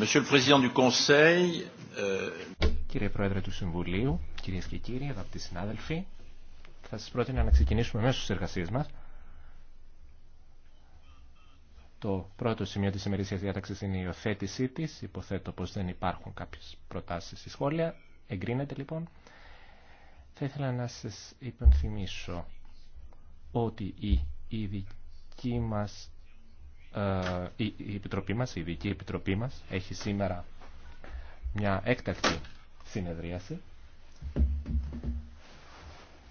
Euh, Κύριε Πρόεδρε του Συμβουλίου, κυρίες και κύριοι, αγαπητοί συνάδελφοι, θα σας πρότεινα να ξεκινήσουμε μέσω τη εργασίες μας. Το πρώτο σημείο της ημερήσιας διάταξης είναι η υιοθέτησή της. Υποθέτω πως δεν υπάρχουν κάποιες προτάσεις ή σχόλια. Εγκρίνεται λοιπόν. Θα ήθελα να σας υπενθυμίσω ότι η ειδική μας ε, η Επιτροπή μας, η Ειδική Επιτροπή μας, έχει σήμερα μια έκτακτη συνεδρίαση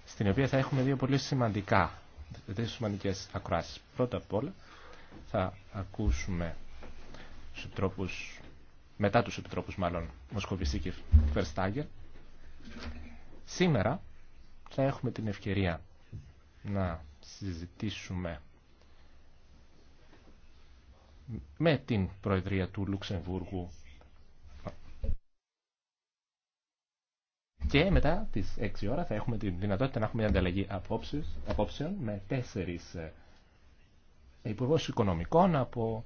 στην οποία θα έχουμε δύο πολύ σημαντικά, δύο σημαντικές ακροάσεις. Πρώτα απ' όλα θα ακούσουμε τους μετά τους επιτρόπους μάλλον, Μοσκοβισή και Φερστάγκερ. Σήμερα θα έχουμε την ευκαιρία να συζητήσουμε με την Προεδρία του Λουξεμβούργου Και μετά τις 6 ώρα θα έχουμε τη δυνατότητα να έχουμε μια ανταλλαγή απόψεις, απόψεων με τέσσερις ε, υπουργούς οικονομικών από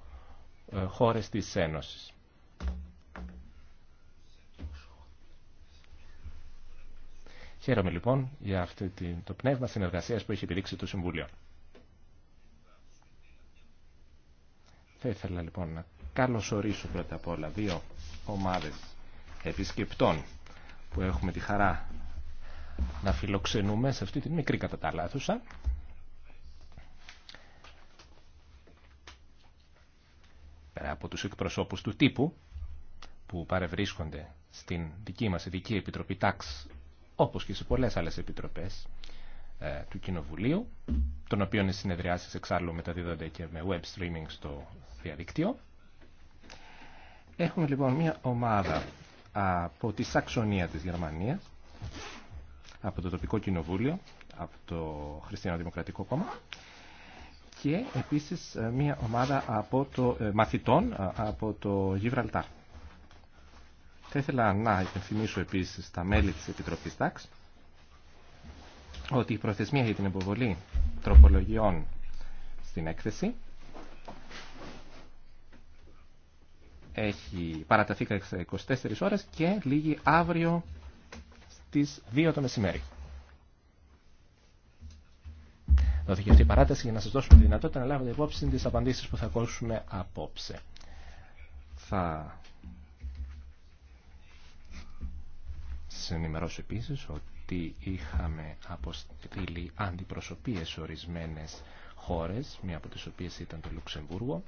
ε, χώρες της Ένωσης. Χαίρομαι λοιπόν για αυτό το πνεύμα συνεργασίας που έχει επιδείξει το Συμβούλιο. Θα ήθελα λοιπόν να καλωσορίσω πρώτα απ' όλα δύο ομάδες επισκεπτών που έχουμε τη χαρά να φιλοξενούμε σε αυτή τη μικρή κατά τα λάθουσα. Πέρα από τους εκπροσώπους του τύπου που παρευρίσκονται στην δική μας ειδική επιτροπή τάξη όπως και σε πολλές άλλες επιτροπές ε, του Κοινοβουλίου, τον οποίων οι συνεδριάσεις εξάλλου μεταδίδονται και με web streaming στο διαδίκτυο. Έχουμε λοιπόν μια ομάδα από τη Σαξονία της Γερμανίας, από το τοπικό κοινοβούλιο, από το Χριστιανοδημοκρατικό Κόμμα και επίσης ε, μια ομάδα από το, ε, μαθητών από το Γιβραλτάρ. Θα ήθελα να υπενθυμίσω επίσης τα μέλη της Επιτροπής ΤΑΞ ότι η προθεσμία για την υποβολή τροπολογιών στην έκθεση έχει παραταθεί κατά 24 ώρες και λήγει αύριο στις 2 το μεσημέρι. Δόθηκε αυτή η παράταση για να σας δώσουμε τη δυνατότητα να λάβετε υπόψη τις απαντήσεις που θα ακούσουμε απόψε. Θα σας ενημερώσω επίσης ότι ότι είχαμε αποστείλει αντιπροσωπείες ορισμένες χώρες, μία από τις οποίες ήταν το Λουξεμβούργο.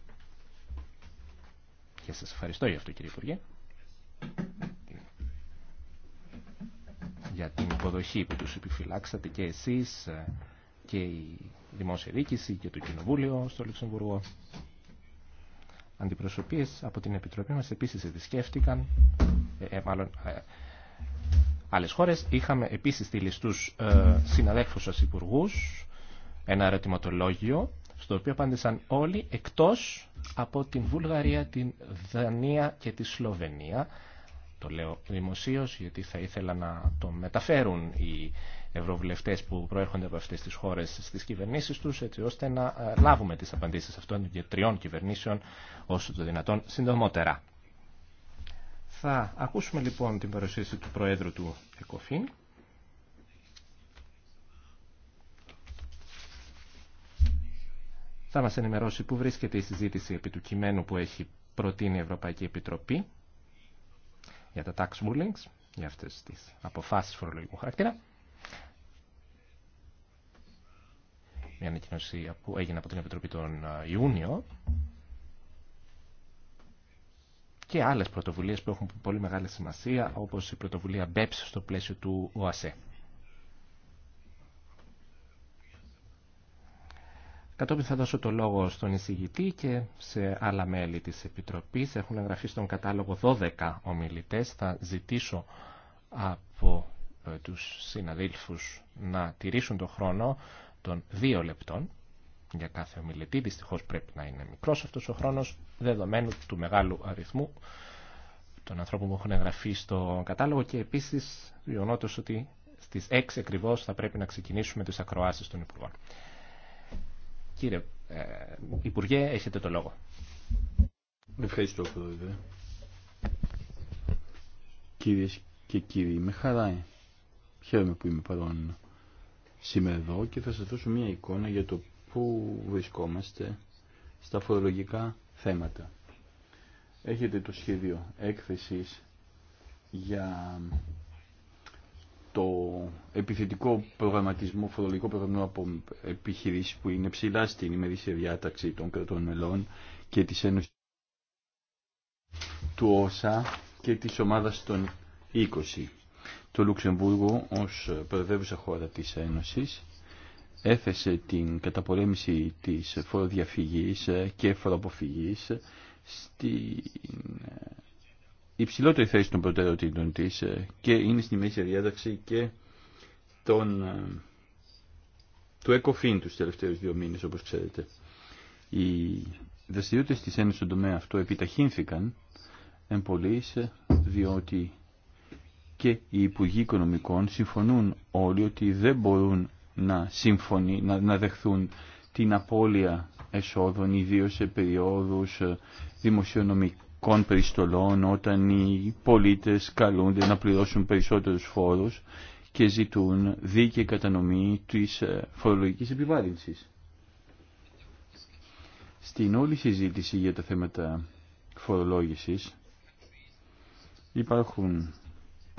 Και σας ευχαριστώ για αυτό κύριε Υπουργέ. Για την υποδοχή που τους επιφυλάξατε και εσείς και η Δημόσια Δίκηση και το Κοινοβούλιο στο Λουξεμβούργο. Αντιπροσωπείες από την Επιτροπή μας επίσης επισκέφτηκαν, ε, ε, ε, άλλες χώρες. Είχαμε επίσης στη ληστούς ε, συναδέλφους σας υπουργού ένα ερωτηματολόγιο στο οποίο απάντησαν όλοι εκτός από την Βουλγαρία, την Δανία και τη Σλοβενία. Το λέω δημοσίω γιατί θα ήθελα να το μεταφέρουν οι ευρωβουλευτές που προέρχονται από αυτές τις χώρες στις κυβερνήσεις τους έτσι ώστε να ε, λάβουμε τις απαντήσεις αυτών και τριών κυβερνήσεων όσο το δυνατόν συντομότερα. Θα ακούσουμε λοιπόν την παρουσίαση του Προέδρου του ΕΚΟΦΗΝ. Θα μας ενημερώσει που βρίσκεται η συζήτηση επί του κειμένου που έχει προτείνει η Ευρωπαϊκή Επιτροπή για τα tax rulings, για αυτές τις αποφάσεις φορολογικού χαρακτήρα. Μια ανακοινωσία που έγινε από την Επιτροπή τον ε, Ιούνιο και άλλες πρωτοβουλίες που έχουν πολύ μεγάλη σημασία, όπως η πρωτοβουλία BEPS στο πλαίσιο του ΟΑΣΕ. Κατόπιν θα δώσω το λόγο στον εισηγητή και σε άλλα μέλη της Επιτροπής. Έχουν εγγραφεί στον κατάλογο 12 ομιλητές. Θα ζητήσω από ε, τους συναδέλφους να τηρήσουν τον χρόνο των δύο λεπτών για κάθε ομιλητή. Δυστυχώ πρέπει να είναι μικρό αυτό ο χρόνο, δεδομένου του μεγάλου αριθμού των ανθρώπων που έχουν εγγραφεί στο κατάλογο και επίση γεγονότο ότι στι 6 ακριβώ θα πρέπει να ξεκινήσουμε τι ακροάσει των Υπουργών. Κύριε ε, Υπουργέ, έχετε το λόγο. Ευχαριστώ, Πρόεδρε. Κυρίε και κύριοι, με χαρά χαίρομαι που είμαι παρόν σήμερα εδώ και θα σα δώσω μια εικόνα για το που βρισκόμαστε στα φορολογικά θέματα. Έχετε το σχέδιο έκθεσης για το επιθετικό προγραμματισμό, φορολογικό προγραμματισμό από επιχειρήσεις που είναι ψηλά στην ημερήσια διάταξη των κρατών μελών και της Ένωσης του ΩΣΑ και της ομάδας των 20. Το Λουξεμβούργο ως προεδρεύουσα χώρα της Ένωσης έθεσε την καταπολέμηση της φοροδιαφυγής και φοροαποφυγής στην υψηλότερη θέση των προτεραιοτήτων της και είναι στη μέση διάταξη και των, του ΕΚΟΦΗΝ τους τελευταίους δύο μήνες όπως ξέρετε. Οι δραστηριότητες της Ένωσης στον τομέα αυτό επιταχύνθηκαν εν πολλής, διότι και οι Υπουργοί Οικονομικών συμφωνούν όλοι ότι δεν μπορούν να συμφωνεί, να, δεχθούν την απώλεια εσόδων, ιδίω σε περιόδους ε, δημοσιονομικών περιστολών, όταν οι πολίτες καλούνται να πληρώσουν περισσότερους φόρους και ζητούν δίκαιη κατανομή της ε, φορολογικής επιβάρυνσης. Στην όλη συζήτηση για τα θέματα φορολόγησης υπάρχουν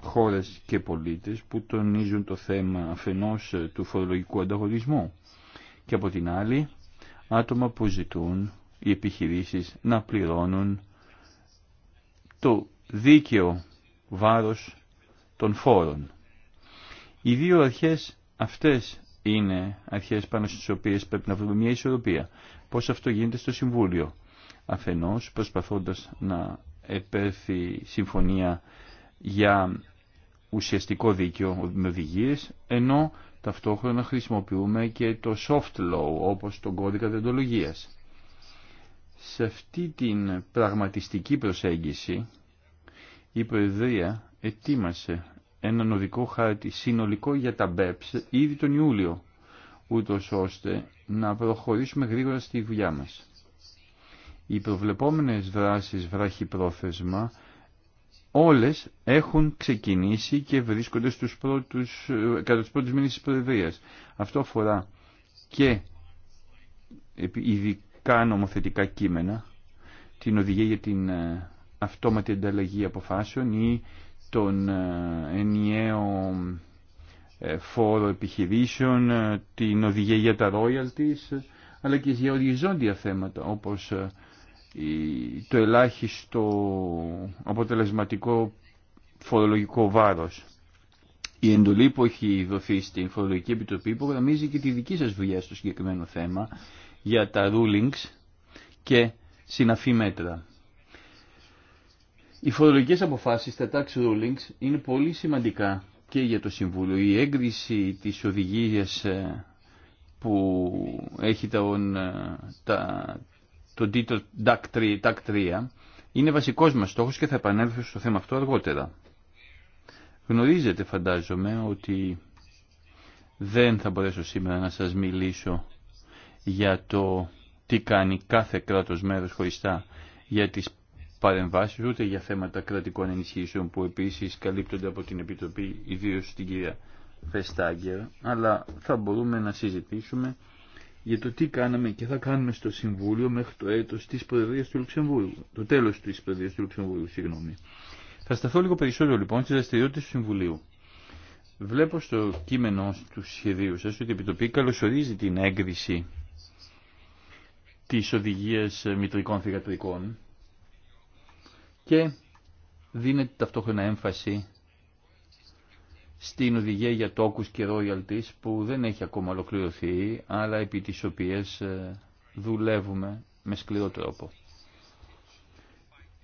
χώρες και πολίτες που τονίζουν το θέμα αφενός ε, του φορολογικού ανταγωνισμού και από την άλλη άτομα που ζητούν οι επιχειρήσεις να πληρώνουν το δίκαιο βάρος των φόρων. Οι δύο αρχές αυτές είναι αρχές πάνω στις οποίες πρέπει να βρούμε μια ισορροπία. Πώς αυτό γίνεται στο Συμβούλιο. Αφενός προσπαθώντας να επέρθει συμφωνία για ουσιαστικό δίκαιο με οδηγίε, ενώ ταυτόχρονα χρησιμοποιούμε και το soft law, όπως τον κώδικα δεντολογίας. Σε αυτή την πραγματιστική προσέγγιση, η Προεδρία ετοίμασε ένα νοδικό χάρτη συνολικό για τα BEPS ήδη τον Ιούλιο, ούτω ώστε να προχωρήσουμε γρήγορα στη δουλειά μας. Οι προβλεπόμενες δράσεις βράχη πρόθεσμα όλες έχουν ξεκινήσει και βρίσκονται στους πρώτους, ε, κατά τους πρώτους μήνες της Προεδρίας. Αυτό αφορά και ειδικά νομοθετικά κείμενα, την οδηγία για την ε, αυτόματη ανταλλαγή αποφάσεων ή τον ε, ενιαίο φόρο επιχειρήσεων, την οδηγία για τα royalties, αλλά και για οριζόντια θέματα όπως το ελάχιστο αποτελεσματικό φορολογικό βάρος. Η εντολή που έχει δοθεί στην Φορολογική Επιτροπή υπογραμμίζει και τη δική σας δουλειά στο συγκεκριμένο θέμα για τα rulings και συναφή μέτρα. Οι φορολογικές αποφάσεις, τα tax rulings, είναι πολύ σημαντικά και για το Συμβούλιο. Η έγκριση της οδηγίας ε, που έχει τα, ε, τα το τίτλο DAC 3 είναι βασικός μας στόχος και θα επανέλθω στο θέμα αυτό αργότερα. Γνωρίζετε φαντάζομαι ότι δεν θα μπορέσω σήμερα να σας μιλήσω για το τι κάνει κάθε κράτος μέρος χωριστά για τις παρεμβάσεις, ούτε για θέματα κρατικών ενισχύσεων που επίσης καλύπτονται από την Επιτροπή, ιδίως την κυρία Φεστάγκερ, αλλά θα μπορούμε να συζητήσουμε για το τι κάναμε και θα κάνουμε στο Συμβούλιο μέχρι το έτος της Προεδρίας του Λουξεμβούργου, το τέλος της Προεδρίας του Λουξεμβούργου, συγγνώμη. Θα σταθώ λίγο περισσότερο λοιπόν στις δραστηριότητε του Συμβουλίου. Βλέπω στο κείμενο του σχεδίου σας ότι η Επιτροπή καλωσορίζει την έγκριση της οδηγίας μητρικών θηγατρικών και δίνεται ταυτόχρονα έμφαση στην οδηγία για τόκους και royalties που δεν έχει ακόμα ολοκληρωθεί αλλά επί τις οποίες ε, δουλεύουμε με σκληρό τρόπο.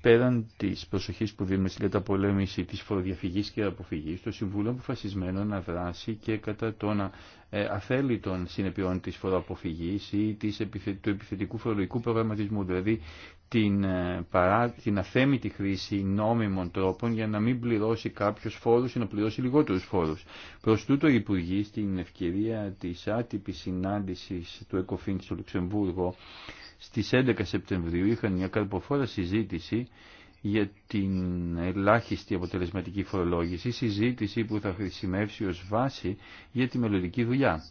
Πέραν τη προσοχή που δίνουμε στην καταπολέμηση τη φοροδιαφυγή και αποφυγή, το Συμβούλιο αποφασισμένο να δράσει και κατά των ε, αθέλητων συνεπειών της φοροαποφυγή ή της, του επιθετικού φορολογικού προγραμματισμού, δηλαδή την, ε, παρά, την αθέμητη χρήση νόμιμων τρόπων για να μην πληρώσει κάποιο φόρου ή να πληρώσει λιγότερου φόρου. Προ τούτο οι Υπουργοί στην ευκαιρία τη άτυπη συνάντηση του ΕΚΟΦΗΝ στο Λουξεμβούργο στις 11 Σεπτεμβρίου είχαν μια καρποφόρα συζήτηση για την ελάχιστη αποτελεσματική φορολόγηση, συζήτηση που θα χρησιμεύσει ως βάση για τη μελλοντική δουλειά.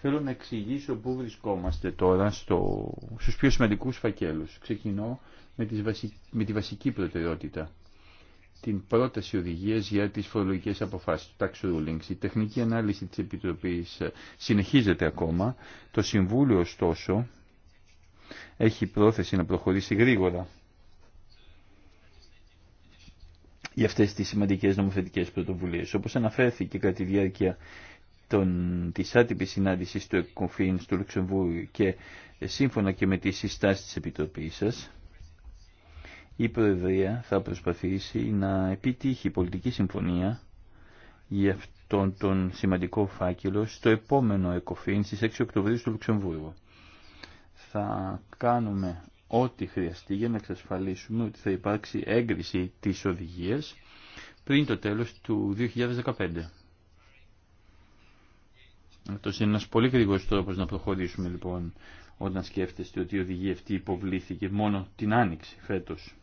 Θέλω να εξηγήσω πού βρισκόμαστε τώρα στο, στους πιο σημαντικούς φακέλους. Ξεκινώ με, τις με τη βασική προτεραιότητα. Την πρόταση οδηγίας για τις φορολογικές αποφάσεις, tax rulings. Η τεχνική ανάλυση της Επιτροπής ε, συνεχίζεται ακόμα. Το Συμβούλιο, ωστόσο, έχει πρόθεση να προχωρήσει γρήγορα για αυτές τις σημαντικές νομοθετικές πρωτοβουλίες. Όπως αναφέρθηκε κατά τη διάρκεια των, της άτυπης συνάντησης του ΕΚΟΦΗΝ στο Λουξεμβούργο και σύμφωνα και με τις συστάσεις της Επιτροπής σας, η Προεδρία θα προσπαθήσει να επιτύχει πολιτική συμφωνία για αυτόν τον σημαντικό φάκελο στο επόμενο ΕΚΟΦΗΝ στις 6 Οκτωβρίου στο Λουξεμβούργο θα κάνουμε ό,τι χρειαστεί για να εξασφαλίσουμε ότι θα υπάρξει έγκριση της οδηγίας πριν το τέλος του 2015. Αυτός είναι ένας πολύ γρήγορος τρόπος να προχωρήσουμε λοιπόν όταν σκέφτεστε ότι η οδηγία αυτή υποβλήθηκε μόνο την Άνοιξη φέτος.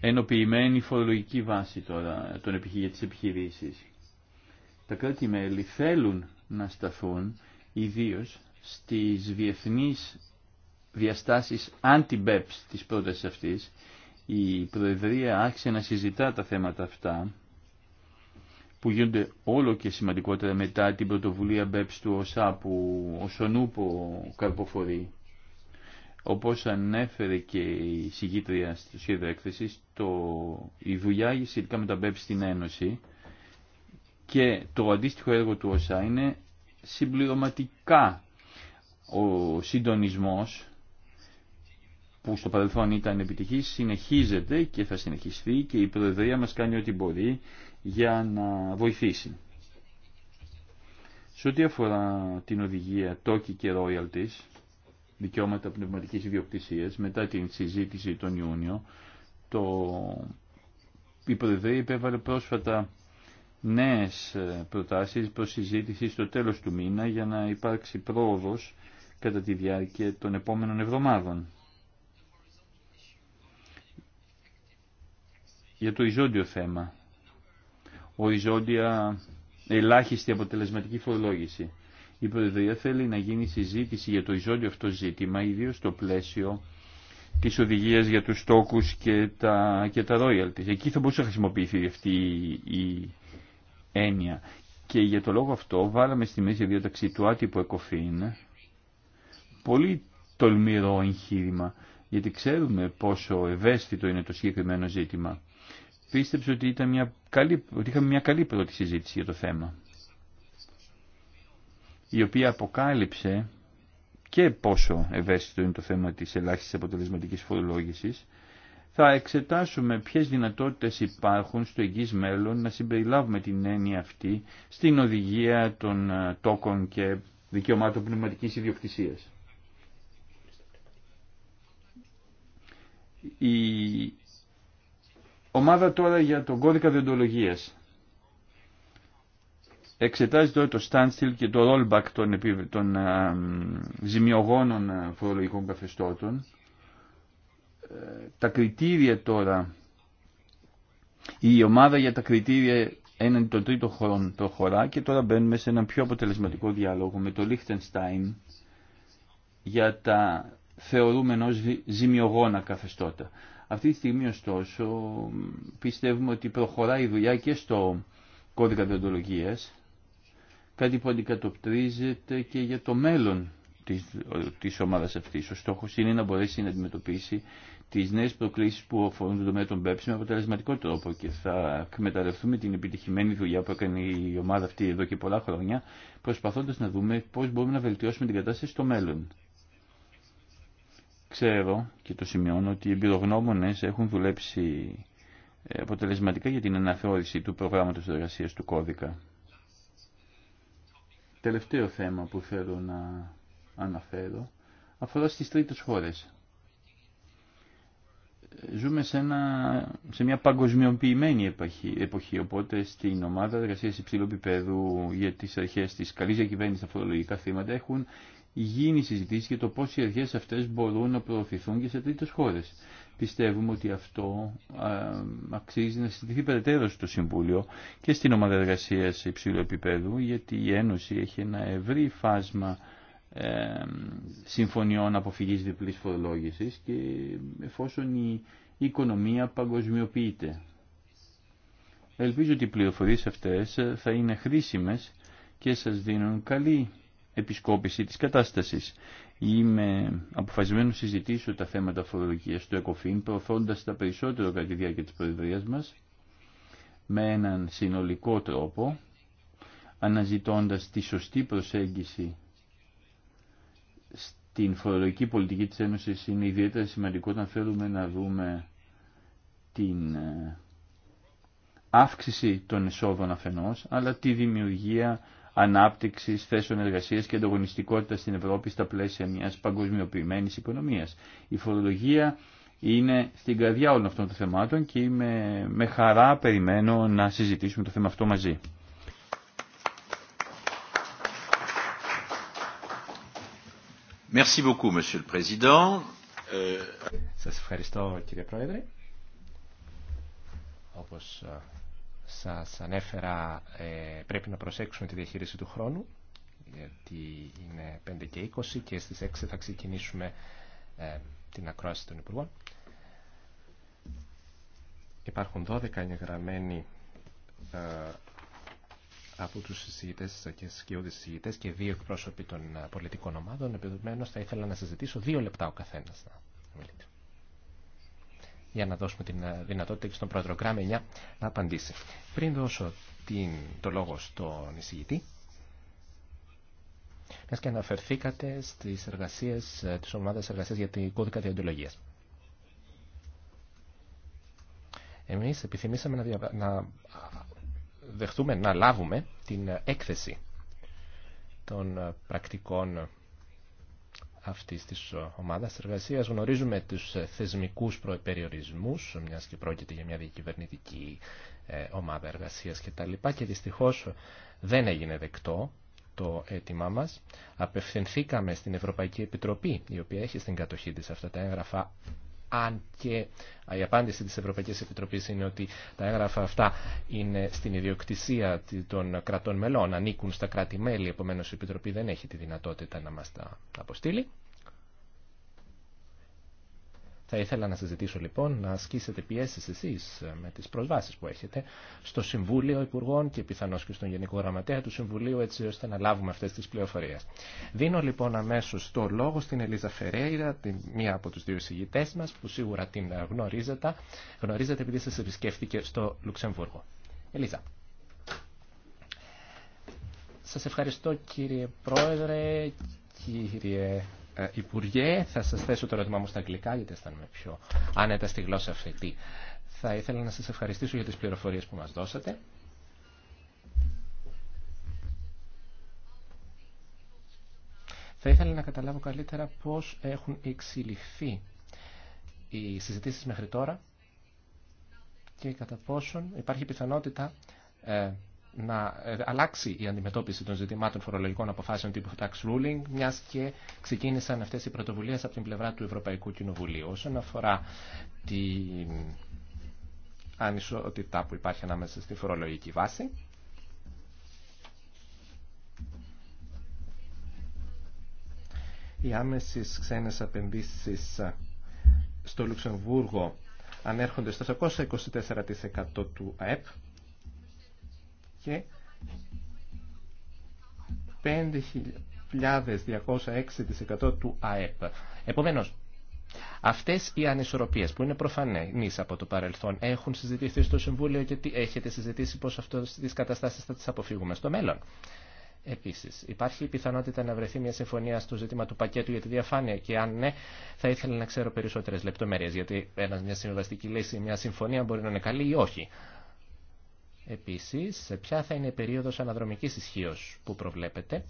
Ενοποιημένη φορολογική βάση τώρα ε, των για τις τα κράτη-μέλη θέλουν να σταθούν ιδίω στις διεθνείς διαστάσεις anti-BEPS της πρότασης αυτής. Η Προεδρία άρχισε να συζητά τα θέματα αυτά που γίνονται όλο και σημαντικότερα μετά την πρωτοβουλία BEPS του ΟΣΑ που ο Σονούπο καρποφορεί. Όπως ανέφερε και η συγκήτρια στο σχέδιο έκθεσης, το, η δουλειά σχετικά με τα BEPS στην Ένωση και το αντίστοιχο έργο του ΩΣΑ είναι συμπληρωματικά ο συντονισμός που στο παρελθόν ήταν επιτυχής συνεχίζεται και θα συνεχιστεί και η Προεδρία μας κάνει ό,τι μπορεί για να βοηθήσει. Σε ό,τι αφορά την οδηγία τόκι και royalties, δικαιώματα πνευματικής ιδιοκτησίας, μετά την συζήτηση τον Ιούνιο, το... η Προεδρία υπέβαλε πρόσφατα νέες ε, προτάσεις προς συζήτηση στο τέλος του μήνα για να υπάρξει πρόοδος κατά τη διάρκεια των επόμενων εβδομάδων. Για το οριζόντιο θέμα, οριζόντια ελάχιστη αποτελεσματική φορολόγηση. Η Προεδρία θέλει να γίνει συζήτηση για το οριζόντιο αυτό ζήτημα, ιδίω στο πλαίσιο τη οδηγία για τους στόκους και τα, και Εκεί θα μπορούσε να χρησιμοποιηθεί αυτή η έννοια. Και για το λόγο αυτό βάλαμε στη μέση διάταξη του άτυπου εκοφήν πολύ τολμηρό εγχείρημα, γιατί ξέρουμε πόσο ευαίσθητο είναι το συγκεκριμένο ζήτημα. Πίστεψε ότι, ήταν μια καλή, ότι είχαμε μια καλή πρώτη συζήτηση για το θέμα, η οποία αποκάλυψε και πόσο ευαίσθητο είναι το θέμα της ελάχιστης αποτελεσματικής φορολόγησης, θα εξετάσουμε ποιες δυνατότητες υπάρχουν στο εγγύς μέλλον να συμπεριλάβουμε την έννοια αυτή στην οδηγία των ε, τόκων και δικαιωμάτων πνευματικής ιδιοκτησίας. Η ομάδα τώρα για τον κώδικα διοντολογίας εξετάζει τώρα το standstill και το rollback των, των ε, ζημιογόνων ε, φορολογικών καθεστώτων τα κριτήρια τώρα, η ομάδα για τα κριτήρια έναντι των τρίτο χρόνο προχωρά και τώρα μπαίνουμε σε ένα πιο αποτελεσματικό διάλογο με το Λίχτενστάιν για τα θεωρούμενο ζημιογόνα καθεστώτα. Αυτή τη στιγμή ωστόσο πιστεύουμε ότι προχωράει η δουλειά και στο κώδικα διοντολογίας, κάτι που αντικατοπτρίζεται και για το μέλλον τη ομάδα αυτή. Ο στόχο είναι να μπορέσει να αντιμετωπίσει τι νέε προκλήσει που αφορούν το τομέα των ΠΕΠΣ με αποτελεσματικό τρόπο και θα εκμεταλλευτούμε την επιτυχημένη δουλειά που έκανε η ομάδα αυτή εδώ και πολλά χρόνια προσπαθώντα να δούμε πώ μπορούμε να βελτιώσουμε την κατάσταση στο μέλλον. Ξέρω και το σημειώνω ότι οι εμπειρογνώμονε έχουν δουλέψει ε, αποτελεσματικά για την αναθεώρηση του προγράμματο εργασία του κώδικα. Τελευταίο θέμα που θέλω να αναφέρω αφορά στις τρίτες χώρες. Ζούμε σε, μια παγκοσμιοποιημένη εποχή, εποχή, οπότε στην ομάδα εργασία υψηλού επίπεδου για τις αρχές της καλής διακυβέρνησης στα φορολογικά θέματα έχουν γίνει συζητήσεις... για το πώς οι αρχές αυτές μπορούν να προωθηθούν και σε τρίτες χώρες. Πιστεύουμε ότι αυτό α, αξίζει να συζητηθεί περαιτέρω στο Συμβούλιο και στην ομάδα εργασία υψηλού επίπεδου, γιατί η Ένωση έχει ένα ευρύ φάσμα συμφωνιών αποφυγής διπλής φορολόγησης και εφόσον η οικονομία παγκοσμιοποιείται. Ελπίζω ότι οι πληροφορίες αυτές θα είναι χρήσιμες και σας δίνουν καλή επισκόπηση της κατάστασης. Είμαι αποφασισμένο να συζητήσω τα θέματα φορολογίας του ΕΚΟΦΗΝ, προωθώντας τα περισσότερο κατά τη διάρκεια της Προεδρίας μας, με έναν συνολικό τρόπο, αναζητώντας τη σωστή προσέγγιση στην φορολογική πολιτική της Ένωσης είναι ιδιαίτερα σημαντικό όταν θέλουμε να δούμε την ε, αύξηση των εσόδων αφενός, αλλά τη δημιουργία ανάπτυξης θέσεων εργασίας και ανταγωνιστικότητα στην Ευρώπη στα πλαίσια μιας παγκοσμιοποιημένης οικονομίας. Η φορολογία είναι στην καρδιά όλων αυτών των θεμάτων και με χαρά περιμένω να συζητήσουμε το θέμα αυτό μαζί. Euh, σα ευχαριστώ κύριε Πρόεδρε. Όπω ε, σα ανέφερα ε, πρέπει να προσέξουμε τη διαχείριση του χρόνου γιατί είναι 5 και 20 και στι 6 θα ξεκινήσουμε ε, την ακρόαση των Υπουργών. Υπάρχουν 12 εγγεγραμμένοι από τους συζητητές και σκιώδεις συζητητές και δύο εκπρόσωποι των ε, πολιτικών ομάδων. επιδομένως θα ήθελα να συζητήσω ζητήσω δύο λεπτά ο καθένας να μιλείτε. Για να δώσουμε την ε, δυνατότητα και στον πρόεδρο Γκράμενια να απαντήσει. Πριν δώσω την, το λόγο στον εισηγητή, μιας και αναφερθήκατε στις εργασίες ε, της ομάδας εργασίας για την κώδικα διοντολογίας. Εμείς επιθυμήσαμε να, να δεχτούμε να λάβουμε την έκθεση των πρακτικών αυτής της ομάδας εργασίας. Γνωρίζουμε τους θεσμικούς προεπεριορισμούς, μιας και πρόκειται για μια διακυβερνητική ε, ομάδα εργασίας κτλ. Και δυστυχώς δεν έγινε δεκτό το αίτημά μας. Απευθυνθήκαμε στην Ευρωπαϊκή Επιτροπή, η οποία έχει στην κατοχή της αυτά τα έγγραφα αν και η απάντηση της Ευρωπαϊκής Επιτροπής είναι ότι τα έγγραφα αυτά είναι στην ιδιοκτησία των κρατών μελών, ανήκουν στα κράτη-μέλη, επομένως η Επιτροπή δεν έχει τη δυνατότητα να μας τα αποστείλει. Θα ήθελα να σας ζητήσω λοιπόν να ασκήσετε πιέσεις εσείς ε, με τις προσβάσεις που έχετε στο Συμβούλιο Υπουργών και πιθανώς και στον Γενικό Γραμματέα του Συμβουλίου έτσι ώστε να λάβουμε αυτές τις πληροφορίες. Δίνω λοιπόν αμέσως το λόγο στην Ελίζα Φερέιρα, μία από τους δύο συγητές μας που σίγουρα την γνωρίζετε, γνωρίζετε επειδή σας επισκέφθηκε στο Λουξεμβούργο. Ελίζα. Σας ευχαριστώ κύριε Πρόεδρε, κύριε ε, Υπουργέ, θα σας θέσω το ερώτημά μου στα αγγλικά γιατί αισθάνομαι πιο άνετα στη γλώσσα αυτή. Θα ήθελα να σας ευχαριστήσω για τις πληροφορίες που μας δώσατε. Θα ήθελα να καταλάβω καλύτερα πώς έχουν εξελιχθεί οι συζητήσεις μέχρι τώρα και κατά πόσον υπάρχει πιθανότητα ε, να ε, αλλάξει η αντιμετώπιση των ζητημάτων φορολογικών αποφάσεων τύπου tax ruling, μια και ξεκίνησαν αυτέ οι πρωτοβουλίε από την πλευρά του Ευρωπαϊκού Κοινοβουλίου. Όσον αφορά την ανισότητα που υπάρχει ανάμεσα στη φορολογική βάση, οι άμεσε ξένε επενδύσει στο Λουξεμβούργο ανέρχονται στο 424% του ΑΕΠ και 5.206% του ΑΕΠ. Επομένως, αυτές οι ανισορροπίες που είναι προφανείς από το παρελθόν έχουν συζητηθεί στο Συμβούλιο γιατί έχετε συζητήσει πώς αυτές τις καταστάσεις θα τις αποφύγουμε στο μέλλον. Επίση, υπάρχει η πιθανότητα να βρεθεί μια συμφωνία στο ζήτημα του πακέτου για τη διαφάνεια και αν ναι, θα ήθελα να ξέρω περισσότερε λεπτομέρειε. Γιατί ένα, μια συμβαστική λύση, μια συμφωνία μπορεί να είναι καλή ή όχι. Επίσης, ποια θα είναι η περίοδος αναδρομικής ισχύως που προβλέπετε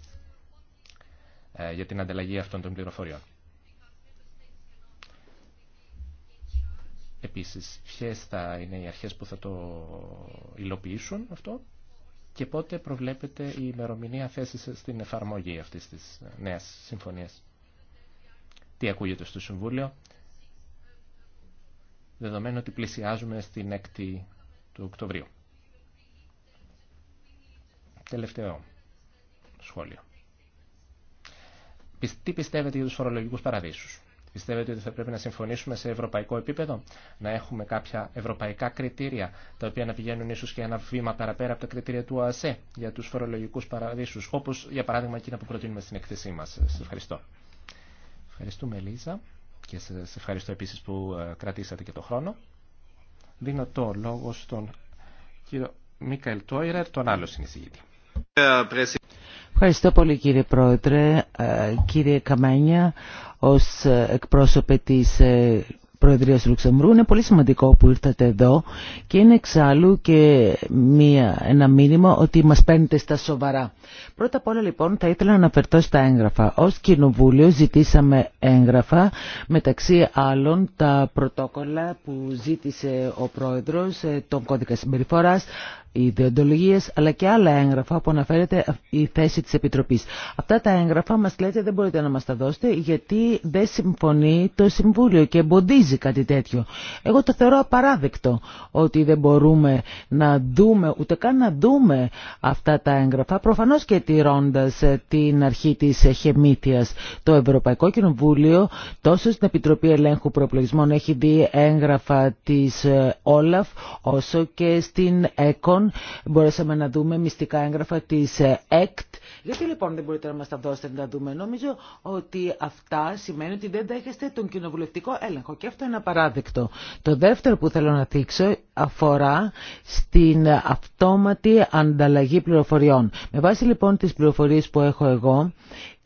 ε, για την ανταλλαγή αυτών των πληροφοριών. Επίσης, ποιε θα είναι οι αρχές που θα το υλοποιήσουν αυτό και πότε προβλέπεται η ημερομηνία θέση στην εφαρμογή αυτής της νέας συμφωνίας. Τι ακούγεται στο Συμβούλιο, δεδομένου ότι πλησιάζουμε στην 6η του Οκτωβρίου. Τελευταίο σχόλιο. Τι πιστεύετε για τους φορολογικούς παραδείσους. Πιστεύετε ότι θα πρέπει να συμφωνήσουμε σε ευρωπαϊκό επίπεδο, να έχουμε κάποια ευρωπαϊκά κριτήρια, τα οποία να πηγαίνουν ίσω και ένα βήμα παραπέρα από τα κριτήρια του ΟΑΣΕ για του φορολογικού παραδείσου, όπω για παράδειγμα εκείνα που προτείνουμε στην εκθεσή μα. Σα ευχαριστώ. Ευχαριστούμε, Λίζα και σα ευχαριστώ επίση που ε, κρατήσατε και το χρόνο. Δίνω το λόγο στον κύριο Μίκαελ Τόιρερ, τον άλλο συνεισηγητή. Ευχαριστώ πολύ κύριε Πρόεδρε. Ε, κύριε Καμάνια, ως ε, εκπρόσωπε της ε, Προεδρία Λουξεμβρού. Είναι πολύ σημαντικό που ήρθατε εδώ και είναι εξάλλου και μία, ένα μήνυμα ότι μας παίρνετε στα σοβαρά. Πρώτα απ' όλα λοιπόν θα ήθελα να αναφερθώ στα έγγραφα. Ως Κοινοβούλιο ζητήσαμε έγγραφα μεταξύ άλλων τα πρωτόκολλα που ζήτησε ο Πρόεδρος, ε, τον κώδικα συμπεριφοράς, οι ιδεοντολογίε, αλλά και άλλα έγγραφα που αναφέρεται η θέση της Επιτροπής. Αυτά τα έγγραφα μας λέτε δεν μπορείτε να μας τα δώσετε γιατί δεν συμφωνεί το Συμβούλιο και εμποδίζει κάτι τέτοιο. Εγώ το θεωρώ απαράδεκτο ότι δεν μπορούμε να δούμε, ούτε καν να δούμε αυτά τα έγγραφα, προφανώ και τηρώντας ε, την αρχή της ε, χεμίτιας. Το Ευρωπαϊκό Κοινοβούλιο τόσο στην Επιτροπή Ελέγχου Προπλογισμών έχει δει έγγραφα της ε, Όλαφ, όσο και στην ΕΚΟΝ μπορέσαμε να δούμε μυστικά έγγραφα της ΕΚΤ. Γιατί λοιπόν δεν μπορείτε να μας τα δώσετε να τα δούμε. Νομίζω ότι αυτά σημαίνει ότι δεν δέχεστε τον κοινοβουλευτικό έλεγχο. Και αυτό είναι Το δεύτερο που θέλω να θίξω αφορά στην αυτόματη ανταλλαγή πληροφοριών. Με βάση λοιπόν τις πληροφορίες που έχω εγώ,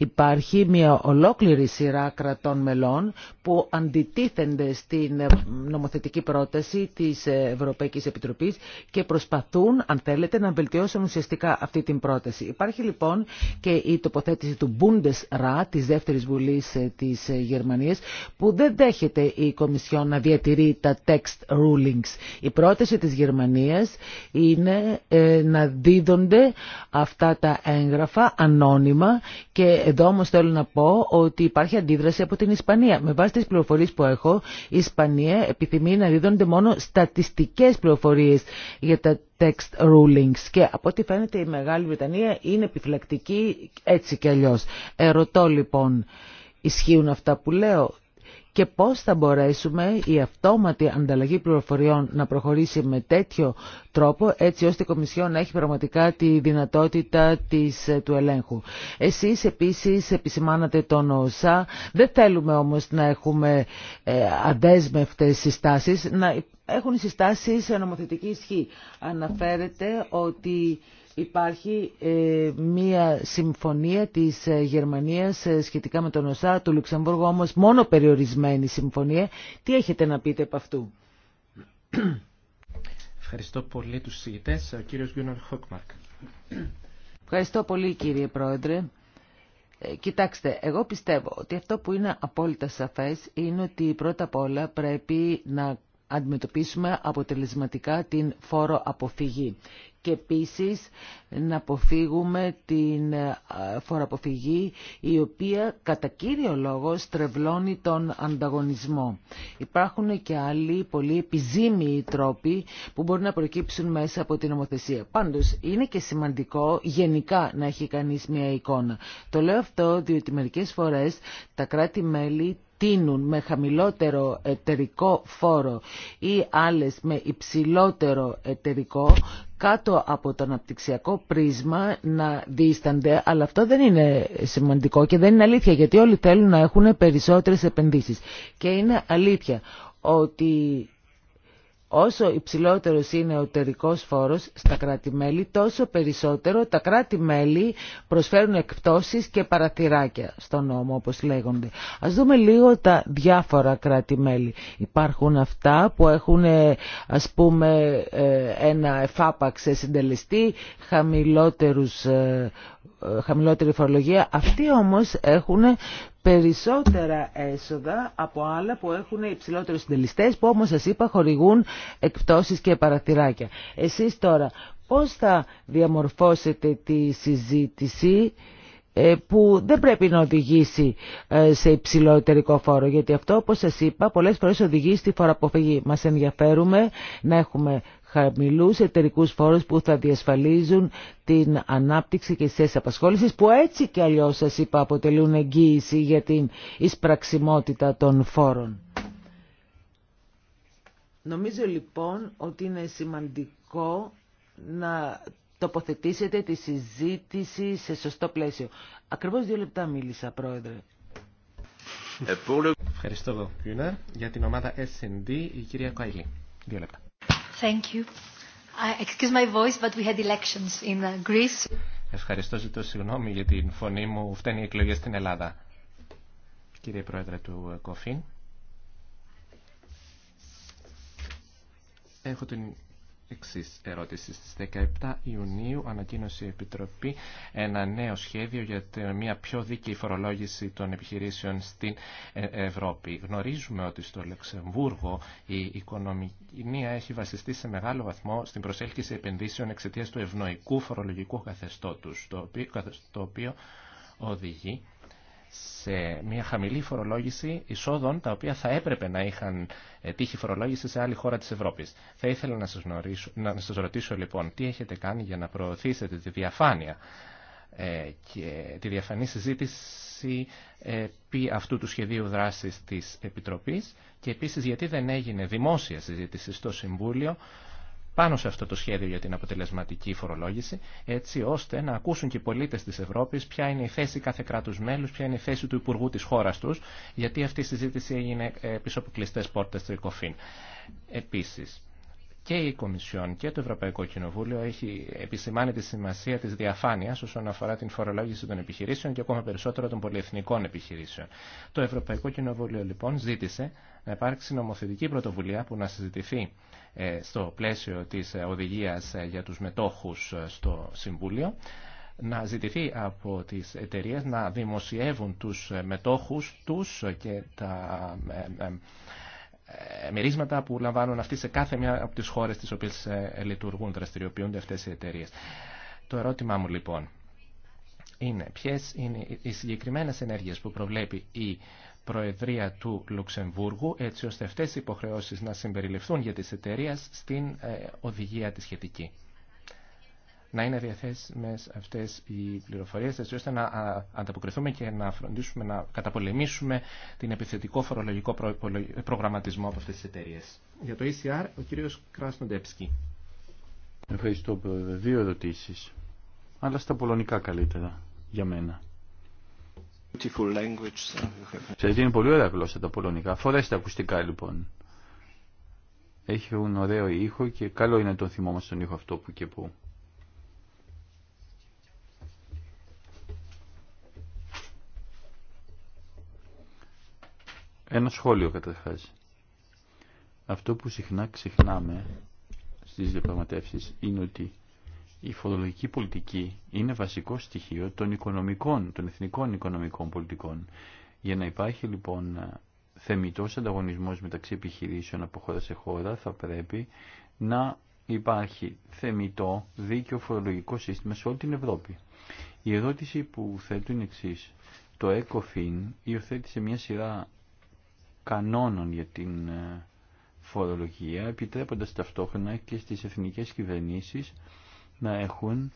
Υπάρχει μια ολόκληρη σειρά κρατών μελών που αντιτίθενται στην νομοθετική πρόταση της Ευρωπαϊκής Επιτροπής και προσπαθούν, αν θέλετε, να βελτιώσουν ουσιαστικά αυτή την πρόταση. Υπάρχει λοιπόν και η τοποθέτηση του Bundesrat, της Δεύτερης Βουλής της Γερμανίας, που δεν δέχεται η Κομισιόν να διατηρεί τα text rulings. Η πρόταση της Γερμανίας είναι ε, να δίδονται αυτά τα έγγραφα ανώνυμα εδώ όμω θέλω να πω ότι υπάρχει αντίδραση από την Ισπανία. Με βάση τις πληροφορίες που έχω, η Ισπανία επιθυμεί να δίδονται μόνο στατιστικές πληροφορίε για τα text rulings και από ό,τι φαίνεται η Μεγάλη Βρετανία είναι επιφυλακτική έτσι κι αλλιώ. Ερωτώ λοιπόν, ισχύουν αυτά που λέω και πώς θα μπορέσουμε η αυτόματη ανταλλαγή πληροφοριών να προχωρήσει με τέτοιο τρόπο έτσι ώστε η Κομισιόν να έχει πραγματικά τη δυνατότητα της, ε, του ελέγχου. Εσείς επίσης επισημάνατε τον ΟΣΑ. Δεν θέλουμε όμως να έχουμε ε, αδέσμευτες συστάσεις, να έχουν συστάσεις νομοθετική ισχύ. Αναφέρεται ότι Υπάρχει ε, μία συμφωνία της ε, Γερμανίας ε, σχετικά με τον ΟΣΑ, του Λουξεμβούργου όμως μόνο περιορισμένη συμφωνία. Τι έχετε να πείτε από αυτού. Ευχαριστώ πολύ τους συζητητές. Ο κύριος Γιούναρ Χόκμαρκ. Ευχαριστώ πολύ κύριε Πρόεδρε. κοιτάξτε, εγώ πιστεύω ότι αυτό που είναι απόλυτα σαφές είναι ότι πρώτα απ' όλα πρέπει να αντιμετωπίσουμε αποτελεσματικά την φόρο αποφυγή και επίσης να αποφύγουμε την ε, φοροαποφυγή η οποία κατά κύριο λόγο στρεβλώνει τον ανταγωνισμό. Υπάρχουν και άλλοι πολύ επιζήμιοι τρόποι που μπορεί να προκύψουν μέσα από την νομοθεσία. Πάντως είναι και σημαντικό γενικά να έχει κανείς μια εικόνα. Το λέω αυτό διότι μερικές φορές τα κράτη-μέλη τίνουν με χαμηλότερο εταιρικό φόρο ή άλλες με υψηλότερο εταιρικό κάτω από το αναπτυξιακό πρίσμα να δίστανται, αλλά αυτό δεν είναι σημαντικό και δεν είναι αλήθεια, γιατί όλοι θέλουν να έχουν περισσότερες επενδύσεις. Και είναι αλήθεια ότι Όσο υψηλότερος είναι ο εταιρικός φόρος στα κράτη-μέλη, τόσο περισσότερο τα κράτη-μέλη προσφέρουν εκπτώσεις και παρατηράκια στον νόμο, όπως λέγονται. Ας δούμε λίγο τα διάφορα κράτη-μέλη. Υπάρχουν αυτά που έχουν, ας πούμε, ε, ένα εφάπαξε συντελεστή, χαμηλότερους ε, ε, χαμηλότερη φορολογία. Αυτοί όμως έχουν περισσότερα έσοδα από άλλα που έχουν υψηλότερου συντελιστέ που όμως σας είπα χορηγούν εκπτώσεις και παραθυράκια. Εσείς τώρα πώς θα διαμορφώσετε τη συζήτηση ε, που δεν πρέπει να οδηγήσει ε, σε υψηλό φόρο γιατί αυτό όπως σας είπα πολλές φορές οδηγεί στη φοροαποφυγή. Μας ενδιαφέρουμε να έχουμε χαμηλούς εταιρικούς φόρους που θα διασφαλίζουν την ανάπτυξη και τις θέσεις απασχόλησης που έτσι και αλλιώς σας είπα αποτελούν εγγύηση για την εισπραξιμότητα των φόρων. Νομίζω λοιπόν ότι είναι σημαντικό να τοποθετήσετε τη συζήτηση σε σωστό πλαίσιο. Ακριβώς δύο λεπτά μίλησα, Πρόεδρε. Ε, Ευχαριστώ, Γιουνάρ. Για την ομάδα S&D, η κυρία Καϊλή. Δύο λεπτά. Thank you. Excuse my voice, but we had elections in uh, Greece. Ευχαριστώ, ζητώ συγγνώμη για την φωνή μου. Φταίνει οι εκλογές στην Ελλάδα. Κύριε Πρόεδρε του Κοφίν. Έχω την Εξή ερώτηση. Στι 17 Ιουνίου ανακοίνωσε η Επιτροπή ένα νέο σχέδιο για μια πιο δίκαιη φορολόγηση των επιχειρήσεων στην ε, Ευρώπη. Γνωρίζουμε ότι στο Λεξεμβούργο η οικονομία έχει βασιστεί σε μεγάλο βαθμό στην προσέλκυση επενδύσεων εξαιτία του ευνοϊκού φορολογικού καθεστώτου, το οποίο οδηγεί σε μια χαμηλή φορολόγηση εισόδων τα οποία θα έπρεπε να είχαν ε, τύχη φορολόγηση σε άλλη χώρα της Ευρώπης. Θα ήθελα να σας, να σας ρωτήσω λοιπόν τι έχετε κάνει για να προωθήσετε τη διαφάνεια ε, και τη διαφανή συζήτηση ε, επί αυτού του σχεδίου δράσης της Επιτροπής και επίσης γιατί δεν έγινε δημόσια συζήτηση στο Συμβούλιο πάνω σε αυτό το σχέδιο για την αποτελεσματική φορολόγηση, έτσι ώστε να ακούσουν και οι πολίτε τη Ευρώπη ποια είναι η θέση κάθε κράτου μέλου, ποια είναι η θέση του Υπουργού τη χώρα του, γιατί αυτή η συζήτηση έγινε ε, πίσω από κλειστέ πόρτε του ΕΚΟΦΗΝ. Επίση, και η Κομισιόν και το Ευρωπαϊκό Κοινοβούλιο έχει επισημάνει τη σημασία τη διαφάνεια όσον αφορά την φορολόγηση των επιχειρήσεων και ακόμα περισσότερο των πολυεθνικών επιχειρήσεων. Το Ευρωπαϊκό Κοινοβούλιο λοιπόν ζήτησε να υπάρξει νομοθετική πρωτοβουλία που να συζητηθεί ε, στο πλαίσιο της ε, οδηγίας ε, για τους μετόχους στο Συμβούλιο να ζητηθεί από τις εταιρείες να δημοσιεύουν τους μετόχους τους και τα μυρίσματα που λαμβάνουν αυτοί σε κάθε μια από τις χώρες τις οποίες λειτουργούν, δραστηριοποιούνται αυτές οι εταιρείες. Το ερώτημά μου λοιπόν είναι ποιες είναι οι συγκεκριμένες ενέργειες που προβλέπει η Προεδρία του Λουξεμβούργου, έτσι ώστε αυτές οι υποχρεώσεις να συμπεριληφθούν για τις εταιρείε στην ε, οδηγία τη σχετική. Να είναι διαθέσιμες αυτές οι πληροφορίες, έτσι ώστε να ανταποκριθούμε και να φροντίσουμε να καταπολεμήσουμε την επιθετικό φορολογικό ε, προγραμματισμό από αυτές τις εταιρείε. Για το ECR, ο κύριος Κράσνοντεψκι. Ευχαριστώ, Πρόεδρε. Δύο ερωτήσεις. Αλλά στα πολωνικά καλύτερα, για μένα. Σας δίνει πολύ ωραία γλώσσα τα πολωνικά. Φορέστε ακουστικά λοιπόν. Έχουν ωραίο ήχο και καλό είναι να θυμό θυμόμαστε τον ήχο αυτό που και που. Ένα σχόλιο καταρχάς. Αυτό που συχνά ξεχνάμε στις διαπραγματεύσεις είναι ότι η φορολογική πολιτική είναι βασικό στοιχείο των οικονομικών, των εθνικών οικονομικών πολιτικών. Για να υπάρχει λοιπόν θεμητός ανταγωνισμός μεταξύ επιχειρήσεων από χώρα σε χώρα θα πρέπει να υπάρχει θεμητό δίκαιο φορολογικό σύστημα σε όλη την Ευρώπη. Η ερώτηση που θέτουν είναι εξής. Το ECOFIN υιοθέτησε μια σειρά κανόνων για την ε, φορολογία επιτρέποντας ταυτόχρονα και στις εθνικές κυβερνήσεις να έχουν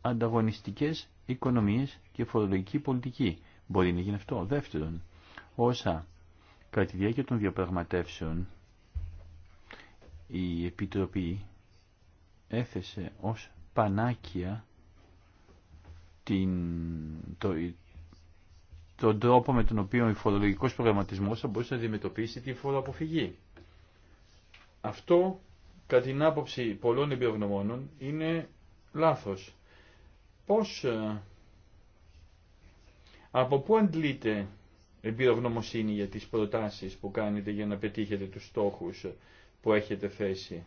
ανταγωνιστικές οικονομίες και φορολογική πολιτική. Μπορεί να γίνει αυτό. Δεύτερον, όσα κατά τη διάρκεια των διαπραγματεύσεων η Επιτροπή έθεσε ως πανάκια την, το, τον τρόπο με τον οποίο ο φορολογικός προγραμματισμός θα μπορούσε να αντιμετωπίσει τη φοροαποφυγή. Αυτό κατά την άποψη πολλών εμπειρογνωμόνων, είναι λάθος. Πώς, ε, από πού αντλείται εμπειρογνωμοσύνη για τις προτάσεις που κάνετε για να πετύχετε τους στόχους που έχετε θέσει.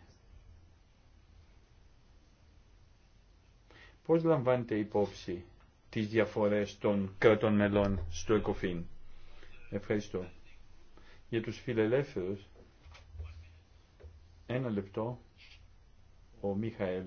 Πώς λαμβάνετε υπόψη τις διαφορές των κρατών μελών στο ΕΚΟΦΗΝ. Ευχαριστώ. Για τους φιλελεύθερους, ένα λεπτό, ο Μιχαήλ.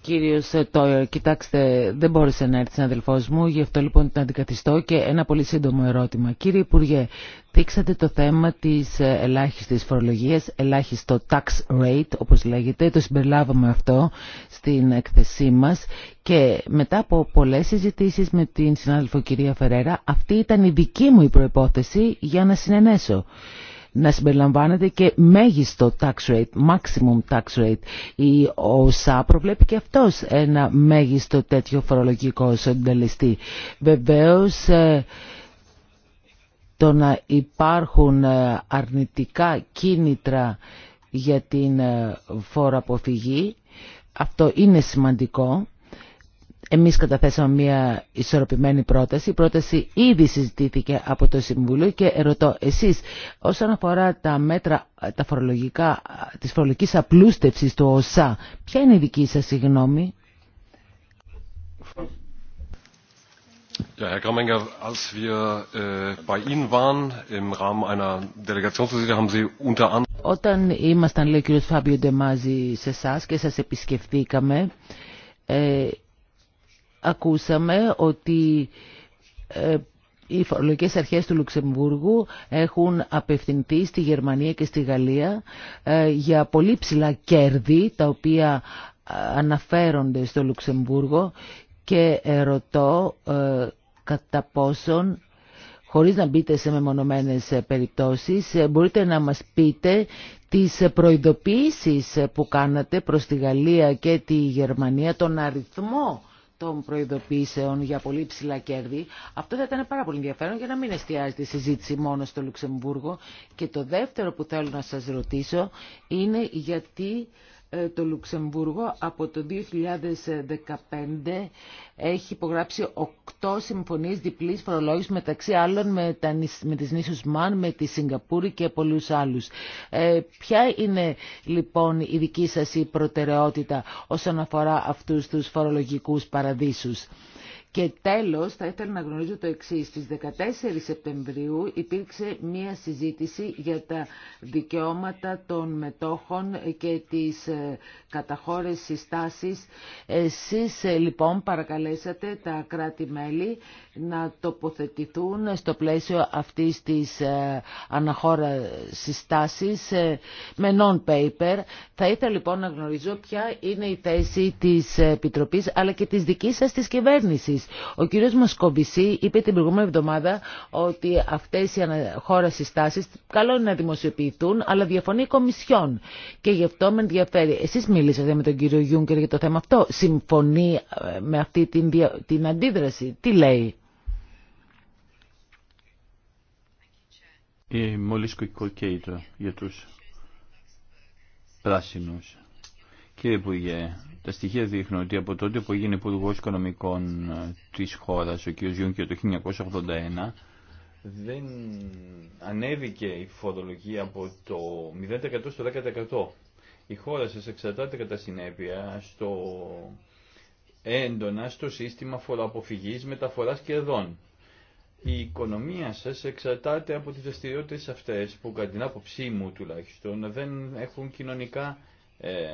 Κύριος ε, Τόιο, ε, κοιτάξτε, δεν μπόρεσε να έρθει αδελφός μου, γι' αυτό λοιπόν την αντικαθιστώ και ένα πολύ σύντομο ερώτημα. Κύριε Υπουργέ, δείξατε το θέμα της ε, ελάχιστης φορολογίας, ελάχιστο tax rate, όπως λέγεται, το συμπεριλάβαμε αυτό στην εκθεσή μας και μετά από πολλές συζητήσεις με την συνάδελφο κυρία Φερέρα, αυτή ήταν η δική μου η για να συνενέσω να συμπεριλαμβάνεται και μέγιστο tax rate, maximum tax rate. Η ΟΣΑ προβλέπει και αυτός ένα μέγιστο τέτοιο φορολογικό συντελεστή. Βεβαίως ε, το να υπάρχουν ε, αρνητικά κίνητρα για την ε, φοροαποφυγή, αποφυγή, αυτό είναι σημαντικό εμείς καταθέσαμε μια ισορροπημένη πρόταση. Η πρόταση ήδη συζητήθηκε από το Συμβούλιο και ερωτώ εσείς όσον αφορά τα μέτρα τα φορολογικά, της φορολογικής απλούστευσης του ΩΣΑ, ποια είναι η δική σας συγγνώμη. Äh, Όταν ήμασταν, λέει ο κ. Φάμπιο Ντεμάζη, σε εσά και σας επισκεφθήκαμε, ε, ακούσαμε ότι ε, οι φορολογικές αρχές του Λουξεμβούργου έχουν απευθυνθεί στη Γερμανία και στη Γαλλία ε, για πολύ ψηλά κέρδη τα οποία ε, αναφέρονται στο Λουξεμβούργο και ρωτώ κατά πόσον χωρίς να μπείτε σε μεμονωμένες περιπτώσεις, μπορείτε να μας πείτε τις προειδοποιήσεις που κάνατε προς τη Γαλλία και τη Γερμανία, τον αριθμό των προειδοποιήσεων για πολύ ψηλά κέρδη, αυτό θα ήταν πάρα πολύ ενδιαφέρον για να μην εστιάζει τη συζήτηση μόνο στο Λουξεμβούργο. Και το δεύτερο που θέλω να σας ρωτήσω είναι γιατί ε, το Λουξεμβούργο από το 2015 έχει υπογράψει οκτώ συμφωνίες διπλής φορολόγησης μεταξύ άλλων με, τα, με τις νήσους Μαν, με τη Σιγκαπούρη και πολλούς άλλους. Ε, ποια είναι λοιπόν η δική σας η προτεραιότητα όσον αφορά αυτούς τους φορολογικούς παραδείσους. Και τέλος θα ήθελα να γνωρίζω το εξής. Στις 14 Σεπτεμβρίου υπήρξε μία συζήτηση για τα δικαιώματα των μετόχων και τις ε, καταχώρες συστάσεις. Εσείς ε, λοιπόν παρακαλέσατε τα κράτη-μέλη να τοποθετηθούν στο πλαίσιο αυτής της ε, αναχώρα συστάσεις με non-paper. Θα ήθελα λοιπόν να γνωρίζω ποια είναι η θέση της Επιτροπής αλλά και της δικής σας της κυβέρνησης ο κύριος Μοσκοβισή είπε την προηγούμενη εβδομάδα ότι αυτές οι χώρα συστάσεις καλό είναι να δημοσιοποιηθούν, αλλά διαφωνεί η Κομισιόν. Και γι' αυτό με ενδιαφέρει. Εσείς μίλησατε με τον κύριο Γιούγκερ για το θέμα αυτό. Συμφωνεί ε, με αυτή την, αντίδραση. Τι λέει. Η μόλις για τους πράσινους. Κύριε Υπουργέ, τα στοιχεία δείχνουν ότι από τότε που έγινε υπουργό οικονομικών ε, τη χώρα, ο κ. Γιούνκιο το 1981, δεν ανέβηκε η φορολογία από το 0% στο 10%. Η χώρα σα εξαρτάται κατά συνέπεια στο έντονα στο σύστημα φοροαποφυγής μεταφοράς κερδών. Η οικονομία σας εξαρτάται από τις δραστηριότητε αυτές που κατά την άποψή μου τουλάχιστον δεν έχουν κοινωνικά ε,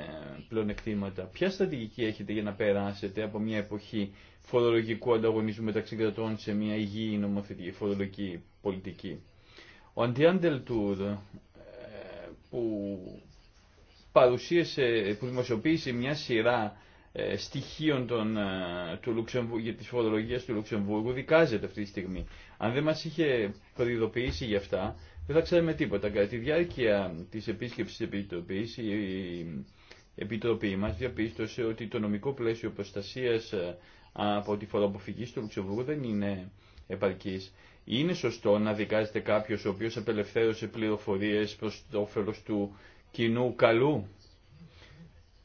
πλονεκτήματα. Ποια στρατηγική έχετε για να περάσετε από μια εποχή φορολογικού ανταγωνισμού μεταξύ κρατών σε μια υγιή νομοθετική φορολογική πολιτική. Ο Αντιάντελ Τελτούρ ε, που παρουσίασε, που δημοσιοποίησε μια σειρά ε, στοιχείων των, του για τις φορολογίες του Λουξεμβούργου δικάζεται αυτή τη στιγμή. Αν δεν μας είχε προειδοποιήσει γι' αυτά, δεν θα ξέρουμε τίποτα. Κατά τη διάρκεια της επίσκεψης τη Επιτροπή, η Επιτροπή μας διαπίστωσε ότι το νομικό πλαίσιο προστασία ε, από τη φοροαποφυγή του Λουξεμβούργου δεν είναι επαρκής. Είναι σωστό να δικάζεται κάποιο ο οποίος απελευθέρωσε πληροφορίε προς το όφελος του κοινού καλού.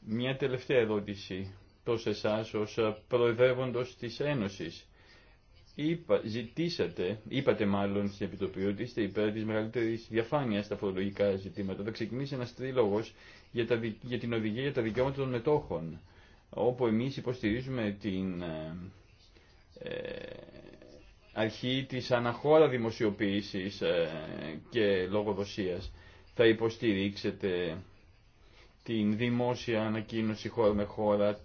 Μια τελευταία ερώτηση προ εσά ω προεδρεύοντο τη Ένωση είπα, ζητήσατε, είπατε μάλλον στην Επιτροπή ότι είστε υπέρ τη μεγαλύτερη διαφάνεια στα φορολογικά ζητήματα. Θα ξεκινήσει ένα τρίλογο για, για την οδηγία για τα δικαιώματα των μετόχων. Όπου εμεί υποστηρίζουμε την ε, ε, αρχή τη αναχώρα δημοσιοποίηση ε, και λογοδοσία. Θα υποστηρίξετε την δημόσια ανακοίνωση χώρα με χώρα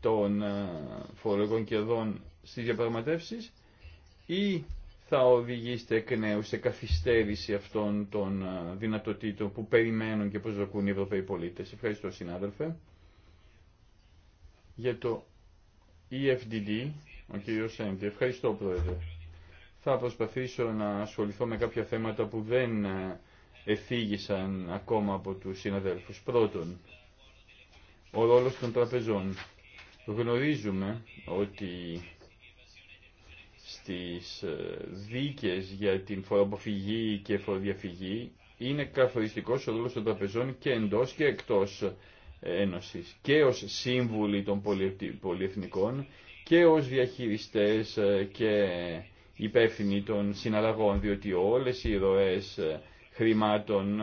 των φορολογικών κερδών στις διαπραγματεύσεις ή θα οδηγήσετε εκ νέου σε καθυστέρηση αυτών των ε, δυνατοτήτων που περιμένουν και προσδοκούν οι Ευρωπαίοι πολίτες. Ευχαριστώ συνάδελφε. Για το EFDD, ο κύριο Σέμπτη. Ευχαριστώ πρόεδρε. Θα προσπαθήσω να ασχοληθώ με κάποια θέματα που δεν ε, εφήγησαν ακόμα από τους συναδέλφους. Πρώτον, ο ρόλος των τραπεζών. Γνωρίζουμε ότι στις ε, δίκες για την φοροποφυγή και φοροδιαφυγή είναι καθοριστικός ο ρόλος των τραπεζών και εντός και εκτός Ένωσης και ως σύμβουλοι των πολυεθνικών και ως διαχειριστές ε, και υπεύθυνοι των συναλλαγών διότι όλες οι ροές ε, χρημάτων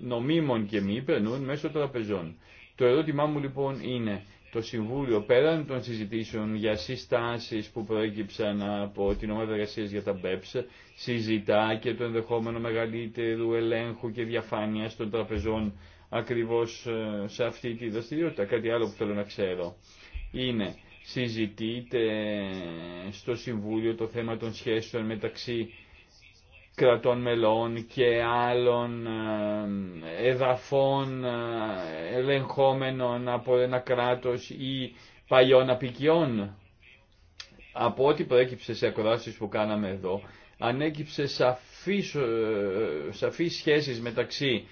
νομίμων και μη περνούν μέσω τραπεζών. Το ερώτημά μου λοιπόν είναι το Συμβούλιο πέραν των συζητήσεων για συστάσεις που προέκυψαν από την ομάδα εργασίας για τα BEPS συζητά και το ενδεχόμενο μεγαλύτερου ελέγχου και διαφάνειας των τραπεζών ακριβώς ε, σε αυτή τη δραστηριότητα. Κάτι άλλο που θέλω να ξέρω είναι συζητείται στο Συμβούλιο το θέμα των σχέσεων μεταξύ κρατών μελών και άλλων εδαφών ε, ελεγχόμενων από ένα κράτος ή παλιών απικιών. Από ό,τι προέκυψε σε ακροάσεις που κάναμε εδώ, ανέκυψε ε, σαφείς σαφής σχέσεις μεταξύ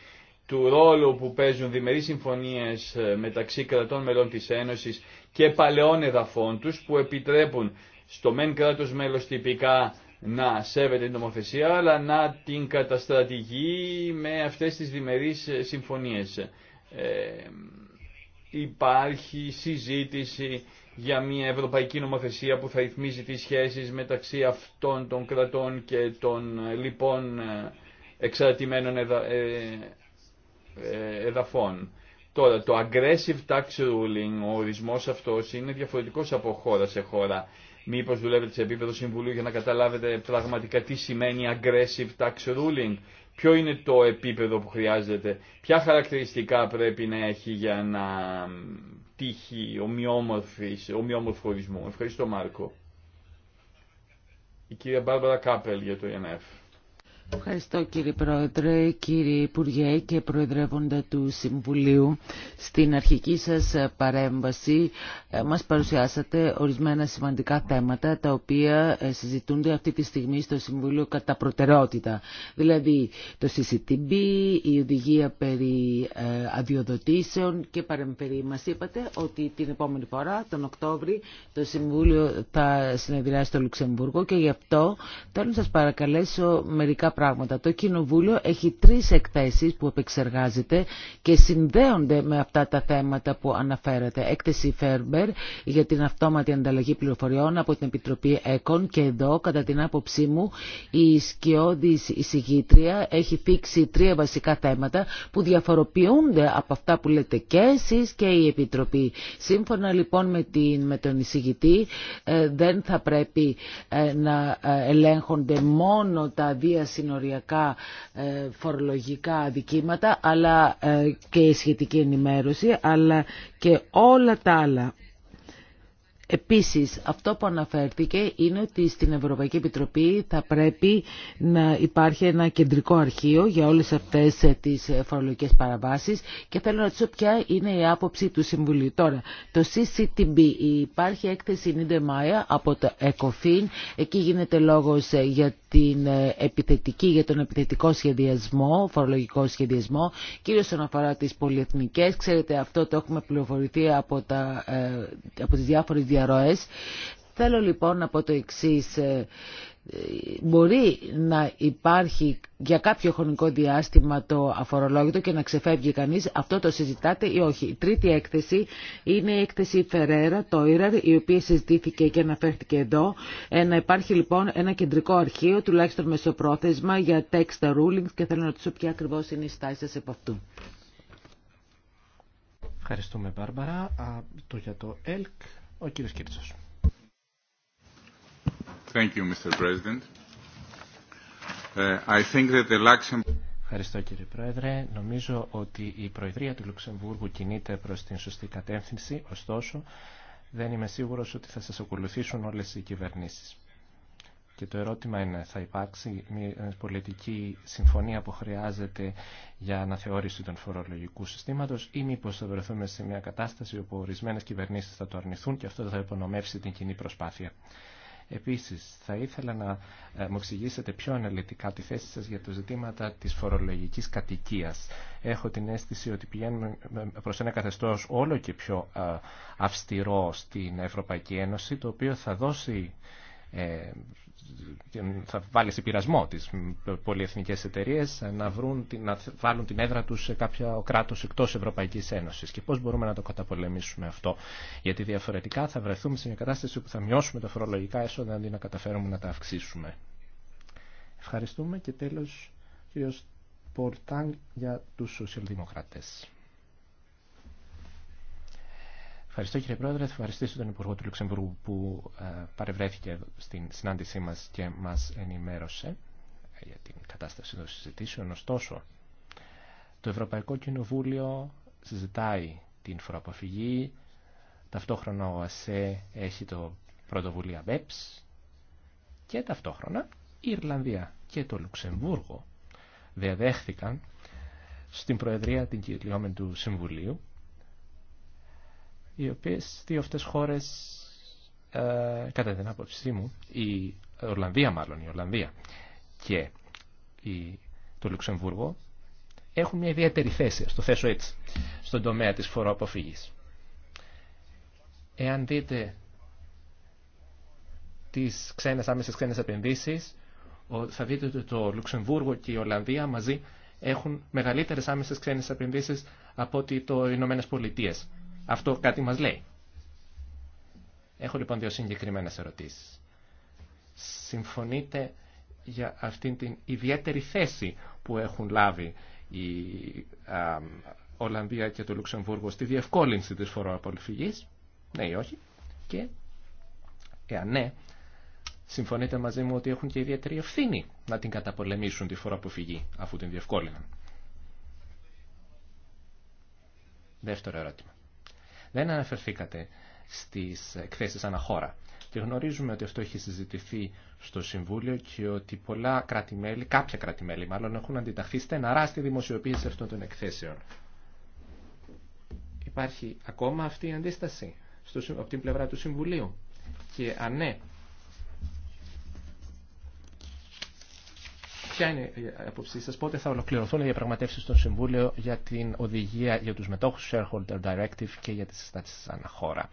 του ρόλου που παίζουν διμερείς συμφωνίες ε, μεταξύ κρατών μελών της Ένωσης και παλαιών εδαφών τους που επιτρέπουν στο μεν κράτος μέλος τυπικά να σέβεται την νομοθεσία, αλλά να την καταστρατηγεί με αυτές τις διμερείς ε, συμφωνίες. Ε, υπάρχει συζήτηση για μια ευρωπαϊκή νομοθεσία που θα ρυθμίζει τις σχέσεις μεταξύ αυτών των κρατών και των ε, λοιπόν ε, εξαρτημένων εδαφών. Τώρα, το aggressive tax ruling, ο ορισμός αυτός, είναι διαφορετικός από χώρα σε χώρα. Μήπως δουλεύετε σε επίπεδο συμβουλίου για να καταλάβετε πραγματικά τι σημαίνει aggressive tax ruling. Ποιο είναι το επίπεδο που χρειάζεται. Ποια χαρακτηριστικά πρέπει να έχει για να τύχει ομοιόμορφο ορισμό. Ευχαριστώ Μάρκο. Η κυρία Μπάρμπαρα Κάπελ για το ΕΝΕΦ. E Ευχαριστώ κύριε Πρόεδρε, κύριε Υπουργέ και Προεδρεύοντα του Συμβουλίου. Στην αρχική σας παρέμβαση ε, μας παρουσιάσατε ορισμένα σημαντικά θέματα τα οποία ε, συζητούνται αυτή τη στιγμή στο Συμβούλιο κατά προτεραιότητα. Δηλαδή το CCTB, η οδηγία περί ε, αδειοδοτήσεων και παρεμφερή. είπατε ότι την επόμενη φορά, τον Οκτώβρη, το Συμβούλιο θα συνεδριάσει στο Λουξεμβούργο και γι' αυτό θέλω να σας παρακαλέσω μερικά πράγματα. Το Κοινοβούλιο έχει τρεις εκθέσεις που επεξεργάζεται και συνδέονται με αυτά τα θέματα που αναφέρατε. Έκθεση Φέρμπερ για την αυτόματη ανταλλαγή πληροφοριών από την Επιτροπή ΕΚΟΝ και εδώ, κατά την άποψή μου, η σκιώδη εισηγήτρια έχει φίξει τρία βασικά θέματα που διαφοροποιούνται από αυτά που λέτε και εσείς και η Επιτροπή. Σύμφωνα λοιπόν με, την, με τον εισηγητή ε, δεν θα πρέπει ε, να ε, ελέγχονται μόνο τα διασυνοριακά συνοριακά ε, φορολογικά αδικήματα αλλά ε, και η σχετική ενημέρωση αλλά και όλα τα άλλα Επίσης, αυτό που αναφέρθηκε είναι ότι στην Ευρωπαϊκή Επιτροπή θα πρέπει να υπάρχει ένα κεντρικό αρχείο για όλες αυτές ε, τις ε, φορολογικές παραβάσεις και θέλω να ρωτήσω ποια είναι η άποψη του Συμβουλίου. Τώρα, το CCTB υπάρχει έκθεση Νίντε Μάια από το ECOFIN. Εκεί γίνεται λόγος ε, για, την επιθετική, για τον επιθετικό σχεδιασμό, φορολογικό σχεδιασμό, κυρίως όσον αφορά τις πολυεθνικές. Ξέρετε, αυτό το έχουμε πληροφορηθεί από, τα, από τις διάφορες διαδικασίες διαρροές. Θέλω λοιπόν από το εξή. Ε, μπορεί να υπάρχει για κάποιο χρονικό διάστημα το αφορολόγητο και να ξεφεύγει κανείς. Αυτό το συζητάτε ή όχι. Η τρίτη έκθεση είναι η έκθεση Φερέρα, το ΙΡΑΡ, η οποία συζητήθηκε και αναφέρθηκε εδώ. Ε, να υπάρχει λοιπόν ένα κεντρικό αρχείο, τουλάχιστον μεσοπρόθεσμα, για text rulings και θέλω να ρωτήσω ποια ακριβώ είναι η στάση σας από αυτού. Ευχαριστούμε Μπάρμπαρα. το, για το ΕΛΚ ο κύριος Κίρτσος. Uh, Ευχαριστώ κύριε Πρόεδρε. Νομίζω ότι η Προεδρία του Λουξεμβούργου κινείται προς την σωστή κατεύθυνση, ωστόσο δεν είμαι σίγουρος ότι θα σας ακολουθήσουν όλες οι κυβερνήσεις. Και το ερώτημα είναι, θα υπάρξει μια πολιτική συμφωνία που χρειάζεται για αναθεώρηση των φορολογικού συστήματο ή μήπω θα βρεθούμε σε μια κατάσταση όπου ορισμένε κυβερνήσει θα το αρνηθούν και αυτό θα υπονομεύσει την κοινή προσπάθεια. Επίση, θα ήθελα να ε, μου εξηγήσετε πιο αναλυτικά τη θέση σα για τα ζητήματα τη φορολογική κατοικία. Έχω την αίσθηση ότι πηγαίνουμε ε, προ ένα καθεστώ όλο και πιο ε, αυστηρό στην Ευρωπαϊκή Ένωση, το οποίο θα δώσει θα βάλει σε πειρασμό τις πολυεθνικές εταιρείες να, να βάλουν την έδρα τους σε κάποιο κράτο εκτός Ευρωπαϊκής Ένωσης και πώς μπορούμε να το καταπολεμήσουμε αυτό γιατί διαφορετικά θα βρεθούμε σε μια κατάσταση που θα μειώσουμε τα φορολογικά έσοδα αντί να καταφέρουμε να τα αυξήσουμε. Ευχαριστούμε και τέλος κύριο Πορτάν για του Σοσιαλδημοκρατέ. Ευχαριστώ κύριε Πρόεδρε. Θα ευχαριστήσω τον Υπουργό του Λουξεμβούργου που ε, παρευρέθηκε στην συνάντησή μας και μας ενημέρωσε για την κατάσταση των συζητήσεων. Ωστόσο, το Ευρωπαϊκό Κοινοβούλιο συζητάει την φοροαποφυγή. Ταυτόχρονα ο ΑΣΕ έχει το πρωτοβουλία BEPS και ταυτόχρονα η Ιρλανδία και το Λουξεμβούργο διαδέχθηκαν στην Προεδρία την κυριόμενη του Συμβουλίου οι οποίες δύο αυτές χώρες, ε, κατά την άποψή μου, η Ορλανδία μάλλον, η Ορλανδία και η, το Λουξεμβούργο, έχουν μια ιδιαίτερη θέση, στο θέσω έτσι, στον τομέα της φοροαποφυγής. Εάν δείτε τις ξένες, άμεσες ξένες επενδύσεις, θα δείτε ότι το Λουξεμβούργο και η Ολλανδία μαζί έχουν μεγαλύτερες άμεσες ξένες επενδύσεις από ότι το Ηνωμένε Πολιτείες. Αυτό κάτι μας λέει. Έχω λοιπόν δύο συγκεκριμένες ερωτήσεις. Συμφωνείτε για αυτήν την ιδιαίτερη θέση που έχουν λάβει η α, Ολλανδία και το Λουξεμβούργο στη διευκόλυνση της φοροαπολυφυγής. Ναι ή όχι. Και εάν ναι, συμφωνείτε μαζί μου ότι έχουν και ιδιαίτερη ευθύνη να την καταπολεμήσουν τη φοροαποφυγή αφού την διευκόλυναν. Δεύτερο ερώτημα. Δεν αναφερθήκατε στις εκθέσεις αναχώρα. Και γνωρίζουμε ότι αυτό έχει συζητηθεί στο Συμβούλιο και ότι πολλά κράτη-μέλη, κάποια κράτη-μέλη μάλλον, έχουν αντιταχθεί στεναρά στη δημοσιοποίηση αυτών των εκθέσεων. Υπάρχει ακόμα αυτή η αντίσταση από την πλευρά του Συμβουλίου. Και αν ναι, ποια είναι η άποψή σα, πότε θα ολοκληρωθούν οι διαπραγματεύσει στο Συμβούλιο για την οδηγία για του μετόχου Shareholder Directive και για τι συστάσει χώρα.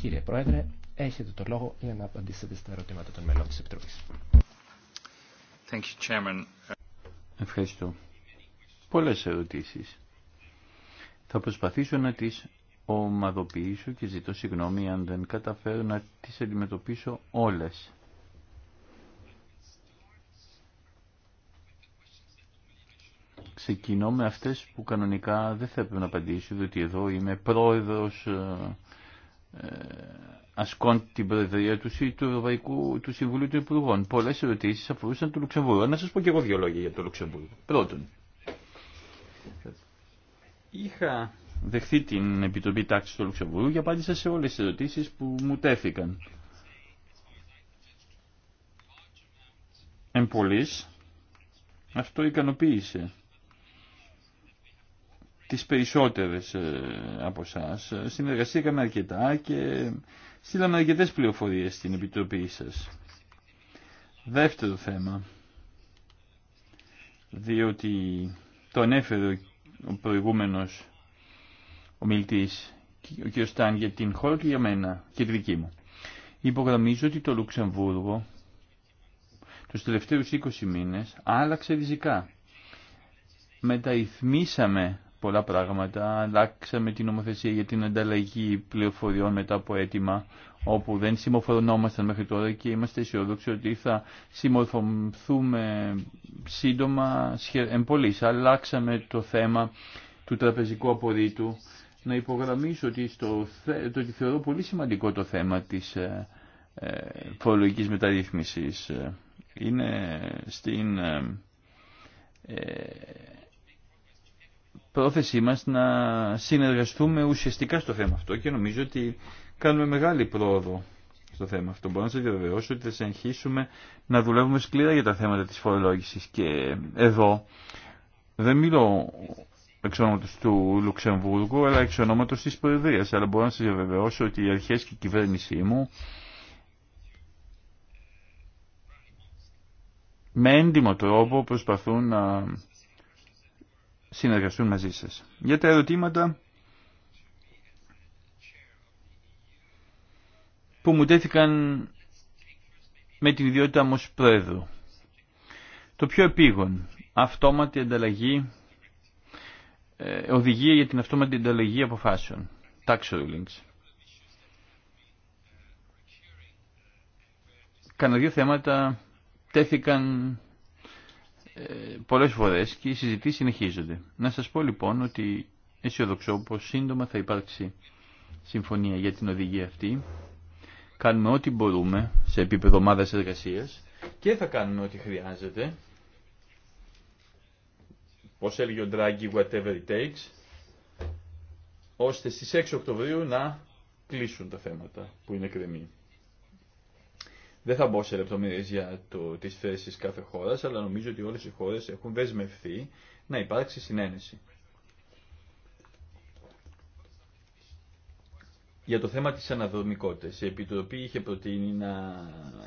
Κύριε Πρόεδρε, έχετε το λόγο για να απαντήσετε στα ερωτήματα των μελών τη Επιτροπή. Ευχαριστώ. Πολλέ ερωτήσει. Θα προσπαθήσω να τις ομαδοποιήσω και ζητώ συγγνώμη αν δεν καταφέρω να τι αντιμετωπίσω όλε. ξεκινώ με αυτές που κανονικά δεν θα έπρεπε να απαντήσω, διότι εδώ είμαι πρόεδρος, ε, ε, ασκών την προεδρία του, του Ευρωπαϊκού του Συμβουλίου των Υπουργών. Πολλές ερωτήσεις αφορούσαν το Λουξεμβούργο. Να σας πω και εγώ δύο λόγια για το Λουξεμβούργο. Πρώτον, είχα δεχθεί την Επιτροπή Τάξης του Λουξεμβούργου και απάντησα σε όλες τις ερωτήσεις που μου τέθηκαν. Εν πολλής, αυτό ικανοποίησε τις περισσότερες ε, από εσά. Συνεργαστήκαμε αρκετά και στείλαμε αρκετέ πληροφορίες στην Επιτροπή σας. Δεύτερο θέμα, διότι το ανέφερε ο προηγούμενος ομιλητής, ο κ. Στάν, για την χώρα και για μένα και τη δική μου. Υπογραμμίζω ότι το Λουξεμβούργο τους τελευταίους 20 μήνες άλλαξε ριζικά. Μεταρρυθμίσαμε πολλά πράγματα. Αλλάξαμε την νομοθεσία για την ανταλλαγή πληροφοριών μετά από αίτημα όπου δεν συμμορφωνόμασταν μέχρι τώρα και είμαστε αισιοδόξοι ότι θα συμμορφωθούμε σύντομα εμπολής. Αλλάξαμε το θέμα του τραπεζικού απορρίτου. Να υπογραμμίσω ότι, το ότι θεωρώ πολύ σημαντικό το θέμα της ε, ε, φορολογική μεταρρύθμισης. Ε, είναι στην πρόθεσή μας να συνεργαστούμε ουσιαστικά στο θέμα αυτό και νομίζω ότι κάνουμε μεγάλη πρόοδο στο θέμα αυτό. Μπορώ να σας διαβεβαιώσω ότι θα συνεχίσουμε να δουλεύουμε σκληρά για τα θέματα της φορολόγησης και εδώ δεν μιλώ εξ ονόματος του Λουξεμβούργου αλλά εξ ονόματος της Προεδρίας αλλά μπορώ να σας διαβεβαιώσω ότι οι αρχές και η κυβέρνησή μου με έντιμο τρόπο προσπαθούν να συνεργαστούν μαζί σας. Για τα ερωτήματα που μου τέθηκαν με την ιδιότητα μου ως πρόεδρου. Το πιο επίγον, αυτόματη ανταλλαγή, ε, οδηγία για την αυτόματη ανταλλαγή αποφάσεων, tax rulings. Κανα δύο θέματα τέθηκαν πολλές φορές και οι συζητήσεις συνεχίζονται. Να σας πω λοιπόν ότι αισιοδοξώ πως σύντομα θα υπάρξει συμφωνία για την οδηγία αυτή. Κάνουμε ό,τι μπορούμε σε επίπεδο ομάδα εργασίας και θα κάνουμε ό,τι χρειάζεται. Πώς έλεγε ο Ντράγκη, whatever it takes, ώστε στις 6 Οκτωβρίου να κλείσουν τα θέματα που είναι κρεμή. Δεν θα μπω σε λεπτομέρειε για τι τις κάθε χώρα, αλλά νομίζω ότι όλες οι χώρε έχουν δεσμευθεί να υπάρξει συνένεση. Για το θέμα της αναδρομικότητας, η Επιτροπή είχε προτείνει να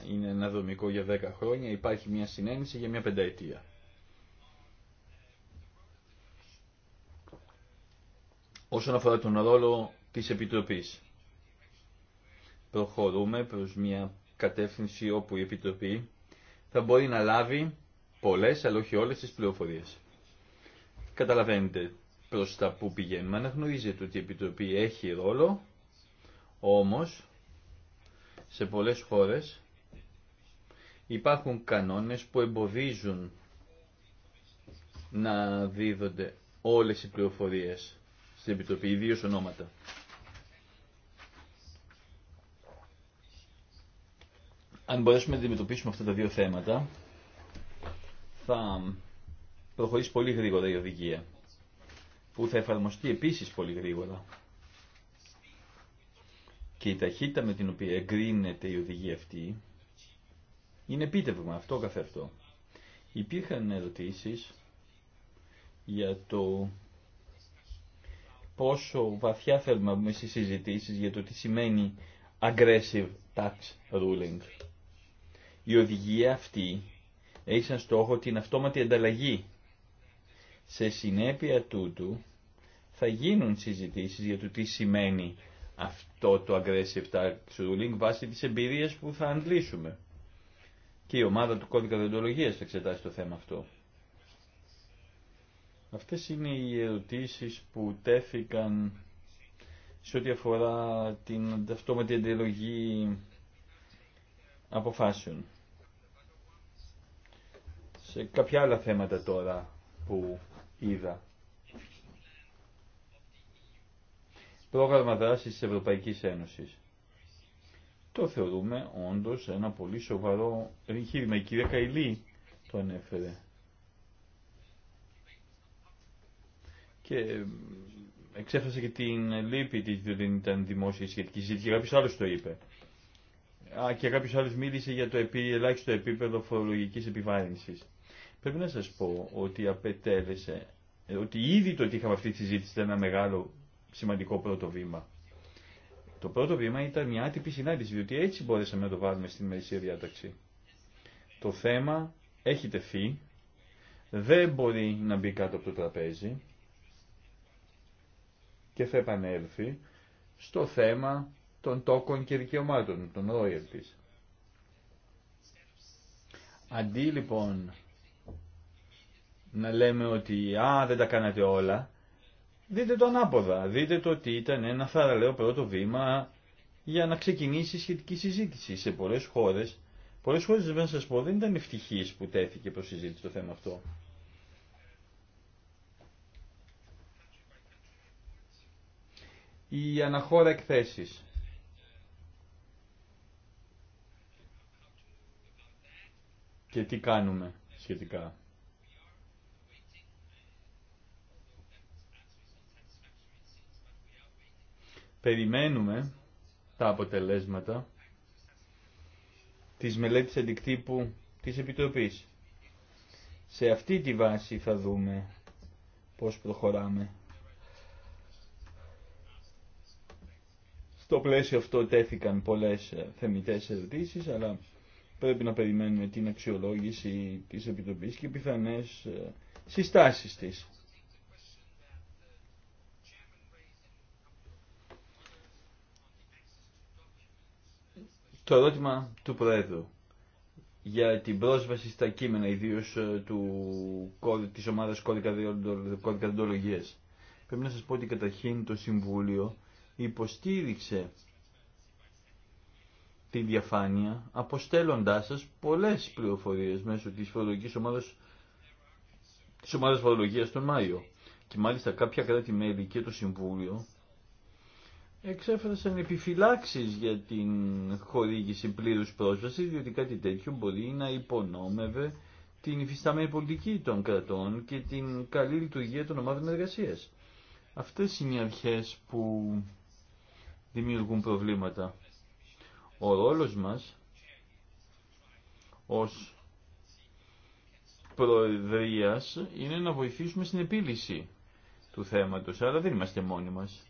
είναι αναδρομικό για 10 χρόνια, υπάρχει μια συνένεση για μια πενταετία. Όσον αφορά τον ρόλο της Επιτροπής, προχωρούμε προς μια κατεύθυνση όπου η Επιτροπή θα μπορεί να λάβει πολλές αλλά όχι όλες τις πληροφορίε. Καταλαβαίνετε προς τα που πηγαίνουμε. Αναγνωρίζετε ότι η Επιτροπή έχει ρόλο, όμως σε πολλές χώρες υπάρχουν κανόνες που εμποδίζουν να δίδονται όλες οι πληροφορίε στην Επιτροπή, ιδίως ονόματα. Αν μπορέσουμε να αντιμετωπίσουμε αυτά τα δύο θέματα, θα προχωρήσει πολύ γρήγορα η οδηγία, που θα εφαρμοστεί επίσης πολύ γρήγορα. Και η ταχύτητα με την οποία εγκρίνεται η οδηγία αυτή, είναι επίτευγμα αυτό καθ' αυτό. Υπήρχαν ερωτήσεις για το πόσο βαθιά θέλουμε να μπούμε στις συζητήσεις για το τι σημαίνει aggressive tax ruling. Η οδηγία αυτή έχει σαν στόχο την αυτόματη ανταλλαγή. Σε συνέπεια τούτου θα γίνουν συζητήσεις για το τι σημαίνει αυτό το aggressive tax ruling βάσει της εμπειρίας που θα αντλήσουμε. Και η ομάδα του κώδικα δεντολογίας θα εξετάσει το θέμα αυτό. Αυτές είναι οι ερωτήσεις που τέθηκαν σε ό,τι αφορά την αυτόματη αντιλογή αποφάσεων σε κάποια άλλα θέματα τώρα που είδα. Πρόγραμμα δράσης της Ευρωπαϊκής Ένωσης. Το θεωρούμε όντως ένα πολύ σοβαρό εγχείρημα. Η κυρία Καηλή το ανέφερε. Και εξέφρασε και την λύπη της, διότι δεν ήταν δημόσια σχετική συζήτηση. Κάποιο άλλο το είπε. Α, και κάποιο άλλο μίλησε για το επί, ελάχιστο επίπεδο φορολογική επιβάρυνση. Πρέπει να σας πω ότι απετέλεσε, ε, ότι ήδη το ότι είχαμε αυτή τη συζήτηση ήταν ένα μεγάλο σημαντικό πρώτο βήμα. Το πρώτο βήμα ήταν μια άτυπη συνάντηση, διότι έτσι μπορέσαμε να το βάλουμε στην μερισσία διάταξη. Το θέμα έχει τεθεί, δεν μπορεί να μπει κάτω από το τραπέζι και θα επανέλθει στο θέμα των τόκων και δικαιωμάτων, των royalties. Αντί λοιπόν να λέμε ότι «Α, δεν τα κάνατε όλα». Δείτε το ανάποδα. Δείτε το ότι ήταν ένα θαραλέο πρώτο βήμα για να ξεκινήσει η σχετική συζήτηση. Σε πολλές χώρες, πολλές χώρες δεν σας πω, δεν ήταν ευτυχής που τέθηκε προς συζήτηση το θέμα αυτό. Η αναχώρα εκθέσεις. Και τι κάνουμε σχετικά. περιμένουμε τα αποτελέσματα της μελέτης αντικτύπου της Επιτροπής. Σε αυτή τη βάση θα δούμε πώς προχωράμε. Στο πλαίσιο αυτό τέθηκαν πολλές θεμητές ερωτήσεις, αλλά πρέπει να περιμένουμε την αξιολόγηση της Επιτροπής και πιθανές συστάσεις της. Το ερώτημα του Προέδρου για την πρόσβαση στα κείμενα, ιδίω ε, τη ομάδα κώδικα διοντολογία. Πρέπει να σα πω ότι καταρχήν το Συμβούλιο υποστήριξε τη διαφάνεια, αποστέλλοντά σα πολλέ πληροφορίε μέσω τη φορολογική ομάδα τη ομάδα φορολογία τον Μάιο. Και μάλιστα κάποια κράτη-μέλη και το Συμβούλιο εξέφρασαν επιφυλάξεις για την χορήγηση πλήρους πρόσβασης, διότι κάτι τέτοιο μπορεί να υπονόμευε την υφιστάμενη πολιτική των κρατών και την καλή λειτουργία των ομάδων εργασίας. Αυτές είναι οι αρχές που δημιουργούν προβλήματα. Ο ρόλος μας ως προεδρίας είναι να βοηθήσουμε στην επίλυση του θέματος, αλλά δεν είμαστε μόνοι μας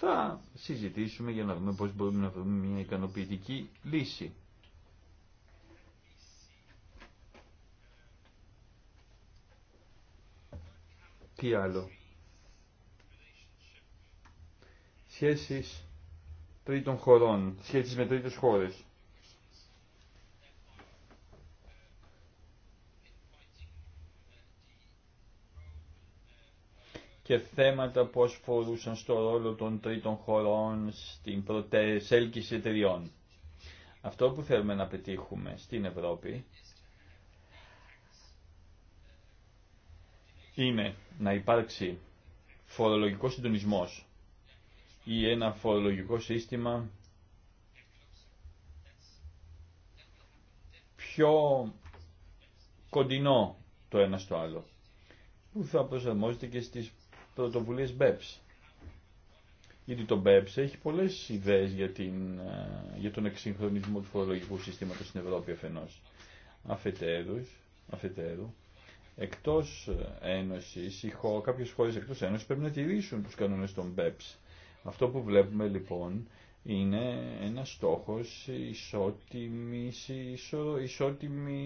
θα συζητήσουμε για να δούμε πώς μπορούμε να βρούμε μια ικανοποιητική λύση. Τι άλλο. Σχέσεις τρίτων χωρών, σχέσεις με τρίτες χώρες. και θέματα πώς φορούσαν στο ρόλο των τρίτων χωρών στην προτεσέλκιση εταιριών. Αυτό που θέλουμε να πετύχουμε στην Ευρώπη είναι να υπάρξει φορολογικός συντονισμός ή ένα φορολογικό σύστημα πιο κοντινό το ένα στο άλλο που θα προσαρμόζεται και στις πρωτοβουλίες BEPS. Γιατί το BEPS έχει πολλές ιδέες για, ε, για τον εξυγχρονισμό του φορολογικού συστήματος στην Ευρώπη αφενός. Αφετέρου, αφετέρου εκτός Ένωσης, χώ, κάποιες χώρες εκτός Ένωσης πρέπει να τηρήσουν τους κανόνες των BEPS. Αυτό που βλέπουμε λοιπόν είναι ένα στόχος ισότιμης, ισο, ισότιμη,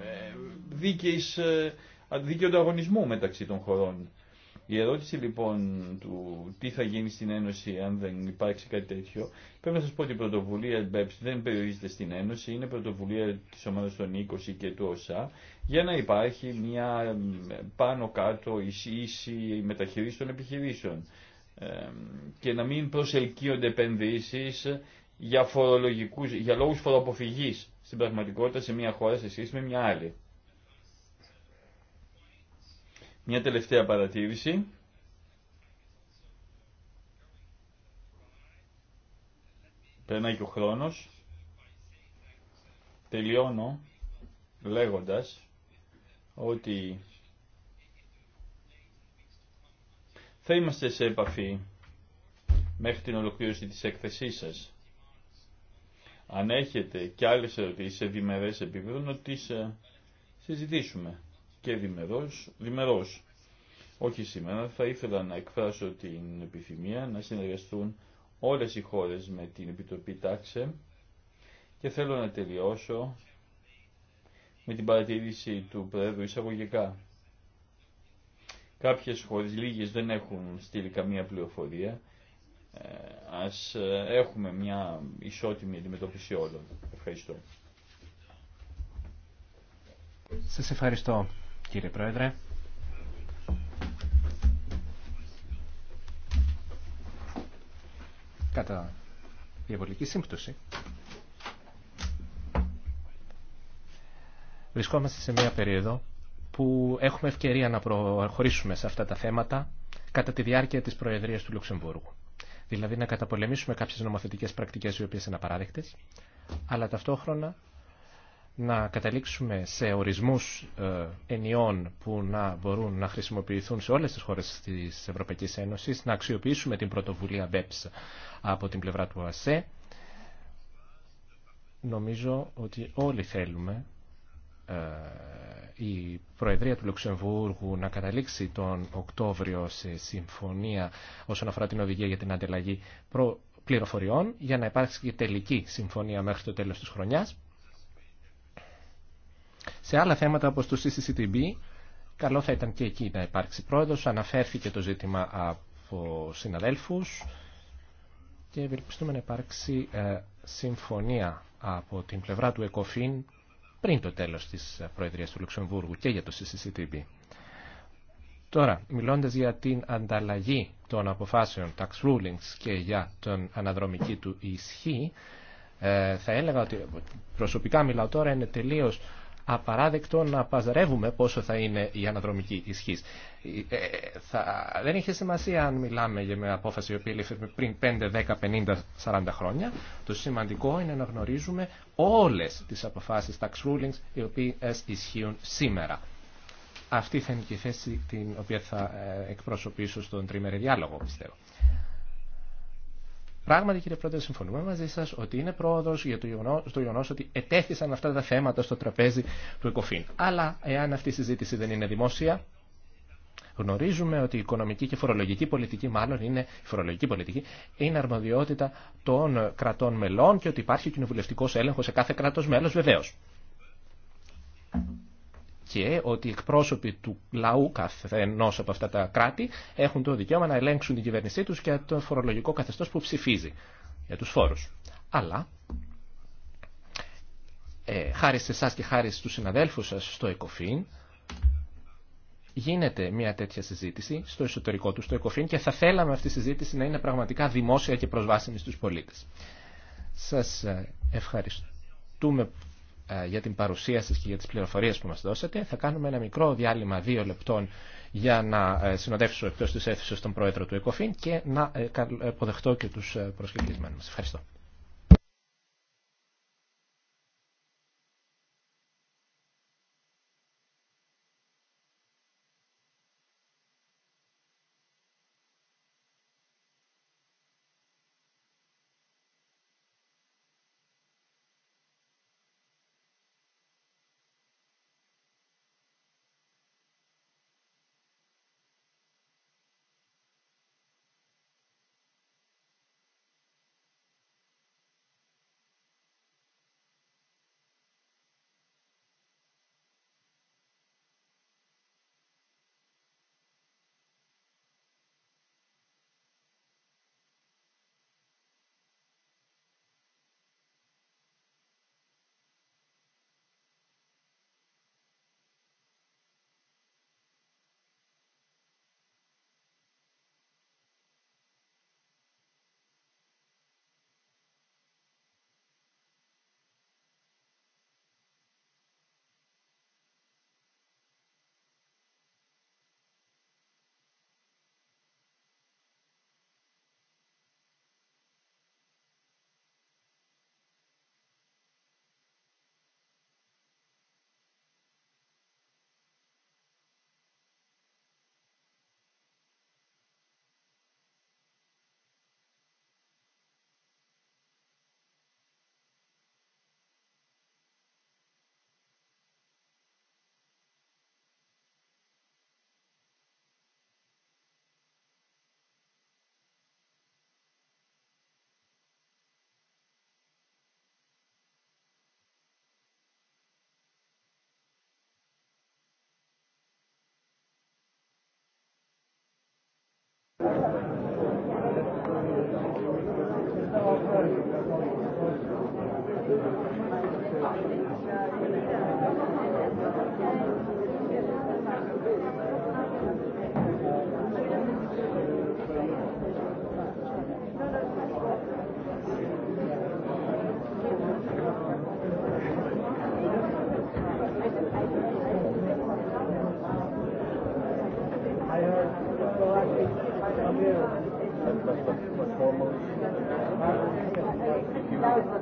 ε, δίκαιης, ε, δίκαιο ανταγωνισμού μεταξύ των χωρών η ερώτηση λοιπόν του τι θα γίνει στην Ένωση αν δεν υπάρξει κάτι τέτοιο, πρέπει να σας πω ότι η πρωτοβουλία BEPS ε δεν περιορίζεται στην Ένωση, είναι πρωτοβουλία της ομάδας των 20 και του ΩΣΑ για να υπάρχει μια πάνω κάτω ίση μεταχειρίση των επιχειρήσεων και να μην προσελκύονται επενδύσει για, φορολογικούς, για λόγους στην πραγματικότητα σε μια χώρα σε σχέση με μια άλλη. Μια τελευταία παρατήρηση. Περνάει και ο χρόνος. Τελειώνω λέγοντας ότι θα είμαστε σε επαφή μέχρι την ολοκλήρωση της έκθεσής σας. Αν έχετε και άλλες ερωτήσεις σε διμερές επίπεδο, να τις ε, συζητήσουμε και διμερός, διμερός. Όχι σήμερα, θα ήθελα να εκφράσω την επιθυμία να συνεργαστούν όλες οι χώρες με την Επιτροπή Τάξε και θέλω να τελειώσω με την παρατηρήση του Πρόεδρου εισαγωγικά. Κάποιες χώρες, λίγες, δεν έχουν στείλει καμία πληροφορία. Ε, ας ε, έχουμε μια ισότιμη αντιμετώπιση όλων. Ευχαριστώ. Σας ευχαριστώ κύριε Πρόεδρε. Κατά διαβολική σύμπτωση, βρισκόμαστε σε μια περίοδο που έχουμε ευκαιρία να προχωρήσουμε σε αυτά τα θέματα κατά τη διάρκεια της Προεδρίας του Λουξεμβούργου. Δηλαδή να καταπολεμήσουμε κάποιες νομοθετικές πρακτικές οι οποίες είναι απαράδεκτες, αλλά ταυτόχρονα να καταλήξουμε σε ορισμούς ε, ενιών που να μπορούν να χρησιμοποιηθούν σε όλες τις χώρες της Ευρωπαϊκής Ένωσης, να αξιοποιήσουμε την πρωτοβουλία BEPS από την πλευρά του ΑΣΕ. Νομίζω ότι όλοι θέλουμε ε, η Προεδρία του Λουξεμβούργου να καταλήξει τον Οκτώβριο σε συμφωνία όσον αφορά την οδηγία για την ανταλλαγή πληροφοριών για να υπάρξει και τελική συμφωνία μέχρι το τέλος της χρονιάς σε άλλα θέματα όπως το CCCTB, καλό θα ήταν και εκεί να υπάρξει πρόεδρος. Αναφέρθηκε το ζήτημα από συναδέλφους και ευελπιστούμε να υπάρξει ε, συμφωνία από την πλευρά του ΕΚΟΦΗΝ πριν το τέλος της ε, Προεδρίας του Λουξεμβούργου και για το CCCTB. Τώρα, μιλώντας για την ανταλλαγή των αποφάσεων tax rulings και για την αναδρομική του ισχύ, ε, θα έλεγα ότι προσωπικά μιλάω τώρα είναι τελείως απαράδεκτο να παζαρεύουμε πόσο θα είναι η αναδρομική ισχύς. Ε, ε, θα... δεν είχε σημασία αν μιλάμε για μια απόφαση η οποία λήφθηκε πριν 5, 10, 50, 40 χρόνια. Το σημαντικό είναι να γνωρίζουμε όλε τι αποφάσει tax rulings οι οποίε ισχύουν σήμερα. Αυτή θα είναι και η θέση την οποία θα ε, εκπροσωπήσω στον τριμερή διάλογο, πιστεύω. Πράγματι, κύριε Πρόεδρε, συμφωνούμε μαζί σα ότι είναι πρόοδο για το γεγονό γεγονός ότι ετέθησαν αυτά τα θέματα στο τραπέζι του ΕΚΟΦΗΝ. Αλλά εάν αυτή η συζήτηση δεν είναι δημόσια, γνωρίζουμε ότι η οικονομική και φορολογική πολιτική, μάλλον είναι φορολογική πολιτική, είναι αρμοδιότητα των κρατών μελών και ότι υπάρχει κοινοβουλευτικό έλεγχο σε κάθε κράτο μέλο, βεβαίω και ότι οι εκπρόσωποι του λαού καθενό από αυτά τα κράτη έχουν το δικαίωμα να ελέγξουν την κυβέρνησή του και το φορολογικό καθεστώ που ψηφίζει για του φόρου. Αλλά ε, χάρη σε εσά και χάρη στους συναδέλφους σας στο ΕΚΟΦΗΝ γίνεται μια τέτοια συζήτηση στο εσωτερικό του στο ΕΚΟΦΗΝ και θα θέλαμε αυτή η συζήτηση να είναι πραγματικά δημόσια και προσβάσιμη στους πολίτες. Σας ε, ευχαριστούμε ε, για την παρουσία σας και για τις πληροφορίες που μας δώσατε. Θα κάνουμε ένα μικρό διάλειμμα δύο λεπτών για να ε, συνοδεύσω εκτός της αίθουσας τον Πρόεδρο του ΕΚΟΦΗΝ και να ε, αποδεχτώ και τους προσκεκλισμένους μας. Ευχαριστώ. Thank you.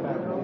Ευχαριστώ.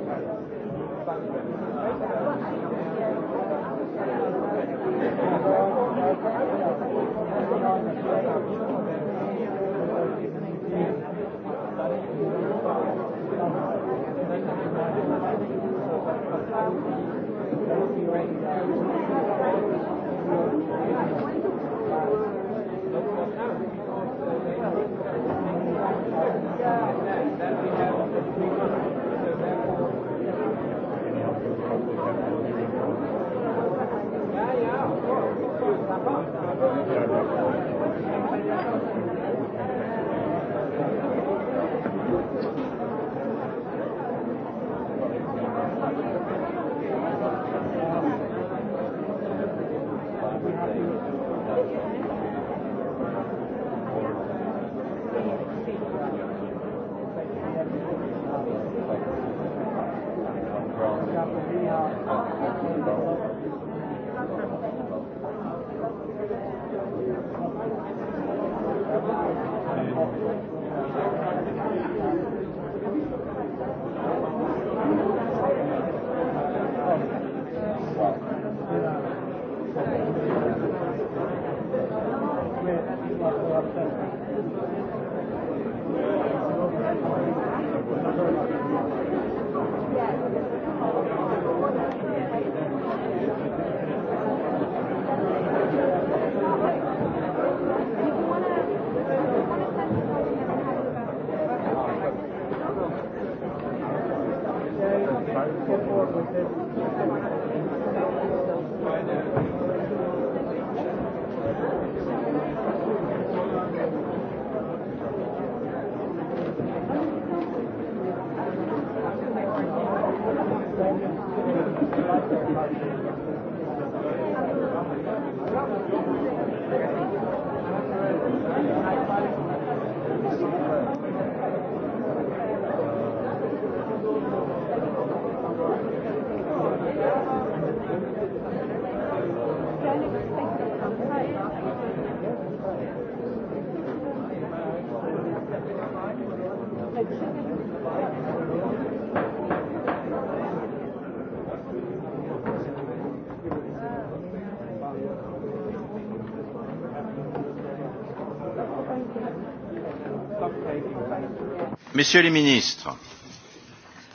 Messieurs les ministres,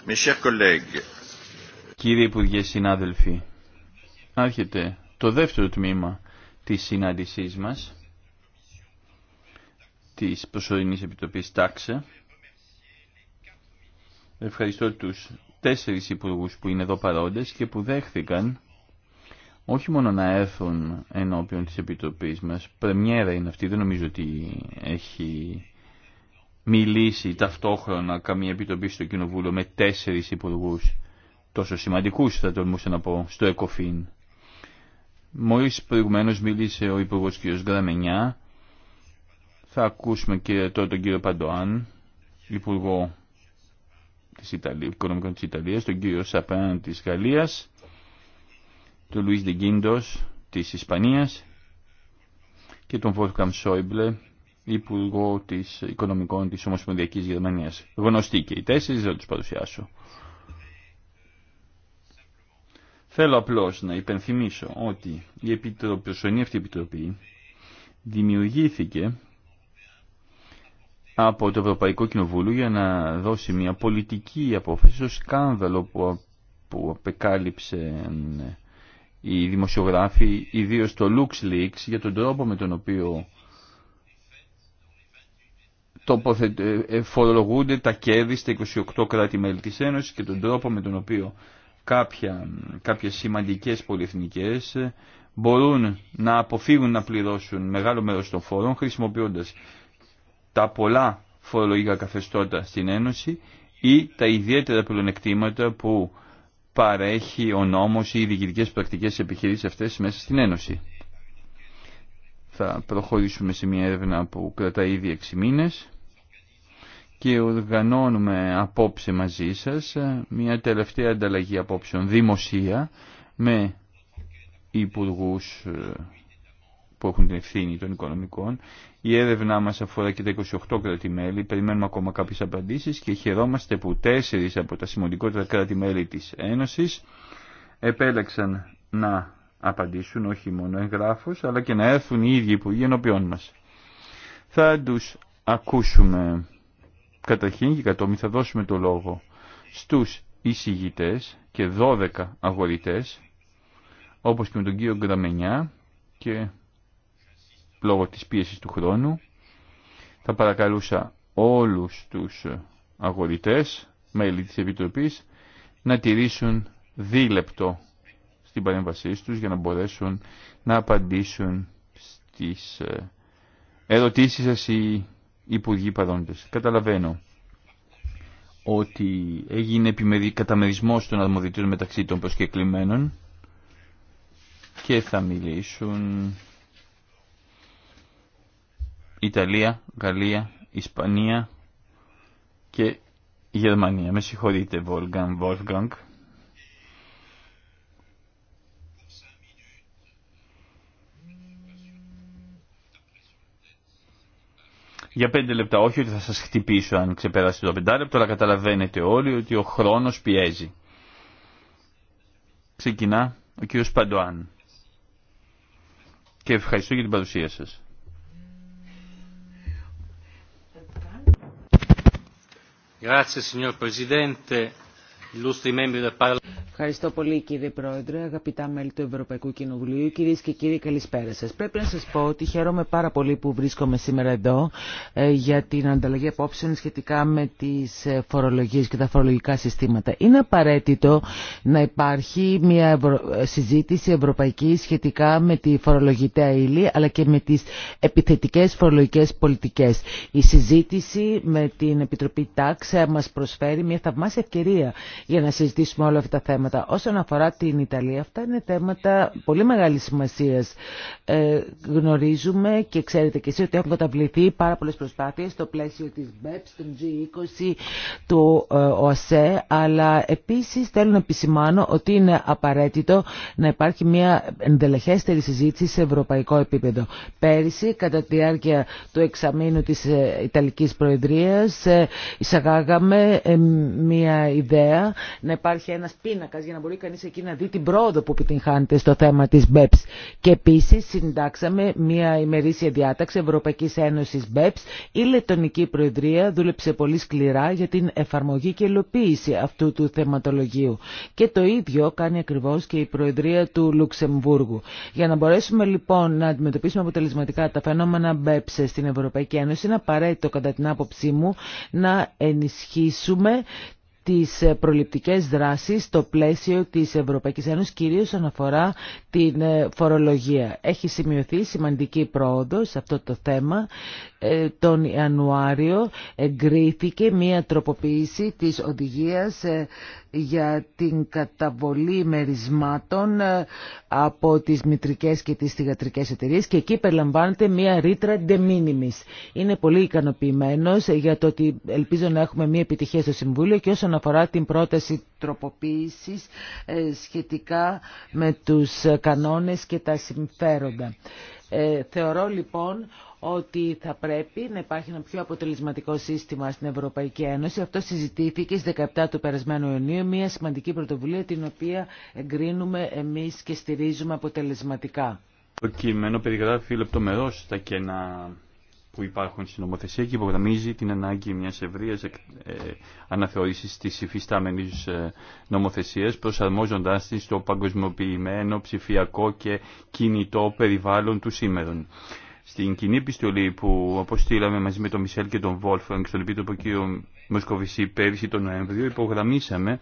mes Κύριε Υπουργέ, συνάδελφοι, άρχεται το δεύτερο τμήμα της συνάντησής μας, της προσωρινής επιτροπής τάξε. Ευχαριστώ τους τέσσερις υπουργούς που είναι εδώ παρόντες και που δέχθηκαν όχι μόνο να έρθουν ενώπιον της Επιτροπής μας, πρεμιέρα είναι αυτή, δεν νομίζω ότι έχει μιλήσει ταυτόχρονα καμία επιτροπή στο Κοινοβούλιο με τέσσερις υπουργού, τόσο σημαντικούς θα τολμούσα να πω στο ΕΚΟΦΗΝ. Μόλις προηγουμένω μίλησε ο Υπουργό κ. Γραμμενιά, θα ακούσουμε και τώρα τον κύριο Παντοάν, Υπουργό της Ιταλίας, Οικονομικών της Ιταλίας, τον κύριο Σαπέν της Γαλλίας, τον Λουίς Δεγκίντος της Ισπανίας και τον Βόρκαμ Σόιμπλε Υπουργό τη Οικονομικών τη Ομοσπονδιακή Γερμανία Γνωστοί και οι τέσσερις, δεν του παρουσιάσω. Θέλω απλώ να υπενθυμίσω ότι η Επιτροπή, αυτή Επιτροπή δημιουργήθηκε από το Ευρωπαϊκό Κοινοβούλιο για να δώσει μια πολιτική απόφαση στο σκάνδαλο που, που απεκάλυψε ε, οι δημοσιογράφοι, ιδίως το LuxLeaks, για τον τρόπο με τον οποίο ε, ε, φορολογούνται τα κέρδη στα 28 κράτη-μέλη της Ένωσης και τον τρόπο με τον οποίο κάποια, κάποιες σημαντικές πολυεθνικές ε, μπορούν να αποφύγουν να πληρώσουν μεγάλο μέρος των φόρων χρησιμοποιώντας τα πολλά φορολογικά καθεστώτα στην Ένωση ή τα ιδιαίτερα πλονεκτήματα που παρέχει ο νόμος ή οι διοικητικές πρακτικές επιχειρήσεις αυτές μέσα στην Ένωση θα προχωρήσουμε σε μια έρευνα που κρατάει ήδη 6 μήνες και οργανώνουμε απόψε μαζί σας ε, μια τελευταία ανταλλαγή απόψεων δημοσία με υπουργού ε, που έχουν την ευθύνη των οικονομικών. Η έρευνά μας αφορά και τα 28 κράτη-μέλη. Περιμένουμε ακόμα κάποιες απαντήσεις και χαιρόμαστε που τέσσερις από τα σημαντικότερα κράτη-μέλη της Ένωσης επέλεξαν να απαντήσουν όχι μόνο εγγράφως αλλά και να έρθουν οι ίδιοι υπουργοί ενώπιόν μας. Θα τους ακούσουμε καταρχήν και κατόμι θα δώσουμε το λόγο στους εισηγητές και 12 αγορητές όπως και με τον κύριο Γκραμενιά και λόγω της πίεσης του χρόνου θα παρακαλούσα όλους τους αγορητές μέλη της Επιτροπής να τηρήσουν δίλεπτο στην παρέμβασή τους για να μπορέσουν να απαντήσουν στις ε, ερωτήσεις σας οι υπουργοί παρόντες. Καταλαβαίνω ότι έγινε καταμερισμός των αρμοδιτών μεταξύ των προσκεκλημένων και θα μιλήσουν Ιταλία, Γαλλία, Ισπανία και Γερμανία. Με συγχωρείτε βόλγκαν, Wolfgang. για πέντε λεπτά. Όχι ότι θα σας χτυπήσω αν ξεπεράσετε το πεντάλεπτο, αλλά καταλαβαίνετε όλοι ότι ο χρόνος πιέζει. Ξεκινά ο κύριος Παντοάν. Και ευχαριστώ για την παρουσία σας. Ευχαριστώ πολύ κύριε Πρόεδρε, αγαπητά μέλη του Ευρωπαϊκού Κοινοβουλίου, κυρίε και κύριοι καλησπέρα σα. Πρέπει να σα πω ότι χαίρομαι πάρα πολύ που βρίσκομαι σήμερα εδώ ε, για την ανταλλαγή απόψεων σχετικά με τι ε, φορολογίε και τα φορολογικά συστήματα. Είναι απαραίτητο να υπάρχει μια ε, συζήτηση ευρωπαϊκή σχετικά με τη φορολογητέα ύλη αλλά και με τι επιθετικέ φορολογικέ πολιτικέ. Η συζήτηση με την Επιτροπή ΤΑΞ μα προσφέρει μια θαυμάσια ευκαιρία για να συζητήσουμε όλα αυτά τα θέματα θέματα. Όσον αφορά την Ιταλία, αυτά είναι θέματα πολύ μεγάλη σημασίας. Ε, γνωρίζουμε και ξέρετε και εσείς ότι έχουν καταβληθεί πάρα πολλέ προσπάθειες στο πλαίσιο της BEPS, του G20, του ε, ΟΑΣΕ, αλλά επίσης θέλω να επισημάνω ότι είναι απαραίτητο να υπάρχει μια εντελεχέστερη συζήτηση σε ευρωπαϊκό επίπεδο. Πέρυσι, κατά τη διάρκεια του εξαμήνου της ε, Ιταλικής Προεδρίας, ε, εισαγάγαμε μια ιδέα να υπάρχει ένα πίνακα καταρχάς για να μπορεί κανείς εκεί να δει την πρόοδο που επιτυγχάνεται στο θέμα της BEPS. Ε και επίσης συντάξαμε μια ημερήσια διάταξη Ευρωπαϊκής Ένωσης BEPS. Ε η Λετωνική Προεδρία δούλεψε πολύ σκληρά για την εφαρμογή και υλοποίηση αυτού του θεματολογίου. Και το ίδιο κάνει ακριβώς και η Προεδρία του Λουξεμβούργου. Για να μπορέσουμε λοιπόν να αντιμετωπίσουμε αποτελεσματικά τα φαινόμενα BEPS ε στην Ευρωπαϊκή Ένωση, είναι απαραίτητο κατά την άποψή μου να ενισχύσουμε τις ε, προληπτικές δράσεις στο πλαίσιο της Ευρωπαϊκής Ένωσης, κυρίως αναφορά την ε, φορολογία. Έχει σημειωθεί σημαντική πρόοδος σε αυτό το θέμα ε, τον Ιανουάριο εγκρίθηκε μία τροποποίηση της οδηγίας ε, για την καταβολή μερισμάτων ε, από τις μητρικές και τις θηγατρικές εταιρείες και εκεί περιλαμβάνεται μία ρήτρα de minimis. Είναι πολύ ικανοποιημένος για το ότι ελπίζω να έχουμε μία επιτυχία στο Συμβούλιο και όσον αφορά την πρόταση τροποποίησης σχετικά με τους κανόνες και τα συμφέροντα. Ε, θεωρώ λοιπόν ότι θα πρέπει να υπάρχει ένα πιο αποτελεσματικό σύστημα στην Ευρωπαϊκή Ένωση. Αυτό συζητήθηκε στις 17 του περασμένου Ιουνίου, μια σημαντική πρωτοβουλία την οποία εγκρίνουμε εμείς και στηρίζουμε αποτελεσματικά. Το κείμενο περιγράφει λεπτομερώς τα κενά που υπάρχουν στην νομοθεσία και υπογραμμίζει την ανάγκη μιας ευρείας ε, αναθεώρησης της υφιστάμενης ε, νομοθεσία, προσαρμόζοντάς τη στο παγκοσμιοποιημένο, ψηφιακό και κινητό περιβάλλον του σήμερα. Στην κοινή επιστολή που αποστήλαμε μαζί με τον Μισελ και τον και στον επίτροπο κ. Μοσκοβισή πέρυσι τον Νοέμβριο υπογραμμίσαμε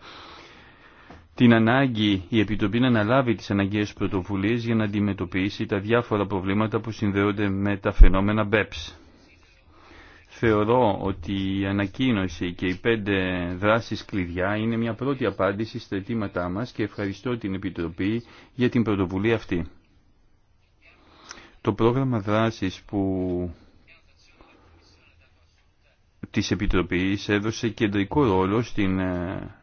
την ανάγκη η Επιτροπή να αναλάβει τις αναγκαίε πρωτοβουλίες για να αντιμετωπίσει τα διάφορα προβλήματα που συνδέονται με τα φαινόμενα BEPS. Θεωρώ ότι η ανακοίνωση και οι πέντε δράσεις κλειδιά είναι μια πρώτη απάντηση στα αιτήματά μας και ευχαριστώ την Επιτροπή για την πρωτοβουλία αυτή. Το πρόγραμμα δράσης που της Επιτροπής έδωσε κεντρικό ρόλο στην ε,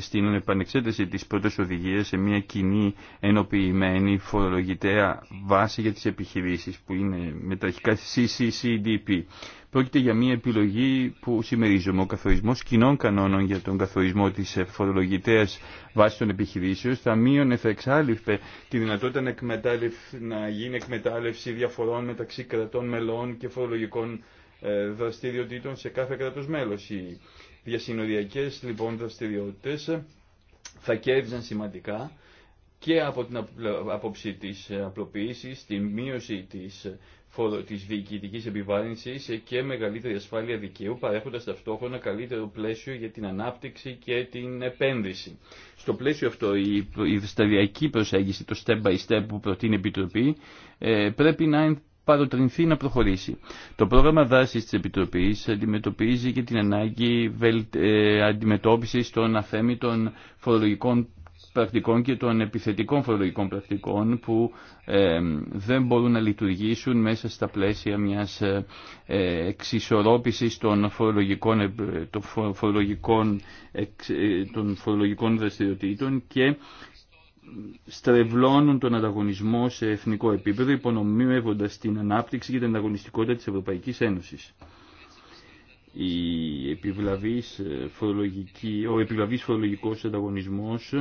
στην επανεξέταση της πρώτης οδηγίας σε μια κοινή ενοποιημένη φορολογητέα βάση για τις επιχειρήσεις που είναι μεταρχικά CCCDP. Πρόκειται για μια επιλογή που συμμερίζομαι. Ο καθορισμός κοινών κανόνων για τον καθορισμό της φορολογητέας βάση των επιχειρήσεων θα μείωνε, θα εξάλληφε τη δυνατότητα να, γίνει εκμετάλλευση διαφορών μεταξύ κρατών μελών και φορολογικών ε, δραστηριοτήτων σε κάθε κράτος μέλος. Η διασυνοριακές λοιπόν δραστηριότητε θα κέρδιζαν σημαντικά και από την άποψη της απλοποίησης, τη μείωση της, της διοικητικής επιβάρυνσης και μεγαλύτερη ασφάλεια δικαίου, παρέχοντας ταυτόχρονα καλύτερο πλαίσιο για την ανάπτυξη και την επένδυση. Στο πλαίσιο αυτό η σταδιακή προσέγγιση, το step by step που προτείνει η Επιτροπή, ε, πρέπει να παροτρινθεί να προχωρήσει. Το πρόγραμμα δράσης της Επιτροπής αντιμετωπίζει και την ανάγκη ε, αντιμετώπισης των αθέμητων φορολογικών πρακτικών και των επιθετικών φορολογικών πρακτικών που ε, δεν μπορούν να λειτουργήσουν μέσα στα πλαίσια μιας ε, ε εξισορρόπησης των φορολογικών, των, φορολογικών, των φορολογικών δραστηριοτήτων και στρεβλώνουν τον ανταγωνισμό σε εθνικό επίπεδο, υπονομεύοντας την ανάπτυξη και την ανταγωνιστικότητα της Ευρωπαϊκής Ένωσης. Η επιβλαβής ε, φορολογική, ο επιβλαβής φορολογικός ανταγωνισμός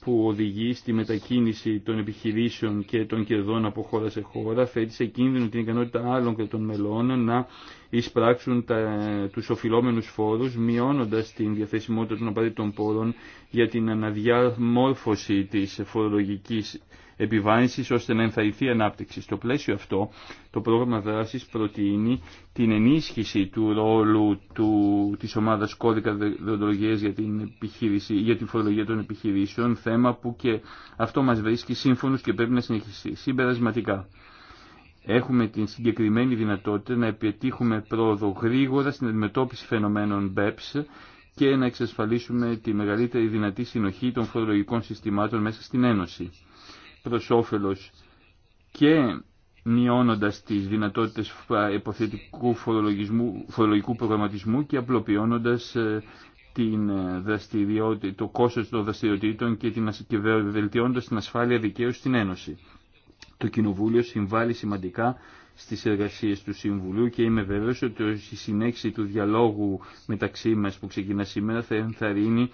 που οδηγεί στη μετακίνηση των επιχειρήσεων και των κερδών από χώρα σε χώρα, φέρει σε κίνδυνο την ικανότητα άλλων των μελών να εισπράξουν τα, τους οφειλόμενους φόρους, μειώνοντας την διαθεσιμότητα των απαραίτητων πόρων για την αναδιαμόρφωση της φορολογικής επιβάρυνση ώστε να ενθαρρυνθεί η ανάπτυξη. Στο πλαίσιο αυτό, το πρόγραμμα δράση προτείνει την ενίσχυση του ρόλου του, της ομάδας κώδικα διοντολογία για, την επιχείρηση, για φορολογία των επιχειρήσεων, θέμα που και αυτό μας βρίσκει σύμφωνος και πρέπει να συνεχιστεί. Συμπερασματικά έχουμε την συγκεκριμένη δυνατότητα να επιτύχουμε πρόοδο γρήγορα στην αντιμετώπιση φαινομένων BEPS ε και να εξασφαλίσουμε τη μεγαλύτερη δυνατή συνοχή των φορολογικών συστημάτων μέσα στην Ένωση προς και μειώνοντας τις δυνατότητες υποθετικού φορολογισμού, φορολογικού προγραμματισμού και απλοποιώνοντας ε, την ε, το κόστος των δραστηριοτήτων και, την, και βελτιώνοντας την ασφάλεια δικαίου στην Ένωση. Το Κοινοβούλιο συμβάλλει σημαντικά στις εργασίες του Συμβουλίου και είμαι βέβαιος ότι η συνέχιση του διαλόγου μεταξύ μας που ξεκινά σήμερα θα ενθαρρύνει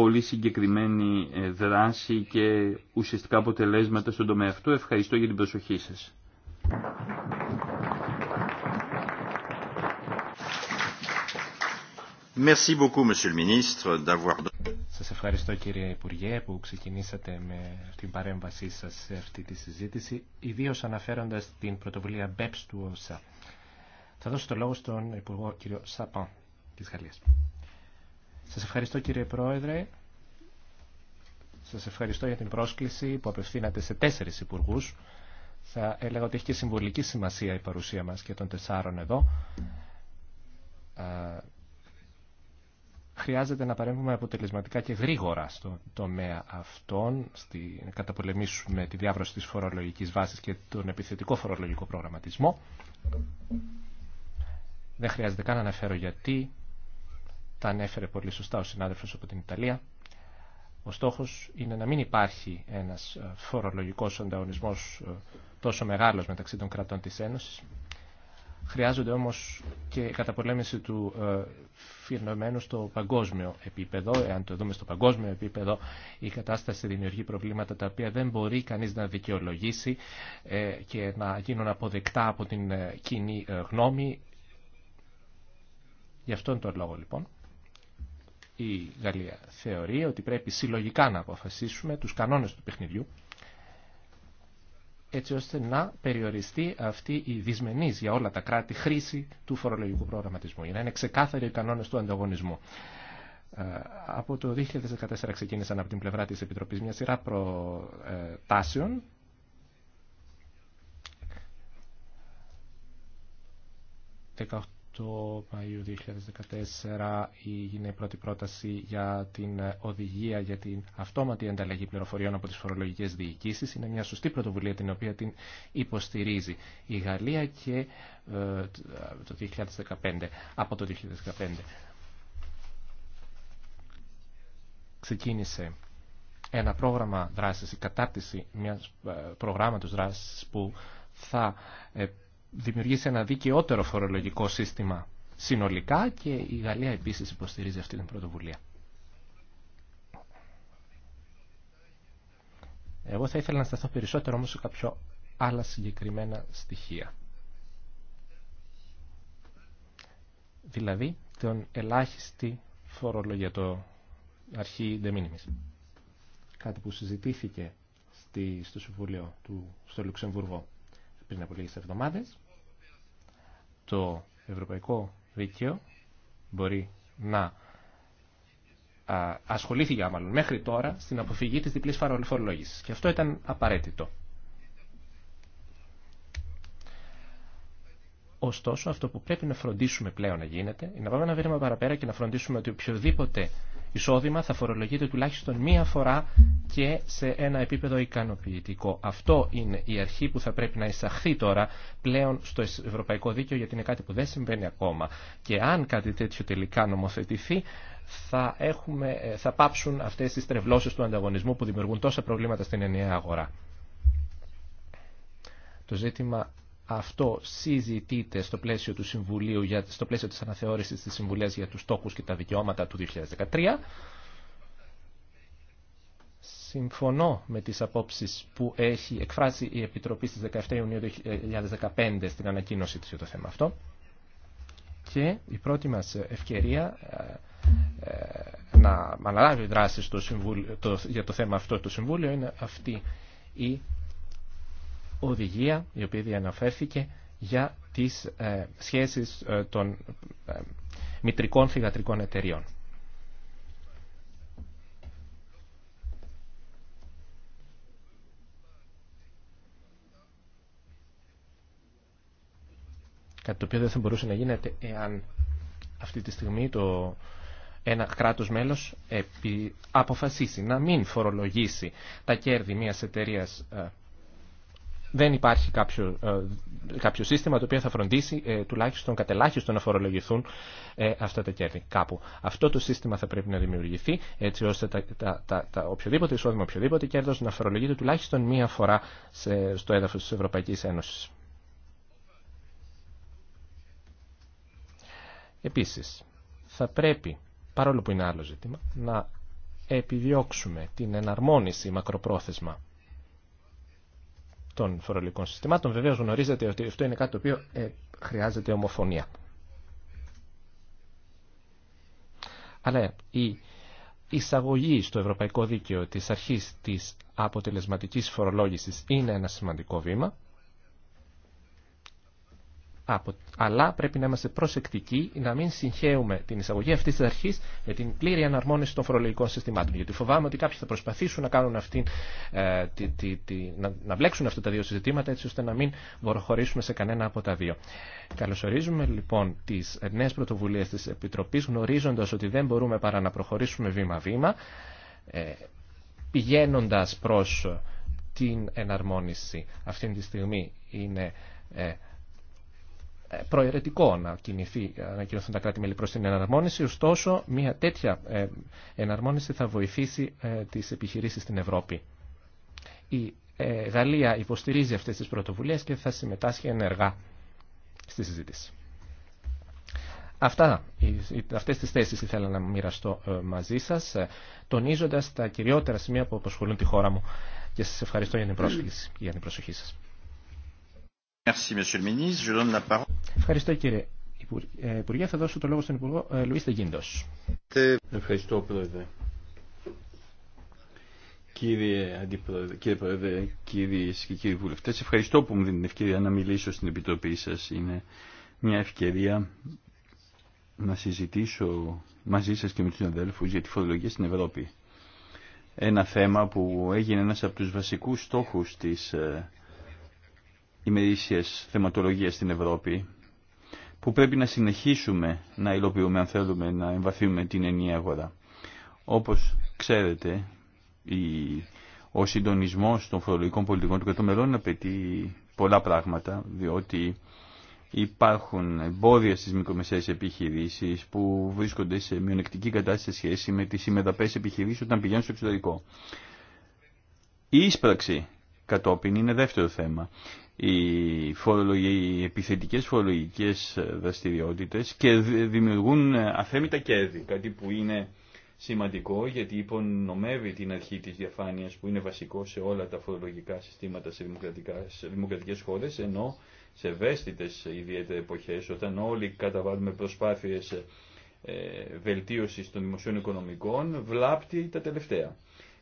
πολύ συγκεκριμένη ε, δράση και ουσιαστικά αποτελέσματα στον τομέα αυτό. Ευχαριστώ για την προσοχή σας. Merci beaucoup, Monsieur le Ministre, d'avoir. Σας ευχαριστώ κύριε Υπουργέ που ξεκινήσατε με την παρέμβασή σας σε αυτή τη συζήτηση, ιδίως αναφέροντας την πρωτοβουλία BEPS του ΩΣΑ. Θα δώσω το λόγο στον Υπουργό κύριο Σαπάν της Γαλλίας. Σας ευχαριστώ κύριε Πρόεδρε. Σας ευχαριστώ για την πρόσκληση που απευθύνατε σε τέσσερις υπουργούς. Θα έλεγα ότι έχει και συμβολική σημασία η παρουσία μας και των τεσσάρων εδώ. Χρειάζεται να παρέμβουμε αποτελεσματικά και γρήγορα στον τομέα αυτών, στη, να καταπολεμήσουμε τη διάβρωση της φορολογικής βάσης και τον επιθετικό φορολογικό προγραμματισμό. Δεν χρειάζεται καν να αναφέρω γιατί τα ανέφερε πολύ σωστά ο συνάδελφος από την Ιταλία. Ο στόχος είναι να μην υπάρχει ένας ε, φορολογικός ανταγωνισμός ε, τόσο μεγάλος μεταξύ των κρατών της Ένωσης. Χρειάζονται όμως και καταπολέμηση του ε, φαινομένου στο παγκόσμιο επίπεδο. Εάν το δούμε στο παγκόσμιο επίπεδο, η κατάσταση δημιουργεί προβλήματα τα οποία δεν μπορεί κανείς να δικαιολογήσει και να γίνουν αποδεκτά από την κοινή γνώμη. Γι' αυτόν τον λόγο λοιπόν η Γαλλία θεωρεί ότι πρέπει συλλογικά να αποφασίσουμε τους κανόνες του παιχνιδιού έτσι ώστε να περιοριστεί αυτή η δυσμενής για όλα τα κράτη χρήση του φορολογικού προγραμματισμού για να είναι ξεκάθαροι οι κανόνες του ανταγωνισμού. Ε, από το 2014 ξεκίνησαν από την πλευρά της Επιτροπής μια σειρά προτάσεων ε, το Μαΐου 2014 έγινε η πρώτη πρόταση για την οδηγία για την αυτόματη ανταλλαγή πληροφοριών από τις φορολογικές διοικήσεις. Είναι μια σωστή πρωτοβουλία την οποία την υποστηρίζει η Γαλλία και ε, το 2015, από το 2015. Ξεκίνησε ένα πρόγραμμα δράσης, η κατάρτιση μιας ε, προγράμματος δράσης που θα ε, δημιουργήσει ένα δικαιότερο φορολογικό σύστημα συνολικά και η Γαλλία επίσης υποστηρίζει αυτή την πρωτοβουλία. Εγώ θα ήθελα να σταθώ περισσότερο όμως σε κάποιο άλλα συγκεκριμένα στοιχεία. Δηλαδή, τον ελάχιστη φορολογιατό αρχή de minimis. Κάτι που συζητήθηκε στη, στο Συμβούλιο του, στο Λουξεμβουργό πριν από λίγες εβδομάδες το ευρωπαϊκό δίκαιο μπορεί να ασχολήθηκε μάλλον μέχρι τώρα στην αποφυγή της διπλής φορολόγησης. Και αυτό ήταν απαραίτητο. Ωστόσο, αυτό που πρέπει να φροντίσουμε πλέον να γίνεται είναι να πάμε ένα βήμα παραπέρα και να φροντίσουμε ότι οποιοδήποτε εισόδημα θα φορολογείται τουλάχιστον μία φορά και σε ένα επίπεδο ικανοποιητικό. Αυτό είναι η αρχή που θα πρέπει να εισαχθεί τώρα πλέον στο Ευρωπαϊκό Δίκαιο γιατί είναι κάτι που δεν συμβαίνει ακόμα. Και αν κάτι τέτοιο τελικά νομοθετηθεί θα, έχουμε, ε, θα πάψουν αυτές τις τρευλώσεις του ανταγωνισμού που δημιουργούν τόσα προβλήματα στην ενιαία αγορά. Το ζήτημα αυτό συζητείται στο πλαίσιο του Συμβουλίου, στο πλαίσιο της αναθεώρησης της Συμβουλίας για τους στόχους και τα δικαιώματα του 2013. Συμφωνώ με τις απόψεις που έχει εκφράσει η Επιτροπή στις 17 Ιουνίου 2015 στην ανακοίνωση της για το θέμα αυτό. Και η πρώτη μας ευκαιρία ε, ε, να αναλάβει δράση Συμβούλιο, για το θέμα αυτό το Συμβούλιο είναι αυτή η οδηγία η οποία αναφέρθηκε για τις ε, σχέσεις ε, των ε, μητρικών θηγατρικών εταιριών. Κάτι το οποίο δεν θα μπορούσε να γίνεται εάν αυτή τη στιγμή το ένα κράτος μέλος αποφασίσει να μην φορολογήσει τα κέρδη μιας εταιρείας δεν υπάρχει ε, κάποιο, σύστημα το οποίο θα φροντίσει ε, τουλάχιστον κατελάχιστον να φορολογηθούν ε, αυτά τα κέρδη κάπου. Αυτό το σύστημα θα πρέπει να δημιουργηθεί έτσι ώστε τα, τα, τα, οποιοδήποτε εισόδημα, οποιοδήποτε κέρδο να φορολογείται τουλάχιστον μία φορά στο έδαφο τη Ευρωπαϊκής Ένωσης. Επίσης, θα πρέπει, παρόλο που είναι άλλο ζήτημα, να επιδιώξουμε την εναρμόνιση μακροπρόθεσμα των φορολογικών συστημάτων. Βεβαίω γνωρίζετε ότι αυτό είναι κάτι το οποίο ε, χρειάζεται ομοφωνία. Αλλά ε, η εισαγωγή στο ευρωπαϊκό δίκαιο της αρχής της αποτελεσματικής φορολόγησης είναι ένα σημαντικό βήμα αλλά πρέπει να είμαστε προσεκτικοί να μην συγχαίουμε την εισαγωγή αυτή τη αρχή με την πλήρη αναρμόνιση των φορολογικών συστημάτων. Γιατί φοβάμαι ότι κάποιοι θα προσπαθήσουν να, κάνουν αυτή, ε, τη, τη, να, να βλέξουν αυτά τα δύο συζητήματα έτσι ώστε να μην προχωρήσουμε σε κανένα από τα δύο. Καλωσορίζουμε λοιπόν τι νέε πρωτοβουλίε τη Επιτροπή γνωρίζοντα ότι δεν μπορούμε παρά να προχωρήσουμε βήμα-βήμα ε, πηγαίνοντα προ την εναρμόνιση. Αυτή τη στιγμή είναι. Ε, ε, προαιρετικό να, κινηθεί, ε, να κινηθούν τα κράτη-μέλη προς την εναρμόνιση, ωστόσο μια τέτοια ε, εναρμόνιση θα βοηθήσει τις επιχειρήσεις στην Ευρώπη. Η Γαλλία υποστηρίζει αυτές τις πρωτοβουλίες και θα συμμετάσχει ενεργά στη συζήτηση. Αυτά, αυτές τις θέσεις ήθελα να μοιραστώ μαζί σας, τονίζοντας τα κυριότερα σημεία που αποσχολούν τη χώρα μου και σας ευχαριστώ για την, πρόσκληση, για την προσοχή σας. Ευχαριστώ κύριε ε, Υπουργέ. Θα δώσω το λόγο στον Υπουργό ε, Λουίς Τεγκίντος. Ευχαριστώ Πρόεδρε. Κύριε, Αντιπρόεδρε, κύριε Πρόεδρε, κύριε και κύριοι βουλευτές, ευχαριστώ που μου δίνει την ευκαιρία να μιλήσω στην Επιτροπή σας. Είναι μια ευκαιρία να συζητήσω μαζί σας και με τους αδέλφους για τη φορολογία στην Ευρώπη. Ένα θέμα που έγινε ένας από τους βασικούς στόχους της ε, ημερήσιες θεματολογίες στην Ευρώπη που πρέπει να συνεχίσουμε να υλοποιούμε αν θέλουμε να εμβαθύνουμε την ενιαία αγορά. Όπως ξέρετε, ο συντονισμός των φορολογικών πολιτικών του κατωμερών απαιτεί πολλά πράγματα, διότι υπάρχουν εμπόδια στις μικρομεσαίες επιχειρήσεις που βρίσκονται σε μειονεκτική κατάσταση σε σχέση με τις συμμεταπές επιχειρήσεις όταν πηγαίνουν στο εξωτερικό. Η ίσπραξη κατόπιν είναι δεύτερο θέμα οι, φορολογι... οι επιθετικές φορολογικές δραστηριότητες και δημιουργούν αθέμητα κέρδη, κάτι που είναι σημαντικό γιατί υπονομεύει την αρχή της διαφάνειας που είναι βασικό σε όλα τα φορολογικά συστήματα σε, σε δημοκρατικές χώρες ενώ σε ευαίσθητες ιδιαίτερα εποχές όταν όλοι καταβάλουμε προσπάθειες ε, βελτίωσης των δημοσίων οικονομικών βλάπτει τα τελευταία.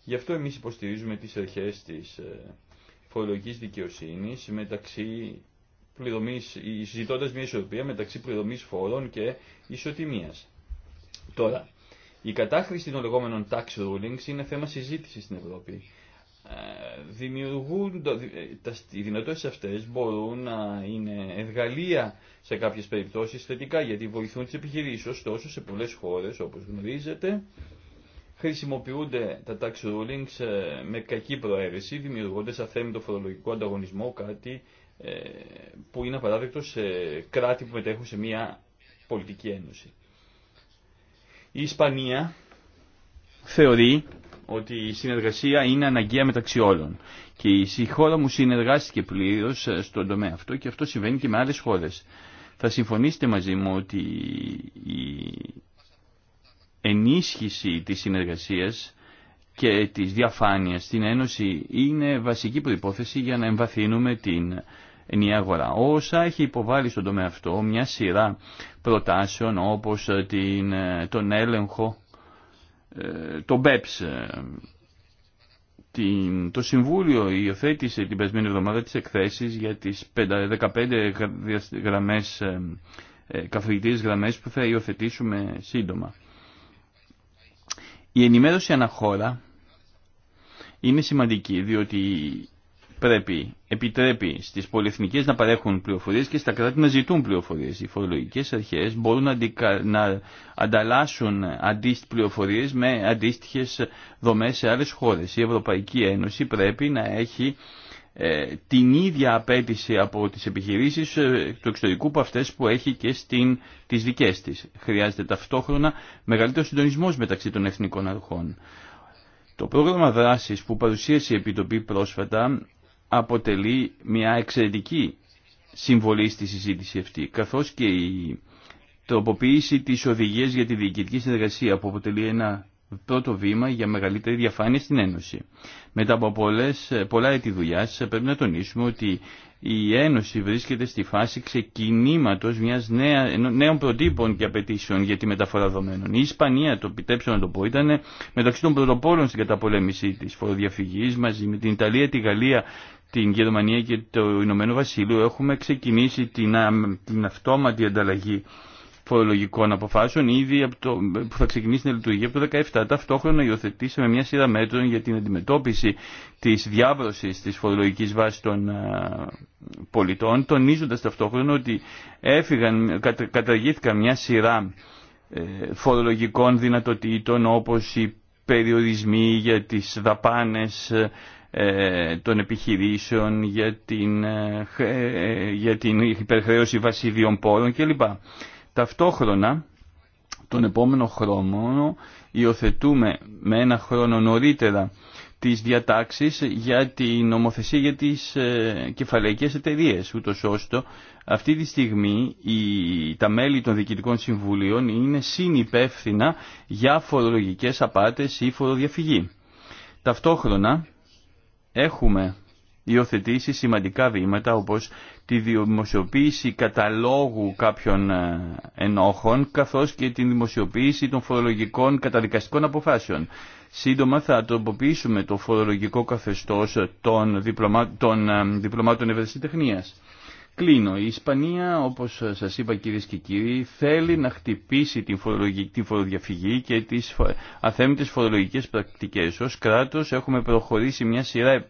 Γι' αυτό εμείς υποστηρίζουμε τις αρχές της ε, Φορολογική δικαιοσύνη μεταξύ πληρωμή, συζητώντα μια ισορροπία μεταξύ πληρωμή φόρων και ισοτιμία. Τώρα, η κατάχρηση των λεγόμενων tax rulings είναι θέμα συζήτηση στην Ευρώπη. Ε, Δημιουργούν, ε, οι δυνατότητε αυτέ μπορούν να είναι εργαλεία σε κάποιε περιπτώσει θετικά γιατί βοηθούν τι επιχειρήσει, Ωστόσο, σε πολλέ χώρε όπω γνωρίζετε, χρησιμοποιούνται τα tax rulings ε, με κακή προαίρεση, δημιουργώντας αθέμητο φορολογικό ανταγωνισμό, κάτι ε, που είναι απαράδεκτο σε κράτη που μετέχουν σε μια πολιτική ένωση. Η Ισπανία θεωρεί ότι η συνεργασία είναι αναγκαία μεταξύ όλων και η χώρα μου συνεργάστηκε πλήρως ε, στον τομέα αυτό και αυτό συμβαίνει και με άλλε χώρε. Θα συμφωνήσετε μαζί μου ότι η ενίσχυση της συνεργασίας και της διαφάνειας στην Ένωση είναι βασική προϋπόθεση για να εμβαθύνουμε την ενιαία αγορά. Όσα έχει υποβάλει στον τομέα αυτό μια σειρά προτάσεων όπως την, τον έλεγχο, ε, το BEPS, ε, την, το Συμβούλιο υιοθέτησε την περσμένη εβδομάδα τις εκθέσεις για τις 15 γραμμές, ε, καθοδητήρες γραμμές που θα υιοθετήσουμε σύντομα. Η ενημέρωση αναχώρα είναι σημαντική διότι πρέπει, επιτρέπει στις πολυεθνικές να παρέχουν πληροφορίες και στα κράτη να ζητούν πληροφορίες. Οι φορολογικές αρχές μπορούν να, να ανταλλάσσουν πληροφορίες με αντίστοιχες δομές σε άλλες χώρες. Η Ευρωπαϊκή Ένωση πρέπει να έχει ε, την ίδια απέτηση από τις επιχειρήσεις ε, του εξωτερικού που αυτές που έχει και στην, τις δικές της. Χρειάζεται ταυτόχρονα μεγαλύτερο συντονισμός μεταξύ των εθνικών αρχών. Το πρόγραμμα δράσης που παρουσίασε η Επιτροπή πρόσφατα αποτελεί μια εξαιρετική συμβολή στη συζήτηση αυτή, καθώς και η τροποποίηση της οδηγίας για τη διοικητική συνεργασία που αποτελεί ένα πρώτο βήμα για μεγαλύτερη διαφάνεια στην Ένωση. Μετά από πολλά έτη δουλειά πρέπει να τονίσουμε ότι η Ένωση βρίσκεται στη φάση ξεκινήματο μια νέων προτύπων και απαιτήσεων για τη μεταφορά δομένων. Η Ισπανία, το πιτέψω να το πω, ήταν μεταξύ των πρωτοπόρων στην καταπολέμησή τη φοροδιαφυγή. μαζί με την Ιταλία, τη Γαλλία, την Γερμανία και το Ηνωμένο Βασίλειο έχουμε ξεκινήσει την, την αυτόματη ανταλλαγή φορολογικών αποφάσεων ήδη από το, που θα ξεκινήσει να λειτουργεί από το 2017. Ταυτόχρονα υιοθετήσαμε μια σειρά μέτρων για την αντιμετώπιση τη διάβρωσης τη φορολογική βάση των ε, πολιτών, τονίζοντα ταυτόχρονα ότι έφυγαν, καταργήθηκαν μια σειρά ε, φορολογικών δυνατοτήτων όπως οι περιορισμοί για τις δαπάνες ε, των επιχειρήσεων για την, για την υπερχρέωση βασίδιων πόρων κλπ. Ταυτόχρονα, τον επόμενο χρόνο υιοθετούμε με ένα χρόνο νωρίτερα τις διατάξεις για την νομοθεσία για τις ε, κεφαλαϊκές εταιρείες, ούτως ώστε αυτή τη στιγμή η, τα μέλη των διοικητικών συμβουλίων είναι συνυπεύθυνα για φορολογικές απάτες ή φοροδιαφυγή. Ταυτόχρονα έχουμε υιοθετήσει σημαντικά βήματα όπως τη δημοσιοποίηση καταλόγου κάποιων ε, ενόχων καθώς και τη δημοσιοποίηση των φορολογικών καταδικαστικών αποφάσεων. Σύντομα θα τροποποιήσουμε το φορολογικό καθεστώς των, διπλωμά... των ε, διπλωμάτων ευρεσιτεχνίας. Κλείνω. Η Ισπανία, όπως σας είπα κυρίε και κύριοι, θέλει να χτυπήσει την, την φοροδιαφυγή και τις αθέμητες φορολογικές πρακτικές. Ως κράτος έχουμε προχωρήσει μια σειρά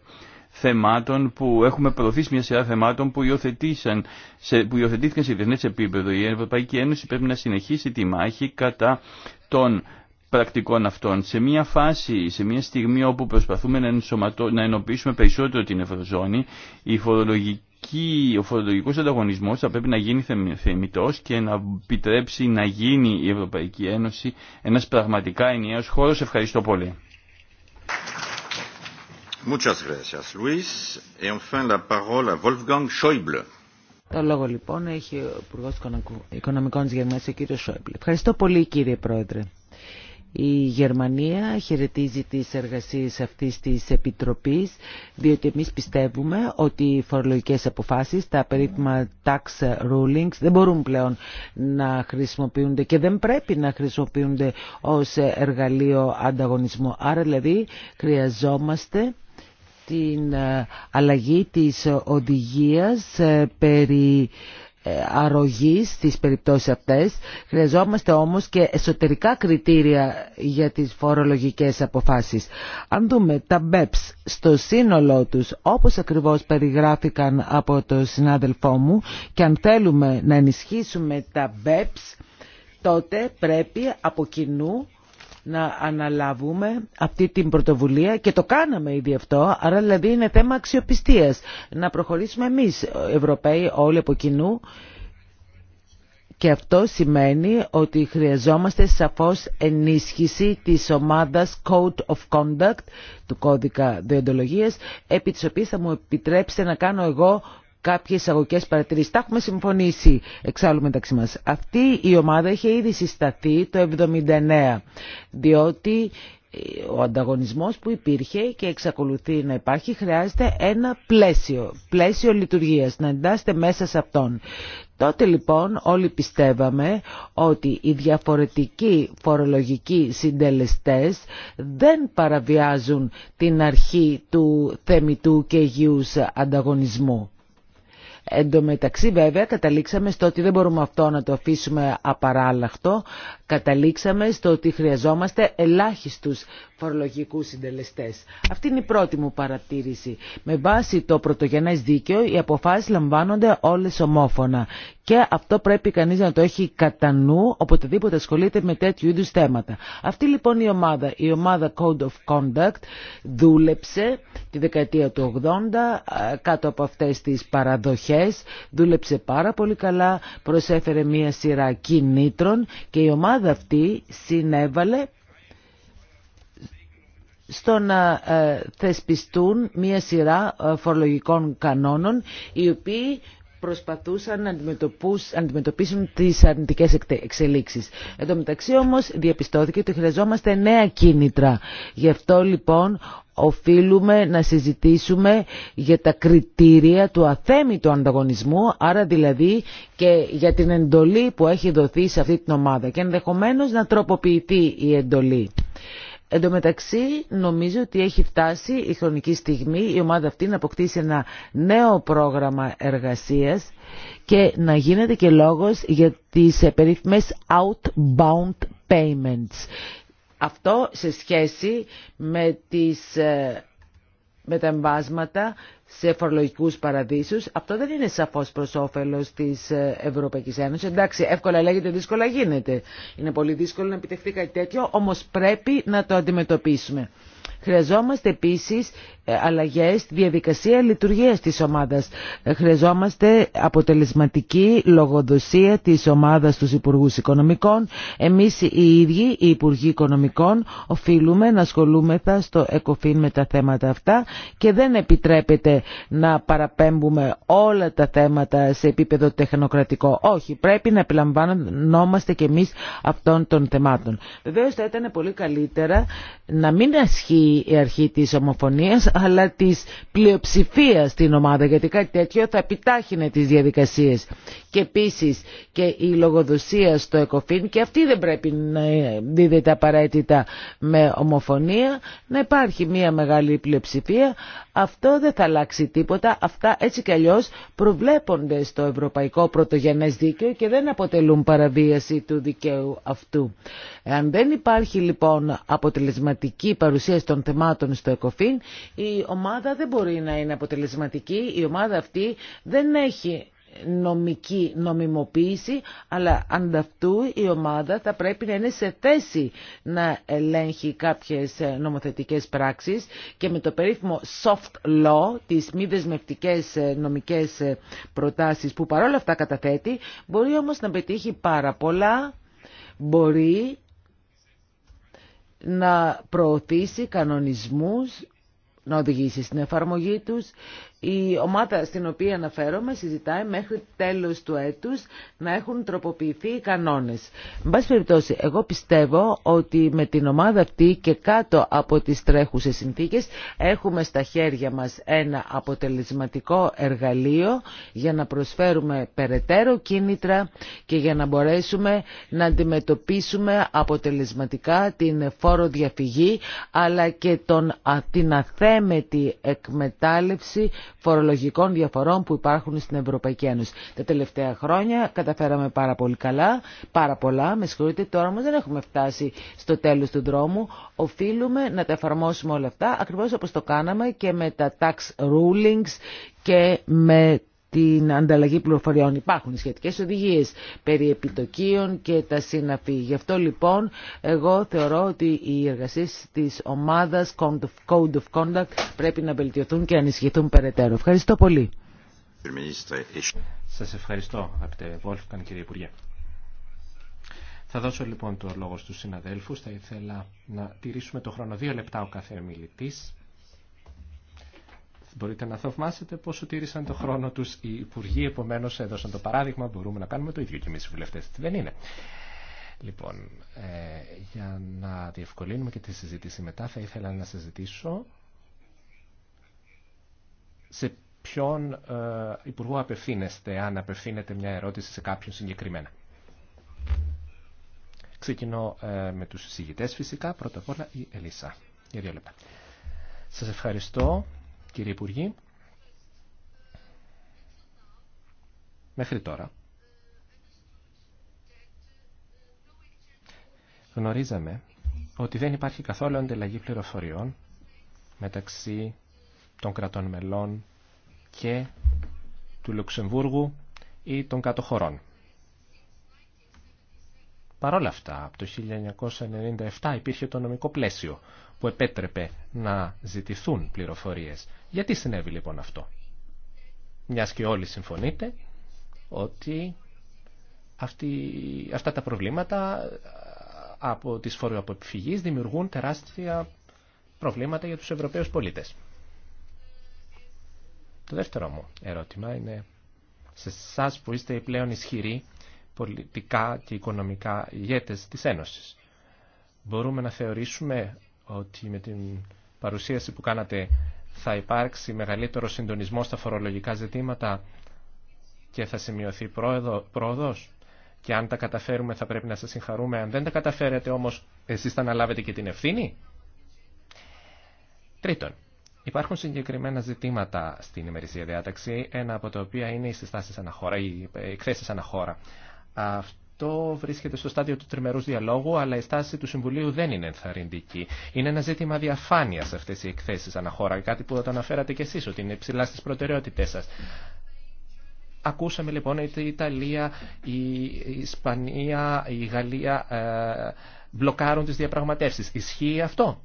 θεμάτων που έχουμε προωθήσει μια σειρά θεμάτων που, σε, που υιοθετήθηκαν σε διεθνές επίπεδο. Η Ευρωπαϊκή Ένωση πρέπει να συνεχίσει τη μάχη κατά των πρακτικών αυτών. Σε μια φάση, σε μια στιγμή όπου προσπαθούμε να, ενσωματώ, να ενοποιήσουμε περισσότερο την Ευρωζώνη, η φορολογική, ο φορολογικό ανταγωνισμό θα πρέπει να γίνει θεμητό και να επιτρέψει να γίνει η Ευρωπαϊκή Ένωση ένα πραγματικά ενιαίο χώρο. Ευχαριστώ πολύ. Muchas gracias, Luis. Et enfin, la parole à Wolfgang Το λόγο λοιπόν έχει ο Υπουργό Οικονομικών τη Γερμανία, ο κύριο Σόιμπλε. Ευχαριστώ πολύ κύριε Πρόεδρε. Η Γερμανία χαιρετίζει τι εργασίε αυτή τη επιτροπή, διότι εμεί πιστεύουμε ότι οι φορολογικέ αποφάσει, τα περίφημα tax rulings, δεν μπορούν πλέον να χρησιμοποιούνται και δεν πρέπει να χρησιμοποιούνται ω εργαλείο ανταγωνισμού. Άρα δηλαδή χρειαζόμαστε την ε, αλλαγή της οδηγίας ε, περί ε, αρρωγής στις περιπτώσεις αυτές. Χρειαζόμαστε όμως και εσωτερικά κριτήρια για τις φορολογικές αποφάσεις. Αν δούμε τα BEPS στο σύνολό τους, όπως ακριβώς περιγράφηκαν από το συνάδελφό μου, και αν θέλουμε να ενισχύσουμε τα BEPS, τότε πρέπει από κοινού να αναλάβουμε αυτή την πρωτοβουλία και το κάναμε ήδη αυτό, άρα δηλαδή είναι θέμα αξιοπιστίας. Να προχωρήσουμε εμείς, Ευρωπαίοι, όλοι από κοινού, και αυτό σημαίνει ότι χρειαζόμαστε σαφώς ενίσχυση της ομάδας Code of Conduct, του κώδικα διοντολογίας, επί της οποίας θα μου επιτρέψετε να κάνω εγώ κάποιες εισαγωγικέ παρατηρήσεις. Τα έχουμε συμφωνήσει εξάλλου μεταξύ μας. Αυτή η ομάδα είχε ήδη συσταθεί το 1979, διότι ε, ο ανταγωνισμός που υπήρχε και εξακολουθεί να υπάρχει χρειάζεται ένα πλαίσιο, πλαίσιο λειτουργίας, να εντάσσεται μέσα σε αυτόν. Τότε λοιπόν όλοι πιστεύαμε ότι οι διαφορετικοί φορολογικοί συντελεστές δεν παραβιάζουν την αρχή του θεμητού και υγιούς ανταγωνισμού. Εν τω μεταξύ βέβαια καταλήξαμε στο ότι δεν μπορούμε αυτό να το αφήσουμε απαράλλαχτο. Καταλήξαμε στο ότι χρειαζόμαστε ελάχιστους φορολογικούς συντελεστέ. Αυτή είναι η πρώτη μου παρατήρηση. Με βάση το πρωτογενέ δίκαιο οι αποφάσει λαμβάνονται όλες ομόφωνα και αυτό πρέπει κανείς να το έχει κατά νου οποτεδήποτε ασχολείται με τέτοιου είδου θέματα. Αυτή λοιπόν η ομάδα, η ομάδα Code of Conduct δούλεψε τη δεκαετία του 80 κάτω από αυτέ τι παραδοχέ, δούλεψε πάρα πολύ καλά, προσέφερε μία σειρά κινήτρων και η ομάδα αυτή συνέβαλε στο να ε, θεσπιστούν μία σειρά ε, φορολογικών κανόνων οι οποίοι προσπαθούσαν να αντιμετωπίσουν τις αρνητικές εξελίξεις. Εν τω μεταξύ όμως διαπιστώθηκε ότι χρειαζόμαστε νέα κίνητρα. Γι' αυτό λοιπόν οφείλουμε να συζητήσουμε για τα κριτήρια του αθέμητου ανταγωνισμού, άρα δηλαδή και για την εντολή που έχει δοθεί σε αυτή την ομάδα και ενδεχομένως να τροποποιηθεί η εντολή. Εν τω μεταξύ νομίζω ότι έχει φτάσει η χρονική στιγμή η ομάδα αυτή να αποκτήσει ένα νέο πρόγραμμα εργασίας και να γίνεται και λόγος για τις περίφημες outbound payments. Αυτό σε σχέση με τις ε, εμβάσματα σε φορολογικούς παραδείσους. Αυτό δεν είναι σαφώς προς όφελος της ε, Ευρωπαϊκής Ένωσης. Εντάξει, εύκολα λέγεται, δύσκολα γίνεται. Είναι πολύ δύσκολο να επιτευχθεί κάτι τέτοιο, όμως πρέπει να το αντιμετωπίσουμε. Χρειαζόμαστε επίσης ε, αλλαγές στη διαδικασία λειτουργίας της ομάδας. Ε, χρειαζόμαστε αποτελεσματική λογοδοσία της ομάδας τους Υπουργού Οικονομικών. Εμείς οι ίδιοι, οι Υπουργοί Οικονομικών, οφείλουμε να ασχολούμεθα στο ΕΚΟΦΗΝ με τα θέματα αυτά και δεν επιτρέπεται να παραπέμπουμε όλα τα θέματα σε επίπεδο τεχνοκρατικό. Όχι, πρέπει να επιλαμβανόμαστε κι εμεί αυτών των θεμάτων. Βεβαίω θα ήταν πολύ καλύτερα να μην η αρχή της ομοφωνίας αλλά της πλειοψηφίας στην ομάδα γιατί κάτι τέτοιο θα επιτάχυνε τις διαδικασίες. Και επίσης και η λογοδοσία στο ΕΚΟΦΗΝ και αυτή δεν πρέπει να δίδεται απαραίτητα με ομοφωνία να υπάρχει μια μεγάλη πλειοψηφία αυτό δεν θα αλλάξει τίποτα αυτά έτσι κι αλλιώς προβλέπονται στο Ευρωπαϊκό Πρωτογενές Δίκαιο και δεν αποτελούν παραβίαση του δικαίου αυτού. Εάν δεν υπάρχει λοιπόν αποτελεσματική παρουσία των θεμάτων στο ΕΚΟΦΗΝ, η ομάδα δεν μπορεί να είναι αποτελεσματική. Η ομάδα αυτή δεν έχει νομική νομιμοποίηση, αλλά ανταυτού η ομάδα θα πρέπει να είναι σε θέση να ελέγχει κάποιες νομοθετικές πράξεις και με το περίφημο soft law, τις μη δεσμευτικέ νομικές προτάσεις που παρόλα αυτά καταθέτει, μπορεί όμως να πετύχει πάρα πολλά, μπορεί να προωθήσει κανονισμούς, να οδηγήσει στην εφαρμογή τους η ομάδα στην οποία αναφέρομαι συζητάει μέχρι τέλος του έτους να έχουν τροποποιηθεί οι κανόνες. Εν πάση περιπτώσει, εγώ πιστεύω ότι με την ομάδα αυτή και κάτω από τις τρέχουσες συνθήκες έχουμε στα χέρια μας ένα αποτελεσματικό εργαλείο για να προσφέρουμε περαιτέρω κίνητρα και για να μπορέσουμε να αντιμετωπίσουμε αποτελεσματικά την φόρο διαφυγή αλλά και τον, την αθέμετη εκμετάλλευση φορολογικών διαφορών που υπάρχουν στην Ευρωπαϊκή Ένωση. Τα τελευταία χρόνια καταφέραμε πάρα πολύ καλά, πάρα πολλά, με συγχωρείτε, τώρα όμως δεν έχουμε φτάσει στο τέλος του δρόμου. Οφείλουμε να τα εφαρμόσουμε όλα αυτά, ακριβώς όπως το κάναμε και με τα tax rulings και με την ανταλλαγή πληροφοριών. Υπάρχουν σχετικές οδηγίες περί επιτοκίων και τα σύναφη. Γι' αυτό λοιπόν εγώ θεωρώ ότι οι εργασίες της ομάδας Code of Conduct πρέπει να βελτιωθούν και να ενισχυθούν περαιτέρω. Ευχαριστώ πολύ. Σας ευχαριστώ αγαπητέ Βόλφκαν κύριε Υπουργέ. Θα δώσω λοιπόν το λόγο στους συναδέλφους. Θα ήθελα να τηρήσουμε το χρόνο δύο λεπτά ο κάθε μιλητής Μπορείτε να θαυμάσετε πόσο τήρησαν το χρόνο τους οι υπουργοί, επομένω έδωσαν το παράδειγμα, μπορούμε να κάνουμε το ίδιο και εμείς οι βουλευτές. Δεν είναι. Λοιπόν, ε, για να διευκολύνουμε και τη συζήτηση μετά, θα ήθελα να συζητήσω σε ποιον ε, υπουργό απευθύνεστε, αν απευθύνετε μια ερώτηση σε κάποιον συγκεκριμένα. Ξεκινώ ε, με τους συζητητές φυσικά, πρώτα απ' όλα η Ελίσσα. Για δύο λεπτά. Σας ευχαριστώ κύριε Υπουργή. Μέχρι τώρα γνωρίζαμε ότι δεν υπάρχει καθόλου ανταλλαγή πληροφοριών μεταξύ των κρατών μελών και του Λουξεμβούργου ή των κατοχωρών. Παρόλα αυτά, από το 1997 υπήρχε το νομικό πλαίσιο που επέτρεπε να ζητηθούν πληροφορίες. Γιατί συνέβη λοιπόν αυτό. Μιας και όλοι συμφωνείτε ότι αυτά τα προβλήματα από τις φοροαποφυγής δημιουργούν τεράστια προβλήματα για τους Ευρωπαίους πολίτες. Το δεύτερο μου ερώτημα είναι σε εσά που είστε οι πλέον ισχυροί πολιτικά και οικονομικά ηγέτες της Ένωσης. Μπορούμε να θεωρήσουμε ότι με την παρουσίαση που κάνατε θα υπάρξει μεγαλύτερο συντονισμό στα φορολογικά ζητήματα και θα σημειωθεί πρόοδος. Και αν τα καταφέρουμε θα πρέπει να σας συγχαρούμε. Αν δεν τα καταφέρετε όμως εσείς θα αναλάβετε και την ευθύνη. Τρίτον, υπάρχουν συγκεκριμένα ζητήματα στην ημερησία διάταξη, ένα από τα οποία είναι οι συστάσεις αναχώρα, οι εκθέσεις αναχώρα το βρίσκεται στο στάδιο του τριμερούς διαλόγου, αλλά η στάση του Συμβουλίου δεν είναι ενθαρρυντική. Είναι ένα ζήτημα διαφάνειας αυτές οι εκθέσεις αναχώρα, κάτι που το αναφέρατε κι εσείς, ότι είναι ψηλά στι προτεραιότητε σας. Ακούσαμε λοιπόν ότι η Ιταλία, η Ισπανία, η Γαλλία ε, μπλοκάρουν τις διαπραγματεύσεις. Ισχύει αυτό.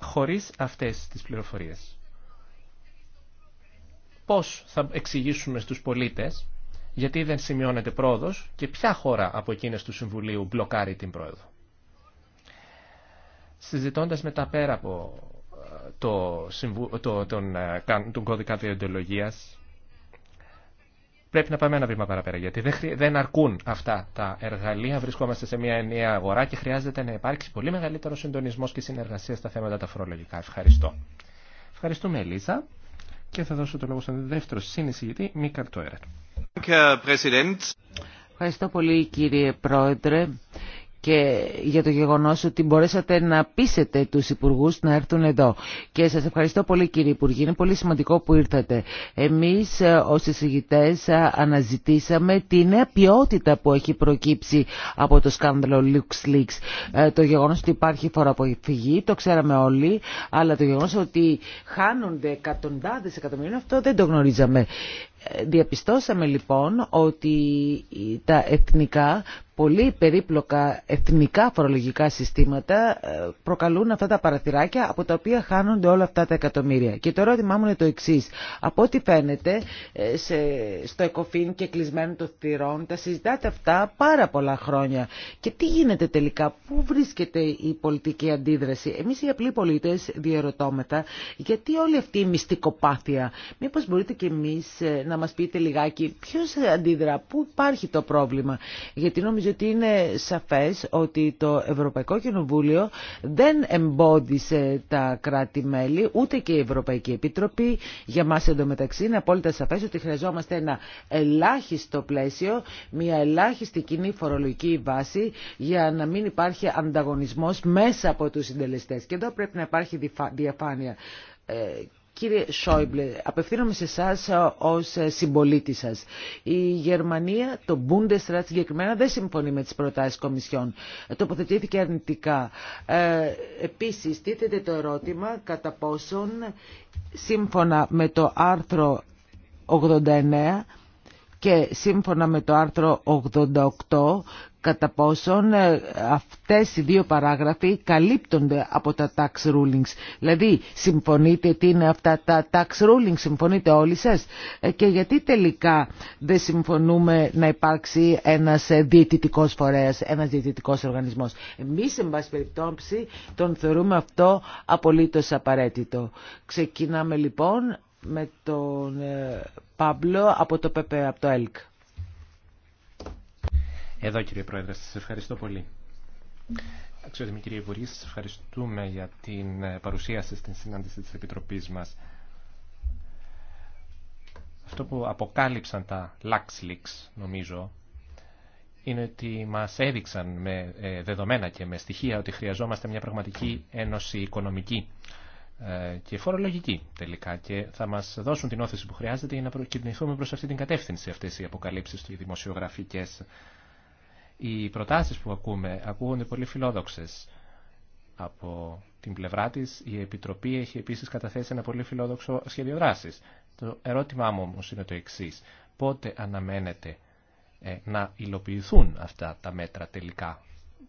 Χωρίς αυτές τις πληροφορίες. Πώς θα εξηγήσουμε στους πολίτες γιατί δεν σημειώνεται πρόοδος και ποια χώρα από εκείνες του Συμβουλίου μπλοκάρει την πρόοδο. Συζητώντας μετά πέρα από ε, το, το, τον, ε, τον κώδικα διοντολογίας, πρέπει να πάμε ένα βήμα παραπέρα, γιατί δεν, αρκούν αυτά τα εργαλεία. Βρισκόμαστε σε μια ενιαία αγορά και χρειάζεται να υπάρξει πολύ μεγαλύτερο συντονισμός και συνεργασία στα θέματα τα φορολογικά. Ευχαριστώ. Ευχαριστούμε, Ελίζα. Και θα δώσω το λόγο στον δεύτερο συνεισηγητή, Μίκαρ Τόερετ. Ευχαριστώ πολύ κύριε Πρόεδρε και για το γεγονός ότι μπορέσατε να πείσετε τους υπουργούς να έρθουν εδώ. Και σας ευχαριστώ πολύ κύριε Υπουργή, είναι πολύ σημαντικό που ήρθατε. Εμείς ε, ως εισηγητές ε, αναζητήσαμε τη νέα ποιότητα που έχει προκύψει από το σκάνδαλο LuxLeaks. Ε, το γεγονός ότι υπάρχει φορά φυγή, το ξέραμε όλοι, αλλά το γεγονός ότι χάνονται εκατοντάδες εκατομμύρια, αυτό δεν το γνωρίζαμε. Ε, διαπιστώσαμε λοιπόν ότι τα εθνικά πολύ περίπλοκα εθνικά φορολογικά συστήματα ε, προκαλούν αυτά τα παραθυράκια από τα οποία χάνονται όλα αυτά τα εκατομμύρια. Και το ερώτημά μου είναι το εξή. Από ό,τι φαίνεται ε, σε, στο ΕΚΟΦΗΝ και κλεισμένο των θυρών τα συζητάτε αυτά πάρα πολλά χρόνια. Και τι γίνεται τελικά, πού βρίσκεται η πολιτική αντίδραση. Εμείς οι απλοί πολίτες διαρωτώμεθα γιατί όλη αυτή η μυστικοπάθεια. Μήπως μπορείτε και εμείς ε, να μας πείτε λιγάκι ποιος αντίδρα, πού υπάρχει το πρόβλημα. Γιατί νομίζω Νομίζω ότι είναι σαφές ότι το Ευρωπαϊκό Κοινοβούλιο δεν εμπόδισε τα κράτη-μέλη, ούτε και η Ευρωπαϊκή Επιτροπή. Για μας εντωμεταξύ είναι απόλυτα σαφές ότι χρειαζόμαστε ένα ελάχιστο πλαίσιο, μια ελάχιστη κοινή φορολογική βάση για να μην υπάρχει ανταγωνισμός μέσα από τους συντελεστές. Και εδώ πρέπει να υπάρχει διαφάνεια ε, Κύριε Σόιμπλε, απευθύνομαι σε εσά ε, ω ε, συμπολίτη σα. Η Γερμανία, το Bundesrat συγκεκριμένα, δεν συμφωνεί με τι προτάσει Κομισιόν. Τοποθετήθηκε αρνητικά. Ε, Επίση, τίθεται το ερώτημα κατά πόσον σύμφωνα με το άρθρο 89 και σύμφωνα με το άρθρο 88 κατά πόσον ε, αυτές οι δύο παράγραφοι καλύπτονται από τα tax rulings. Δηλαδή, συμφωνείτε τι είναι αυτά τα tax rulings, συμφωνείτε όλοι σας ε, και γιατί τελικά δεν συμφωνούμε να υπάρξει ένας ε, διαιτητικός φορέας, ένας διαιτητικός οργανισμός. Εμείς, εν πάση περιπτώσει, τον θεωρούμε αυτό απολύτως απαραίτητο. Ξεκινάμε λοιπόν με τον Πάμπλο από το από το ΕΛΚ. Εδώ κύριε Πρόεδρε, σας ευχαριστώ πολύ. Αξιότιμη κύριε Υπουργή, σας ευχαριστούμε για την ε, παρουσίαση στην συνάντηση της Επιτροπής μας. Αυτό που αποκάλυψαν τα LuxLeaks, νομίζω, είναι ότι μας έδειξαν με ε, δεδομένα και με στοιχεία ότι χρειαζόμαστε μια πραγματική ένωση οικονομική ε, και φορολογική τελικά και θα μας δώσουν την όθηση που χρειάζεται για να κινηθούμε προς αυτή την κατεύθυνση αυτές οι αποκαλύψεις και οι οι προτάσεις που ακούμε ακούγονται πολύ φιλόδοξες. Από την πλευρά της η Επιτροπή έχει επίσης καταθέσει ένα πολύ φιλόδοξο σχέδιο δράσης. Το ερώτημά μου όμως είναι το εξής. Πότε αναμένεται ε, να υλοποιηθούν αυτά τα μέτρα τελικά.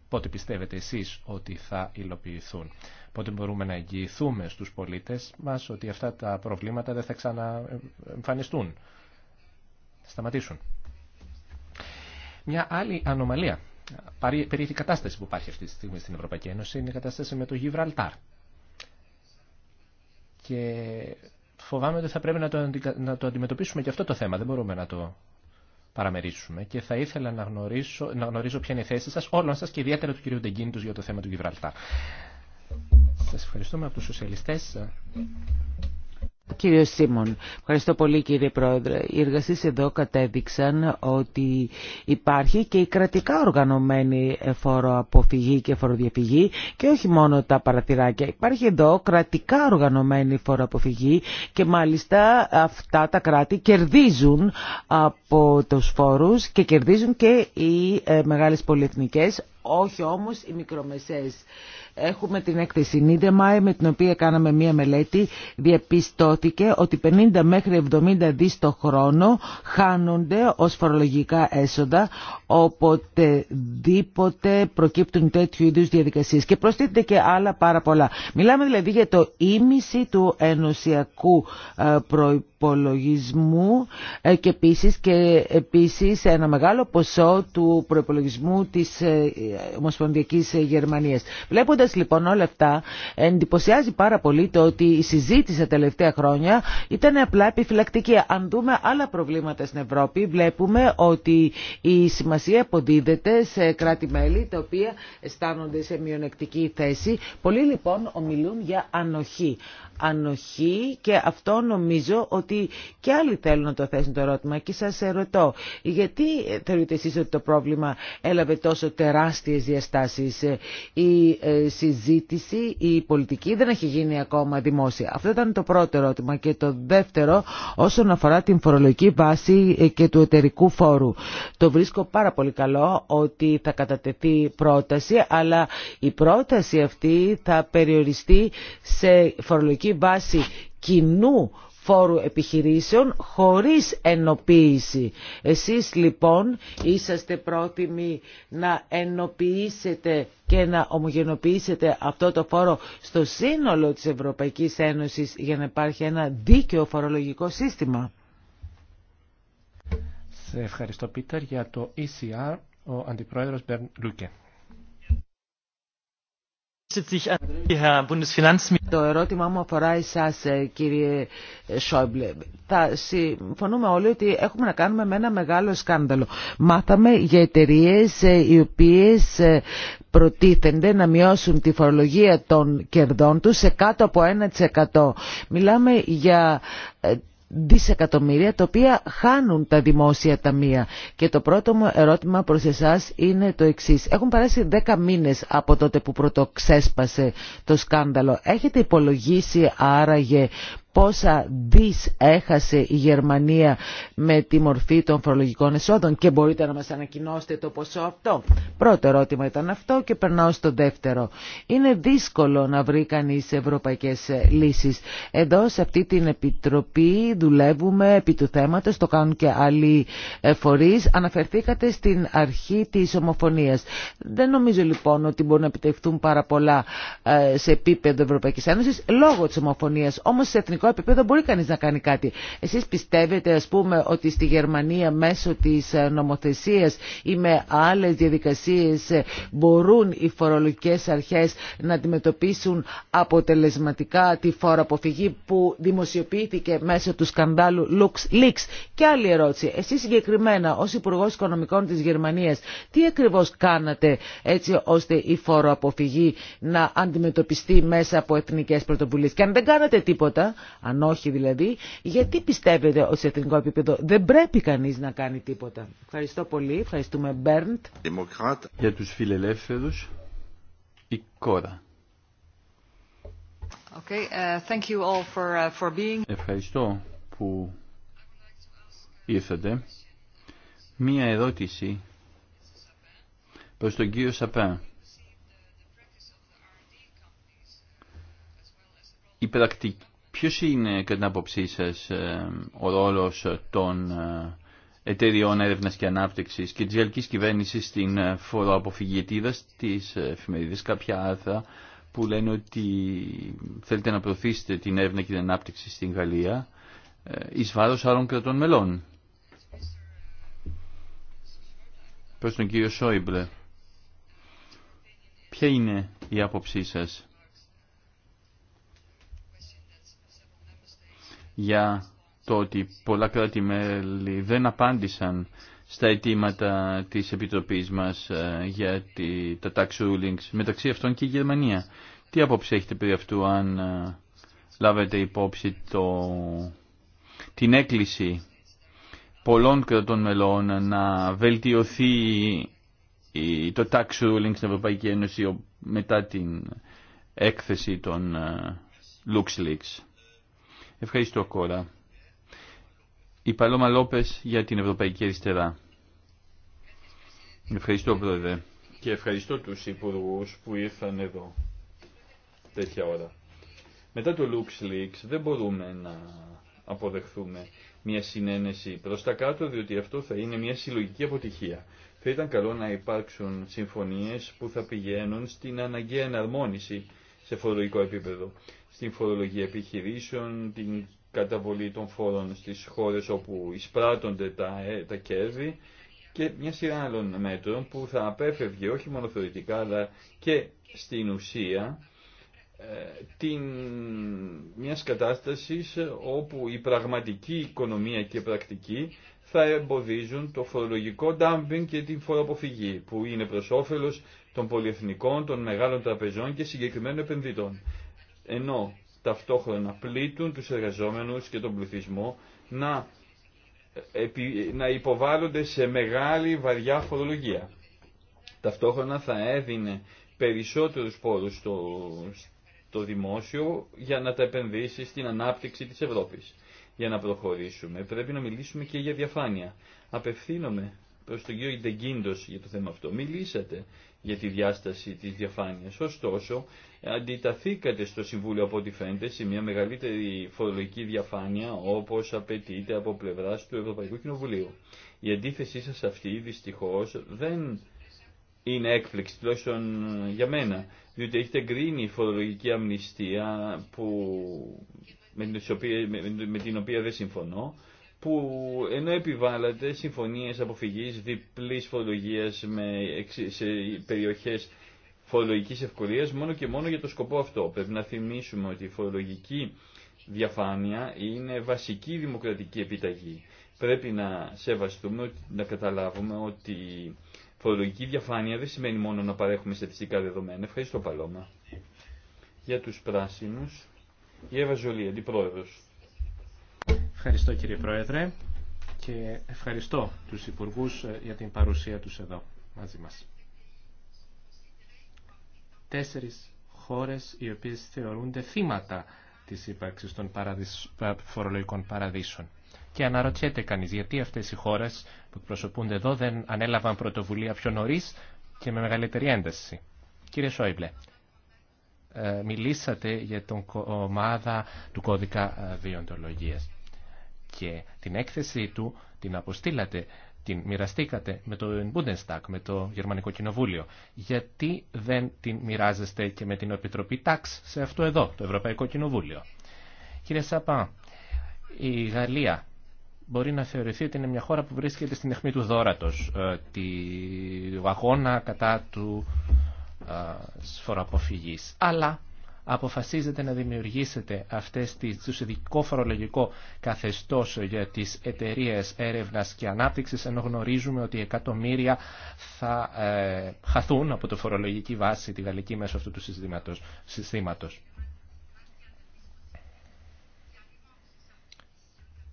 Πότε πιστεύετε εσείς ότι θα υλοποιηθούν. Πότε μπορούμε να εγγυηθούμε στους πολίτες μας ότι αυτά τα προβλήματα δεν θα ξαναεμφανιστούν. Σταματήσουν. Μια άλλη ανομαλία, περίεργη κατάσταση που υπάρχει αυτή τη στιγμή στην Ευρωπαϊκή Ένωση είναι η κατάσταση με το Γιβραλτάρ. Και φοβάμαι ότι θα πρέπει να το, να το αντιμετωπίσουμε και αυτό το θέμα. Δεν μπορούμε να το παραμερίσουμε. Και θα ήθελα να γνωρίσω, να γνωρίσω ποια είναι η θέση σας, όλων σας και ιδιαίτερα του κ. Ντεγκίνητο για το θέμα του Γιβραλτάρ. Σα ευχαριστούμε από τους σοσιαλιστές. Κύριε Σίμων, ευχαριστώ πολύ κύριε Πρόεδρε. Οι εργασίες εδώ κατέδειξαν ότι υπάρχει και η κρατικά οργανωμένη φοροαποφυγή και φοροδιαφυγή και όχι μόνο τα παρατηράκια. Υπάρχει εδώ κρατικά οργανωμένη φοροαποφυγή και μάλιστα αυτά τα κράτη κερδίζουν από τους φόρους και κερδίζουν και οι ε, μεγάλες πολυεθνικές όχι όμως οι μικρομεσαίες. Έχουμε την έκθεση Νίντεμάε με την οποία κάναμε μία μελέτη. Διαπιστώθηκε ότι 50 μέχρι 70 δις το χρόνο χάνονται ως φορολογικά έσοδα οποτεδήποτε προκύπτουν τέτοιου είδους διαδικασίες. Και προσθέτεται και άλλα πάρα πολλά. Μιλάμε δηλαδή για το ίμιση του ενωσιακού ε, προϋπολογισμού ε, και επίσης, και επίσης ένα μεγάλο ποσό του προϋπολογισμού της ε, Ομοσπονδιακής Γερμανίας. Βλέποντας λοιπόν όλα αυτά, εντυπωσιάζει πάρα πολύ το ότι η συζήτηση τα τελευταία χρόνια ήταν απλά επιφυλακτική. Αν δούμε άλλα προβλήματα στην Ευρώπη, βλέπουμε ότι η σημασία αποδίδεται σε κράτη-μέλη τα οποία αισθάνονται σε μειονεκτική θέση. Πολλοί λοιπόν ομιλούν για ανοχή. Ανοχή και αυτό νομίζω ότι και άλλοι θέλουν να το θέσουν το ερώτημα και σας ερωτώ γιατί θεωρείτε εσεί ότι το πρόβλημα έλαβε τόσο τεράστιο διαστάσεις. Ε, η ε, συζήτηση, η πολιτική δεν έχει γίνει ακόμα δημόσια. Αυτό ήταν το πρώτο ερώτημα. Και το δεύτερο όσον αφορά την φορολογική βάση ε, και του εταιρικού φόρου. Το βρίσκω πάρα πολύ καλό ότι θα κατατεθεί πρόταση, αλλά η πρόταση αυτή θα περιοριστεί σε φορολογική βάση κοινού φόρου επιχειρήσεων χωρίς ενοποίηση. Εσείς λοιπόν είσαστε πρόθυμοι να ενοποιήσετε και να ομογενοποιήσετε αυτό το φόρο στο σύνολο της Ευρωπαϊκής Ένωσης για να υπάρχει ένα δίκαιο φορολογικό σύστημα. Σε ευχαριστώ Πίτερ για το ECR, ο Αντιπρόεδρος Μπερν Λούκε. Το ερώτημά μου αφορά εσάς ε, κύριε Σόιμπλε. Θα συμφωνούμε όλοι ότι έχουμε να κάνουμε με ένα μεγάλο σκάνδαλο. Μάθαμε για εταιρείε ε, οι οποίες ε, προτίθενται να μειώσουν τη φορολογία των κερδών τους σε κάτω από 1%. Μιλάμε για δισεκατομμύρια τα οποία χάνουν τα δημόσια ταμεία. Και το πρώτο μου ερώτημα προς εσάς είναι το εξής. Έχουν περάσει δέκα μήνες από τότε που πρωτοξέσπασε το σκάνδαλο. Έχετε υπολογίσει άραγε πόσα δις έχασε η Γερμανία με τη μορφή των φορολογικών εσόδων και μπορείτε να μας ανακοινώσετε το ποσό αυτό. Πρώτο ερώτημα ήταν αυτό και περνάω στο δεύτερο. Είναι δύσκολο να βρει κανείς ευρωπαϊκές λύσεις. Εδώ σε αυτή την επιτροπή δουλεύουμε επί του θέματος, το κάνουν και άλλοι ε, φορείς. Αναφερθήκατε στην αρχή της ομοφωνίας. Δεν νομίζω λοιπόν ότι μπορούν να επιτευχθούν πάρα πολλά ε, σε επίπεδο Ευρωπαϊκής Ένωσης λόγω της ομοφωνίας. Όμως σε εθνικό ευρωπαϊκό επίπεδο μπορεί κανείς να κάνει κάτι. Εσείς πιστεύετε ας πούμε ότι στη Γερμανία μέσω της ε, νομοθεσίας ή με άλλες διαδικασίες ε, μπορούν οι φορολογικές αρχές να αντιμετωπίσουν αποτελεσματικά τη φοροαποφυγή που δημοσιοποιήθηκε μέσω του σκανδάλου LuxLeaks. Και άλλη ερώτηση. Εσείς συγκεκριμένα ως Υπουργός Οικονομικών της Γερμανίας τι ακριβώς κάνατε έτσι ώστε η φοροαποφυγή να αντιμετωπιστεί μέσα από εθνικε πρωτοβουλίες. Και αν δεν κάνατε τίποτα, αν όχι δηλαδή, γιατί πιστεύετε ότι σε εθνικό επίπεδο δεν πρέπει κανείς να κάνει τίποτα. Ευχαριστώ πολύ. Ευχαριστούμε Μπέρντ. Για τους φιλελεύθερους, η κόρα. Okay, uh, thank uh, Ευχαριστώ που ήρθατε. Μία ερώτηση προς τον κύριο Σαππάν. Η πρακτική Ποιος είναι, κατά την άποψή σας, ε, ο ρόλος των ε, εταιριών έρευνας και ανάπτυξης και της γαλλικής κυβέρνησης στην ε, φοροαποφυγή της εφημερίδες, κάποια άρθρα που λένε ότι θέλετε να προωθήσετε την έρευνα και την ανάπτυξη στην Γαλλία εις βάρος άλλων κρατών μελών. Προς τον κύριο Σόιμπλε, ποια είναι η άποψή σας για το ότι πολλά κράτη-μέλη δεν απάντησαν στα αιτήματα της Επιτροπής μας ε, για τα tax rulings, μεταξύ αυτών και η Γερμανία. Τι άποψη έχετε περί αυτού αν ε, λάβετε υπόψη το, την έκκληση πολλών κρατών μελών να βελτιωθεί το tax ruling στην Ευρωπαϊκή Ένωση μετά την έκθεση των ε, LuxLeaks. Ευχαριστώ Κόρα. Η Παλώμα Λόπες για την Ευρωπαϊκή Αριστερά. Ευχαριστώ Πρόεδρε και ευχαριστώ τους υπουργούς που ήρθαν εδώ τέτοια ώρα. Μετά το LuxLeaks δεν μπορούμε να αποδεχθούμε μια συνένεση προς τα κάτω διότι αυτό θα είναι μια συλλογική αποτυχία. Θα ήταν καλό να υπάρξουν συμφωνίες που θα πηγαίνουν στην αναγκαία εναρμόνιση σε φορολογικό επίπεδο στην φορολογία επιχειρήσεων, την καταβολή των φόρων στις χώρες όπου εισπράττονται τα, ε, τα κέρδη και μια σειρά άλλων μέτρων που θα απέφευγε όχι μόνο θεωρητικά αλλά και στην ουσία ε, την, μιας κατάστασης όπου η πραγματική οικονομία και πρακτική θα εμποδίζουν το φορολογικό dumping και την φοροαποφυγή που είναι προς όφελος των πολυεθνικών, των μεγάλων τραπεζών και συγκεκριμένων επενδυτών ενώ ταυτόχρονα πλήττουν τους εργαζόμενους και τον πληθυσμό να, να υποβάλλονται σε μεγάλη βαριά φορολογία. Ταυτόχρονα θα έδινε περισσότερους πόρους στο, στο δημόσιο για να τα επενδύσει στην ανάπτυξη της Ευρώπης. Για να προχωρήσουμε πρέπει να μιλήσουμε και για διαφάνεια. Απευθύνομαι προς τον κύριο Ιντεγκίντος για το θέμα αυτό. Μιλήσατε για τη διάσταση της διαφάνειας. Ωστόσο, αντιταθήκατε στο Συμβούλιο από ό,τι φαίνεται σε μια μεγαλύτερη φορολογική διαφάνεια όπως απαιτείται από πλευράς του Ευρωπαϊκού Κοινοβουλίου. Η αντίθεσή σας αυτή δυστυχώς δεν είναι έκπληξη, τουλάχιστον ε, για μένα, διότι έχετε εγκρίνει φορολογική αμνηστία που, με, την οποία, με δεν συμφωνώ, που ενώ επιβάλλατε συμφωνίες αποφυγής διπλής φορολογίας με, σε περιοχές Φορολογική ευκολίας μόνο και μόνο για το σκοπό αυτό. Πρέπει να θυμίσουμε ότι η φορολογική διαφάνεια είναι βασική δημοκρατική επιταγή. Πρέπει να σεβαστούμε, να καταλάβουμε ότι φορολογική διαφάνεια δεν σημαίνει μόνο να παρέχουμε στατιστικά δεδομένα. Ευχαριστώ Παλώμα. Για τους πράσινους, η Εύα Ζολή, αντιπρόεδρος. Ευχαριστώ κύριε Πρόεδρε και ευχαριστώ τους Υπουργούς ε, για την παρουσία τους εδώ μαζί μας τέσσερις χώρες οι οποίες θεωρούνται θύματα της ύπαρξης των φορολογικών παραδείσων. Και αναρωτιέται κανείς γιατί αυτές οι χώρες που εκπροσωπούνται εδώ δεν ανέλαβαν πρωτοβουλία πιο νωρί και με μεγαλύτερη ένταση. Κύριε Σόιμπλε, ε, μιλήσατε για την ομάδα του κώδικα βιοντολογίας ε, και την έκθεση του την αποστήλατε την μοιραστήκατε με το Bundestag, με το Γερμανικό Κοινοβούλιο. Γιατί δεν την μοιράζεστε και με την Επιτροπή Τάξ σε αυτό εδώ, το Ευρωπαϊκό Κοινοβούλιο. Κύριε Σαπά, η Γαλλία μπορεί να θεωρηθεί ότι είναι μια χώρα που βρίσκεται στην αιχμή του δόρατος, ε, τη αγώνα κατά του σφοροαποφυγής. Ε, Αλλά αποφασίζετε να δημιουργήσετε αυτές τις, τους ειδικό φορολογικό καθεστώς για τις εταιρείε έρευνας και ανάπτυξης ενώ γνωρίζουμε ότι εκατομμύρια θα ε, χαθούν από το φορολογική βάση τη γαλλική μέσω αυτού του συστήματος.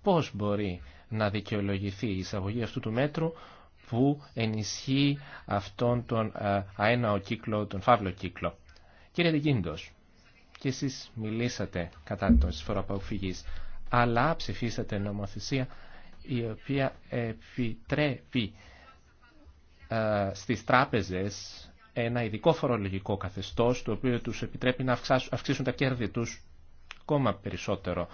Πώς μπορεί να δικαιολογηθεί η εισαγωγή αυτού του μέτρου που ενισχύει αυτόν τον ε, αέναο κύκλο, τον φαύλο κύκλο. Κύριε Δικίντος, και εσείς μιλήσατε κατά των φοροαποφυγής, αλλά ψηφίσατε νομοθεσία η οποία επιτρέπει ε, στις τράπεζες ένα ειδικό φορολογικό καθεστώς το οποίο τους επιτρέπει να αυξήσουν τα κέρδη τους ακόμα περισσότερο.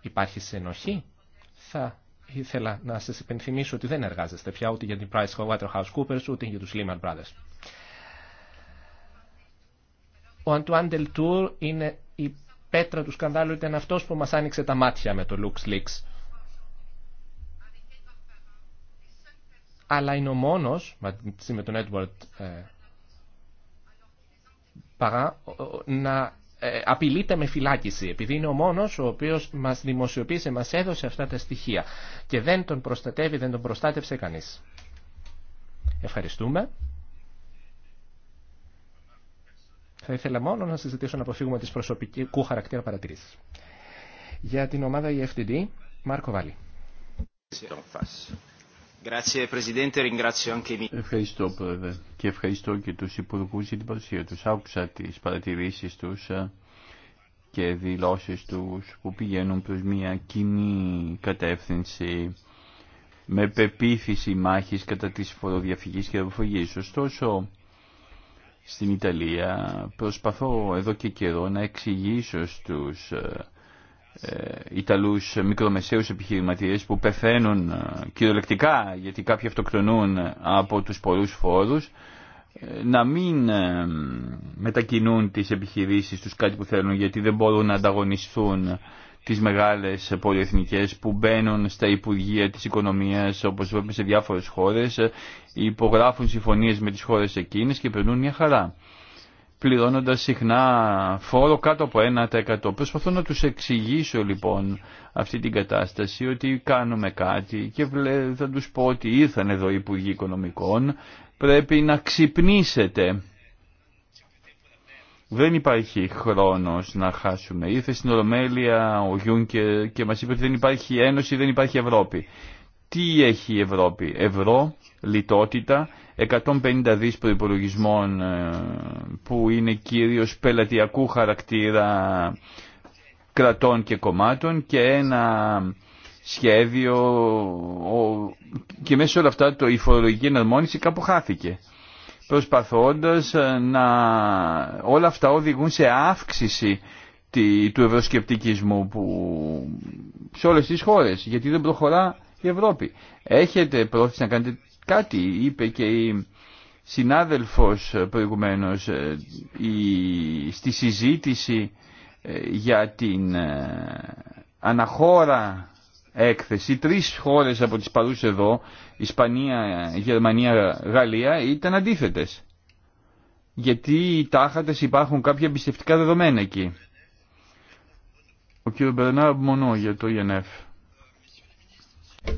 Υπάρχει συνοχή. Θα ήθελα να σας υπενθυμίσω ότι δεν εργάζεστε πια ούτε για την PricewaterhouseCoopers ούτε για τους Lehman Brothers. Ο Αντουάν Τελτούρ είναι η πέτρα του σκανδάλου, ήταν αυτό που μα άνοιξε τα μάτια με το LuxLeaks. Αλλά είναι ο μόνο μαζί με τον Έντουαρτ ε, παρά να ε, απειλείται με φυλάκιση, επειδή είναι ο μόνο ο οποίο μα δημοσιοποίησε, μα έδωσε αυτά τα στοιχεία και δεν τον προστατεύει, δεν τον προστάτευσε κανεί. Ευχαριστούμε. Θα ήθελα μόνο να συζητήσω να αποφύγουμε τις προσωπικού χαρακτήρα παρατηρήσεις. Για την ομάδα EFTD, Μάρκο Βάλλη. Ευχαριστώ πρόεδρε και ευχαριστώ και τους υπουργούς για την παρουσία τους. Άκουσα τις παρατηρήσεις τους ε, και δηλώσεις τους που πηγαίνουν προς μια κοινή κατεύθυνση με πεποίθηση μάχης κατά της φοροδιαφυγής και δροφογής. Ωστόσο, στην Ιταλία προσπαθώ εδώ και καιρό να εξηγήσω στους ε, ε, Ιταλούς μικρομεσαίους επιχειρηματίες που πεθαίνουν ε, κυριολεκτικά γιατί κάποιοι αυτοκτονούν από τους πολλούς φόρους να μην μετακινούν τις επιχειρήσεις τους κάτι που θέλουν γιατί δεν μπορούν να ανταγωνιστούν τις μεγάλες πολυεθνικές που μπαίνουν στα Υπουργεία της Οικονομίας όπως βλέπουμε σε διάφορες χώρες, υπογράφουν συμφωνίες με τις χώρες εκείνες και περνούν μια χαρά πληρώνοντας συχνά φόρο κάτω από 1%. Προσπαθώ να τους εξηγήσω λοιπόν αυτή την κατάσταση ότι κάνουμε κάτι και θα τους πω ότι ήρθαν εδώ οι Υπουργοί Οικονομικών, πρέπει να ξυπνήσετε δεν υπάρχει χρόνος να χάσουμε. Ήρθε στην Ολομέλεια ο Γιούνκερ και μας είπε ότι δεν υπάρχει Ένωση, δεν υπάρχει Ευρώπη. Τι έχει η Ευρώπη. Ευρώ, λιτότητα, 150 δις προϋπολογισμών ε, που είναι κύριος πελατειακού χαρακτήρα κρατών και κομμάτων και ένα σχέδιο και μέσα σε όλα αυτά το, η φορολογική εναρμόνιση κάπου χάθηκε προσπαθώντας ε, να... Όλα αυτά οδηγούν σε αύξηση του ευρωσκεπτικισμού που... σε όλες τις χώρες, γιατί δεν προχωρά η Ευρώπη. Έχετε πρόθεση να κάνετε κάτι, είπε και η συνάδελφος προηγουμένως ε, η... στη συζήτηση ε, για την αναχώρα έκθεση, τρεις χώρες από τις παρούς εδώ, Ισπανία, Γερμανία, Γαλλία, ήταν αντίθετες. Γιατί οι τάχατες υπάρχουν κάποια εμπιστευτικά δεδομένα εκεί. Ο κύριο Μπερνάρ Μονό για το ΙΕΝΕΦ.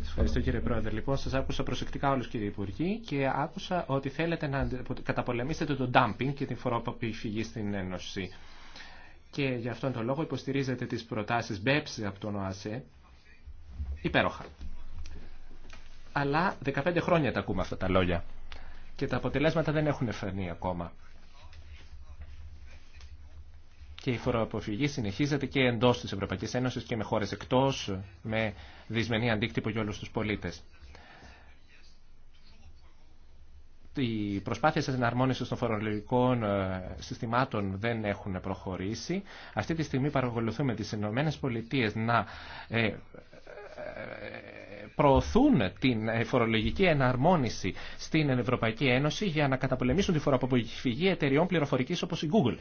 ευχαριστώ κύριε Πρόεδρε. Λοιπόν, σα άκουσα προσεκτικά όλου κύριε Υπουργοί και άκουσα ότι θέλετε να καταπολεμήσετε το dumping και την φοροπαπή φυγή στην Ένωση. Και γι' αυτόν τον λόγο υποστηρίζετε τι προτάσει BEPS από τον ΟΑΣΕ υπέροχα. Αλλά 15 χρόνια τα ακούμε αυτά τα λόγια και τα αποτελέσματα δεν έχουν φανεί ακόμα. Και η φοροαποφυγή συνεχίζεται και εντός της Ευρωπαϊκής Ένωσης και με χώρες εκτός, με δυσμενή αντίκτυπο για όλους τους πολίτες. Οι προσπάθειες εναρμόνισης των φορολογικών ε, συστημάτων δεν έχουν προχωρήσει. Αυτή τη στιγμή παρακολουθούμε τις Ηνωμένες Πολιτείες να ε, προωθούν την φορολογική εναρμόνιση στην Ευρωπαϊκή Ένωση για να καταπολεμήσουν τη φοροαποφυγή εταιριών πληροφορικής όπως η Google.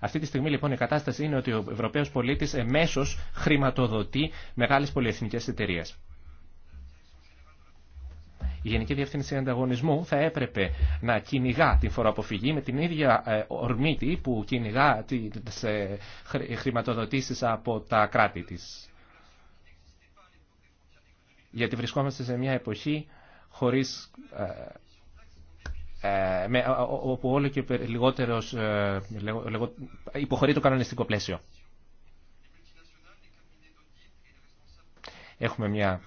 Αυτή τη στιγμή λοιπόν η κατάσταση είναι ότι ο Ευρωπαίος πολίτης εμέσως χρηματοδοτεί μεγάλες πολυεθνικές εταιρείες. Η Γενική Διεύθυνση Ανταγωνισμού θα έπρεπε να κυνηγά την φοροαποφυγή με την ίδια ε, ορμήτη που κυνηγά τι ε, χρηματοδοτήσει από τα κράτη τη. Γιατί βρισκόμαστε σε μια εποχή χωρίς ε, με, όπου όλο και λιγότερο υποχωρεί το κανονιστικό πλαίσιο. Έχουμε μια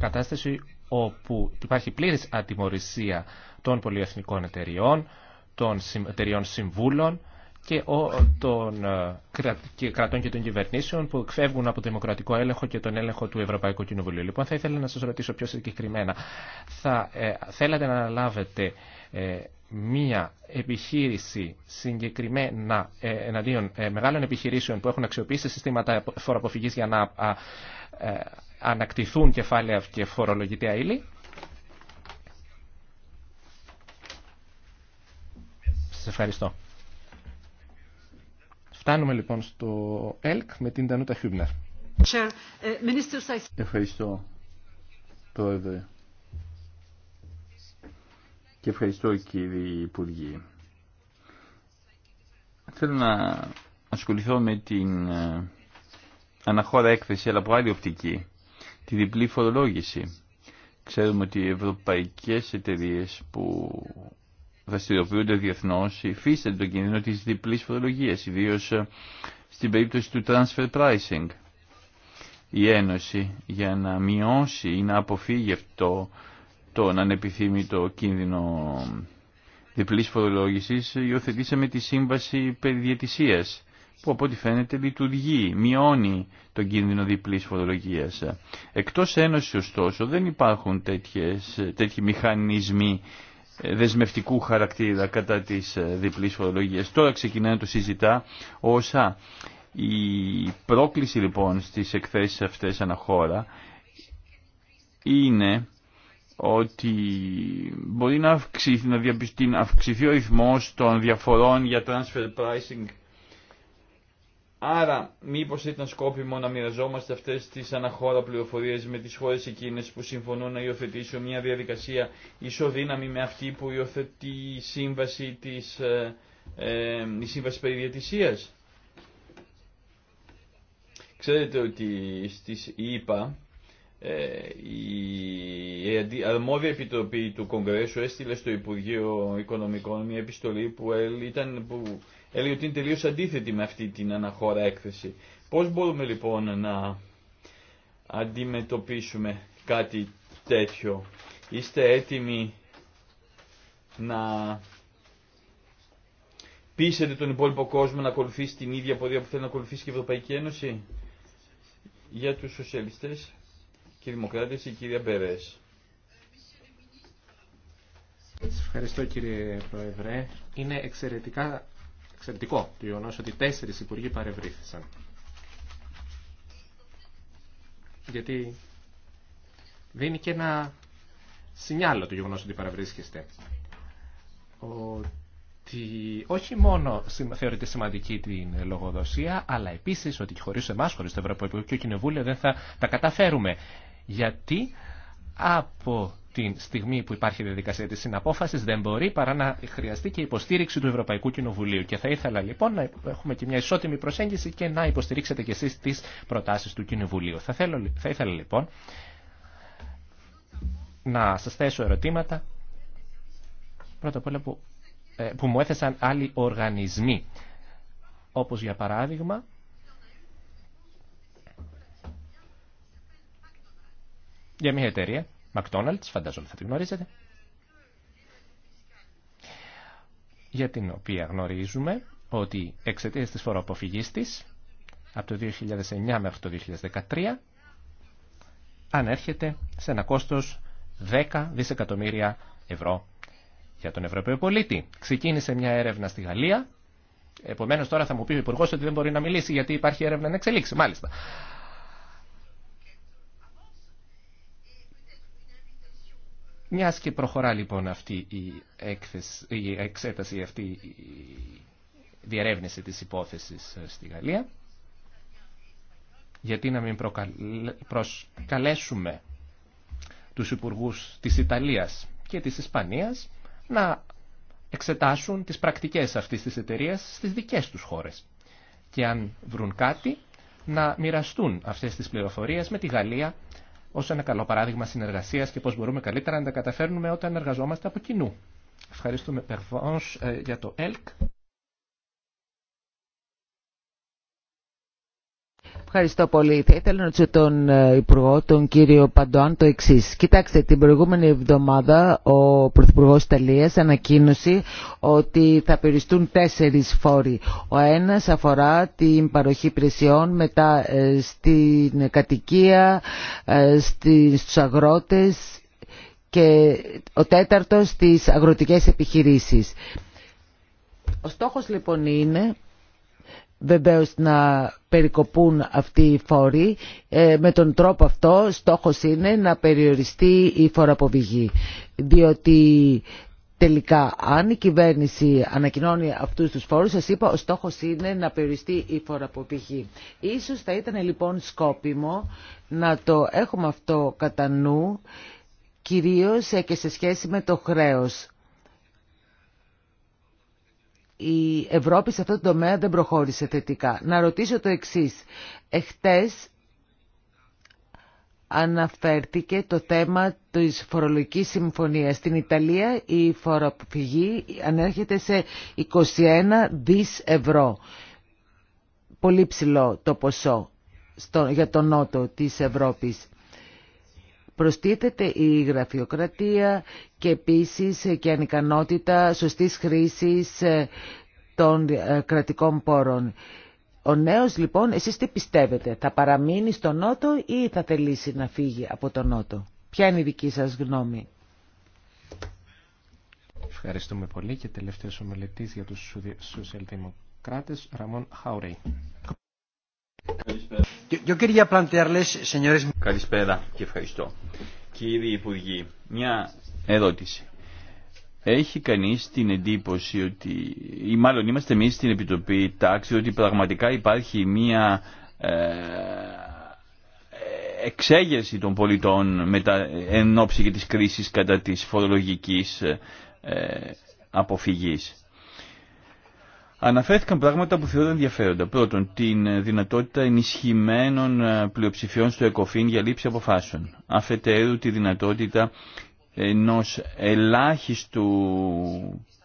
κατάσταση όπου υπάρχει πλήρης ατιμορρησία των πολυεθνικών εταιριών, των εταιριών συμβούλων και των ε, κρατών και των κυβερνήσεων που εκφεύγουν από το δημοκρατικό έλεγχο και τον έλεγχο του Ευρωπαϊκού Κοινοβουλίου. Λοιπόν, θα ήθελα να σας ρωτήσω πιο συγκεκριμένα. Θα ε, θέλατε να αναλάβετε ε, μία επιχείρηση συγκεκριμένα ε, εναντίον ε, μεγάλων επιχειρήσεων που έχουν αξιοποιήσει συστήματα φοροαποφυγής για να ανακτηθούν κεφάλαια και φορολογητέα ύλη. Σας ευχαριστώ. Φτάνουμε λοιπόν στο ΕΛΚ με την Τανούτα Χιούμπνερ. Ευχαριστώ, Πρόεδρε. Και ευχαριστώ, κύριοι Υπουργοί. Θέλω να ασχοληθώ με την ε, αναχώρα έκθεση, αλλά από άλλη οπτική τη διπλή φορολόγηση. Ξέρουμε ότι οι ευρωπαϊκές εταιρείες που δραστηριοποιούνται διεθνώς υφίστανται τον κίνδυνο της διπλής φορολογίας, ιδίως ε, στην περίπτωση του transfer pricing. Η Ένωση για να μειώσει ή να αποφύγει αυτό τον ανεπιθύμητο κίνδυνο ε, διπλής φορολόγησης υιοθετήσαμε τη σύμβαση περί που από ό,τι φαίνεται λειτουργεί, μειώνει τον κίνδυνο διπλής φορολογίας. Εκτός Ένωσης ωστόσο δεν υπάρχουν τέτοιες, τέτοιοι μηχανισμοί ε, δεσμευτικού χαρακτήρα κατά της ε, διπλής φορολογίας. Τώρα ξεκινάει να το συζητά όσα Η πρόκληση λοιπόν στις εκθέσεις αυτές αναχώρα είναι ότι μπορεί να αυξηθεί, να, να αυξηθεί ο ρυθμός των διαφορών για transfer pricing Άρα, μήπω ήταν σκόπιμο να μοιραζόμαστε αυτέ τι αναχώρα πληροφορίε με τι χώρε εκείνε που συμφωνούν να υιοθετήσουν μια διαδικασία ισοδύναμη με αυτή που υιοθετεί η σύμβαση, της, ε, ε Ξέρετε ότι στις ΗΠΑ ε, η αρμόδια επιτροπή του Κογκρέσου έστειλε στο Υπουργείο Οικονομικών μια επιστολή που, ήταν, που έλεγε ότι είναι τελείω αντίθετη με αυτή την αναχώρα έκθεση. Πώς μπορούμε λοιπόν να αντιμετωπίσουμε κάτι τέτοιο. Είστε έτοιμοι να πείσετε τον υπόλοιπο κόσμο να ακολουθήσει την ίδια πορεία που θέλει να ακολουθήσει και η Ευρωπαϊκή Ένωση. Για τους σοσιαλιστές και δημοκράτες η κυρία Μπερές. Σας ευχαριστώ κύριε Πρόεδρε. Είναι εξαιρετικά εξαιρετικό το γεγονό ότι τέσσερις υπουργοί παρευρίθησαν, Γιατί δίνει και ένα σινιάλο το γεγονό ότι παρευρίσκεστε, Ότι όχι μόνο θεωρείται σημαντική την λογοδοσία, αλλά επίσης ότι χωρι εμα χωρι το Ευρωπαϊκό Κοινοβούλιο δεν θα τα καταφέρουμε. Γιατί από τη στιγμή που υπάρχει διαδικασία της συναπόφασης δεν μπορεί παρά να χρειαστεί και υποστήριξη του Ευρωπαϊκού Κοινοβουλίου. Και θα ήθελα λοιπόν να έχουμε και μια ισότιμη προσέγγιση και να υποστηρίξετε κι εσείς τις προτάσεις του Κοινοβουλίου. Θα, θέλω, θα ήθελα λοιπόν να σας θέσω ερωτήματα πρώτα απ' όλα που, ε, που μου έθεσαν άλλοι οργανισμοί. Όπως για παράδειγμα για μια εταιρεία McDonald's, φαντάζομαι θα την γνωρίζετε, για την οποία γνωρίζουμε ότι εξαιτία της φοροαποφυγής της, από το 2009 μέχρι το 2013, ανέρχεται σε ένα κόστος 10 δισεκατομμύρια ευρώ για τον Ευρωπαίο πολίτη. Ξεκίνησε μια έρευνα στη Γαλλία, επομένως τώρα θα μου πει ο υπουργό ότι δεν μπορεί να μιλήσει γιατί υπάρχει έρευνα να εξελίξει, μάλιστα. Μιας και προχωρά λοιπόν αυτή η, έκθεση, η εξέταση, αυτή η διερεύνηση της υπόθεσης ε, στη Γαλλία, γιατί να μην προσκαλέσουμε τους υπουργούς της Ιταλίας και της Ισπανίας να εξετάσουν τις πρακτικές αυτής της εταιρείας στις δικές τους χώρες. Και αν βρουν κάτι, να μοιραστούν αυτές τις πληροφορίες με τη Γαλλία ω ένα καλό παράδειγμα συνεργασία και πώ μπορούμε καλύτερα να τα καταφέρνουμε όταν εργαζόμαστε από κοινού. Ευχαριστούμε Περβάνς ε, για το ΕΛΚ. Ευχαριστώ πολύ. Θα ήθελα να ρωτήσω τον ε, Υπουργό, τον κύριο Παντοάν, το εξή. Κοιτάξτε, την προηγούμενη εβδομάδα ο Πρωθυπουργό Ιταλία ανακοίνωσε ότι θα περιστούν τέσσερι φόροι. Ο ένα αφορά την παροχή υπηρεσιών, μετά ε, στην κατοικία, ε, στου αγρότε και ο τέταρτος στις αγροτικές επιχειρήσεις. Ο στόχος λοιπόν είναι βεβαίως να περικοπούν αυτοί οι φόροι. Ε, με τον τρόπο αυτό στόχος είναι να περιοριστεί η φοροαποβηγή. Διότι τελικά αν η κυβέρνηση ανακοινώνει αυτούς τους φόρους, σας είπα ο στόχος είναι να περιοριστεί η φοροαποβηγή. Ίσως θα ήταν λοιπόν σκόπιμο να το έχουμε αυτό κατά νου, κυρίως ε, και σε σχέση με το χρέος η Ευρώπη σε αυτό το τομέα δεν προχώρησε θετικά. Να ρωτήσω το εξής. Εχθές αναφέρθηκε το θέμα της φορολογικής συμφωνίας. Στην Ιταλία η φοροφυγή ανέρχεται σε 21 δις ευρώ. Πολύ ψηλό το ποσό για τον νότο της Ευρώπης προστίθεται η γραφειοκρατία και επίσης και ανυκανότητα ανικανότητα σωστής χρήσης ε, των ε, κρατικών πόρων. Ο νέος λοιπόν, εσείς τι πιστεύετε, θα παραμείνει στο Νότο ή θα θελήσει να φύγει από τον Νότο. Ποια είναι η θα θελησει να φυγει απο το νοτο ποια ειναι η δικη σας γνώμη. Ευχαριστούμε πολύ και τελευταίος ομιλητής για τους σοσιαλδημοκράτες, Ραμόν Χαουρέι. Καλησπέρα και ευχαριστώ. Κύριοι Υπουργοί, μια ερώτηση. Έχει κανεί την εντύπωση ότι, ή μάλλον είμαστε εμεί στην Επιτροπή Τάξη, ότι πραγματικά υπάρχει μια ε, εξέγερση των πολιτών μετά, εν ώψη και της κρίση κατά της φορολογική ε, αποφυγής. Αναφέρθηκαν πράγματα που θεωρούνται ενδιαφέροντα. Πρώτον, την δυνατότητα ενισχυμένων ε, πλειοψηφιών στο ΕΚΟΦΗΝ για λήψη αποφάσεων. Αφετέρου, τη δυνατότητα ενός ελάχιστου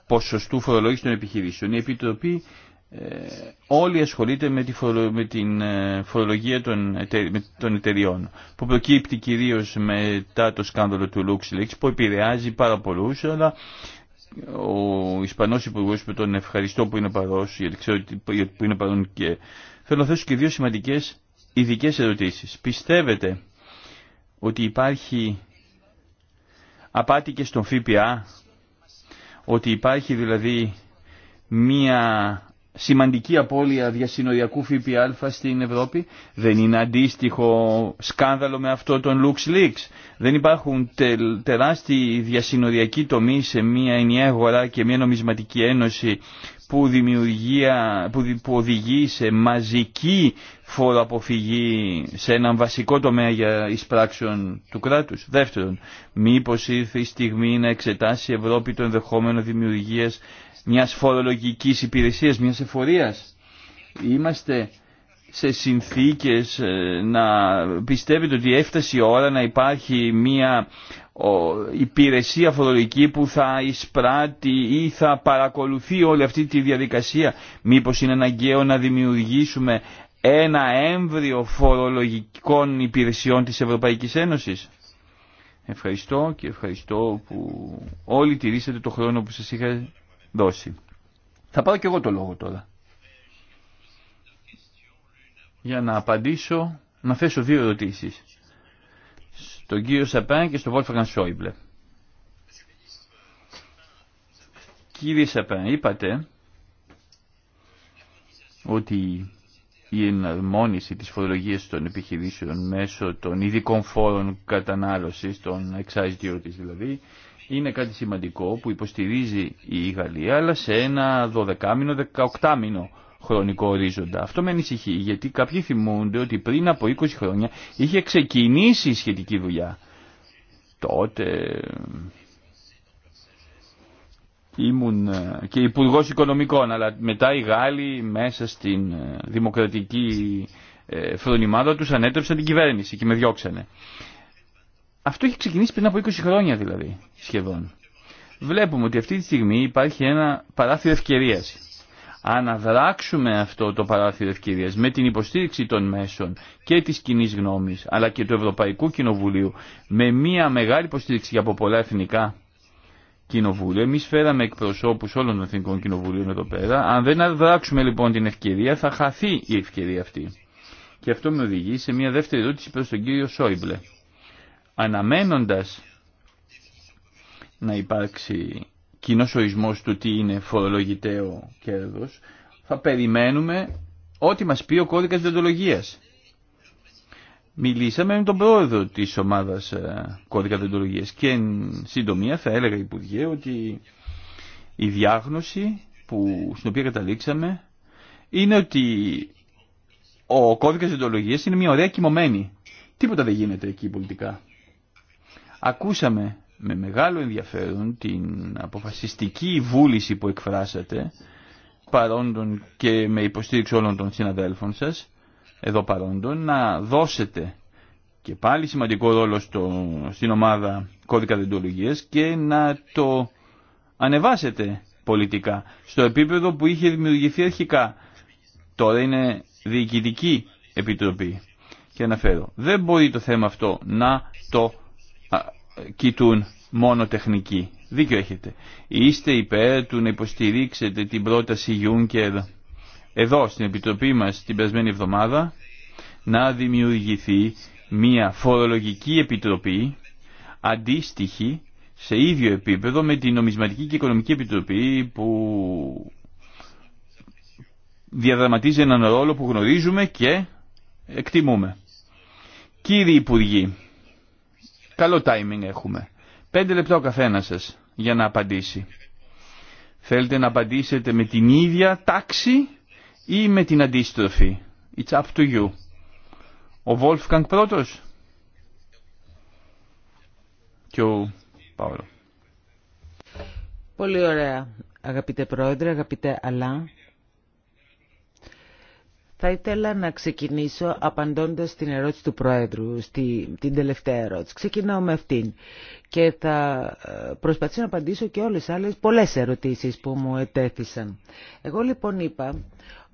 ποσοστού φορολόγηση των επιχειρήσεων. Η Επιτροπή ε, όλοι ασχολείται με, τη με την ε, φορολογία των, με, εταιριών που προκύπτει κυρίως μετά το σκάνδαλο του LuxLeaks που επηρεάζει πάρα πολλούς αλλά ο Ισπανός Υπουργός που τον ευχαριστώ που είναι παρός, γιατί ξέρω που είναι παρόν και θέλω να θέσω και δύο σημαντικές ειδικέ ερωτήσεις. Πιστεύετε ότι υπάρχει απάτη και στον ΦΠΑ, ότι υπάρχει δηλαδή μία σημαντική απώλεια διασυνοριακού ΦΠΑ στην Ευρώπη. Δεν είναι αντίστοιχο σκάνδαλο με αυτό των LuxLeaks. Δεν υπάρχουν τεράστιοι διασυνοριακοί τομεί σε μια ενιαία αγορά και μια νομισματική ένωση που, δημιουργία, που, οδηγεί σε μαζική φοροαποφυγή σε έναν βασικό τομέα για εισπράξεων του κράτους. Δεύτερον, μήπως ήρθε η στιγμή να εξετάσει η Ευρώπη το ενδεχόμενο δημιουργίας μιας φορολογικής υπηρεσίας, μιας εφορίας. Είμαστε σε συνθήκες ε, να πιστεύετε ότι έφτασε η ώρα να υπάρχει μια υπηρεσία φορολογική που θα εισπράττει ή θα παρακολουθεί όλη αυτή τη διαδικασία. Μήπως είναι αναγκαίο να δημιουργήσουμε ένα έμβριο φορολογικών υπηρεσιών της Ευρωπαϊκής Ένωσης. Ευχαριστώ και ευχαριστώ που όλοι τηρήσατε το χρόνο που σας είχα δώσει. Θα πάω και εγώ το λόγο τώρα για να απαντήσω, να θέσω δύο ερωτήσει Στον κύριο Σαπάν και στον Βόλφαγκαν Σόιμπλε. Κύριε Σαπάν, είπατε ότι η εναρμόνιση της φορολογίας των επιχειρήσεων μέσω των ειδικών φόρων κατανάλωσης, των excise duties δηλαδή, είναι κάτι σημαντικό που υποστηρίζει η Γαλλία, αλλά σε ένα 12 μήνο, 18 μήνο χρονικό ορίζοντα. Αυτό με ανησυχεί, γιατί κάποιοι θυμούνται ότι πριν από 20 χρόνια είχε ξεκινήσει η σχετική δουλειά. Τότε ε, ήμουν ε, και υπουργό Οικονομικών, αλλά μετά οι Γάλλοι μέσα στην ε, δημοκρατική φρονημάδα τους ανέτρεψαν την κυβέρνηση και με διώξανε. Αυτό έχει ξεκινήσει πριν από 20 χρόνια δηλαδή σχεδόν. Βλέπουμε ότι αυτή τη στιγμή υπάρχει ένα παράθυρο ευκαιρίας αναδράξουμε αυτό το παράθυρο ευκαιρία με την υποστήριξη των μέσων και της κοινή γνώμης αλλά και του Ευρωπαϊκού Κοινοβουλίου με μια μεγάλη υποστήριξη από πολλά εθνικά κοινοβούλια. Εμεί φέραμε εκπροσώπους όλων των εθνικών κοινοβουλίων εδώ πέρα. Αν δεν αδράξουμε λοιπόν την ευκαιρία θα χαθεί η ευκαιρία αυτή. Και αυτό με οδηγεί σε μια δεύτερη ερώτηση προ τον κύριο Σόιμπλε. Αναμένοντα να υπάρξει κοινός ορισμός του τι είναι φορολογητέο κέρδος, θα περιμένουμε ό,τι μας πει ο κώδικας δεντολογίας. Μιλήσαμε με τον πρόεδρο της ομάδας ε, κώδικα δεντολογίας και εν συντομία θα έλεγα Υπουργέ ότι η διάγνωση που, στην οποία καταλήξαμε είναι ότι ο κώδικας δεντολογίας είναι μια ωραία κοιμωμένη. Τίποτα δεν γίνεται εκεί πολιτικά. Ακούσαμε με μεγάλο ενδιαφέρον την αποφασιστική βούληση που εκφράσατε παρόντων και με υποστήριξη όλων των συναδέλφων σας εδώ παρόντων να δώσετε και πάλι σημαντικό ρόλο στο, στην ομάδα κώδικα δεντολογίας και να το ανεβάσετε πολιτικά στο επίπεδο που είχε δημιουργηθεί αρχικά. Τώρα είναι διοικητική επιτροπή και αναφέρω. Δεν μπορεί το θέμα αυτό να το κοιτούν μόνο τεχνική. Δίκιο έχετε. Είστε υπέρ του να υποστηρίξετε την πρόταση Juncker εδώ στην Επιτροπή μας την περασμένη εβδομάδα να δημιουργηθεί μια φορολογική επιτροπή αντίστοιχη σε ίδιο επίπεδο με την Νομισματική και Οικονομική Επιτροπή που διαδραματίζει έναν ρόλο που γνωρίζουμε και εκτιμούμε. Κύριοι Υπουργοί, Καλό timing έχουμε. Πέντε λεπτά ο καθένα σα για να απαντήσει. Θέλετε να απαντήσετε με την ίδια τάξη ή με την αντίστροφη. It's up to you. Ο Wolfgang πρώτος και ο Παύλο. Πολύ ωραία αγαπητέ πρόεδρε, αγαπητέ Αλά. Θα ήθελα να ξεκινήσω απαντώντας την ερώτηση του Πρόεδρου, στη, την τελευταία ερώτηση. Ξεκινάω με αυτήν και θα ε, προσπαθήσω να απαντήσω και όλες άλλες πολλές ερωτήσεις που μου ετέθησαν. Εγώ λοιπόν είπα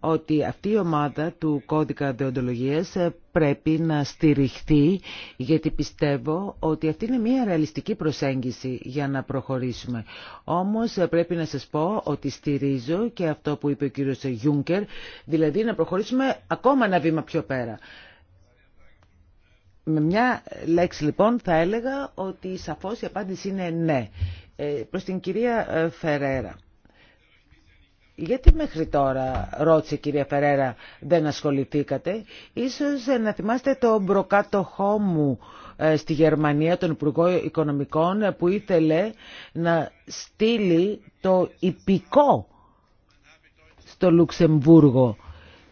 ότι αυτή η ομάδα του κώδικα δεοντολογίας ε, πρέπει να στηριχθεί γιατί πιστεύω ότι αυτή είναι μια ρεαλιστική προσέγγιση για να προχωρήσουμε. Όμως ε, πρέπει να σας πω ότι στηρίζω και αυτό που είπε ο κύριος Γιούνκερ, δηλαδή να προχωρήσουμε ακόμα ένα βήμα πιο πέρα. Με μια λέξη λοιπόν θα έλεγα ότι σαφώς η απάντηση είναι ναι. Ε, προς την κυρία ε, Φερέρα. Γιατί μέχρι τώρα, ρώτησε η κυρία Φερέρα, δεν ασχοληθήκατε. Ίσως ε, να θυμάστε το μπροκάτοχό μου ε, στη Γερμανία, τον Υπουργό Οικονομικών, ε, που ήθελε να στείλει το υπηκό στο Λουξεμβούργο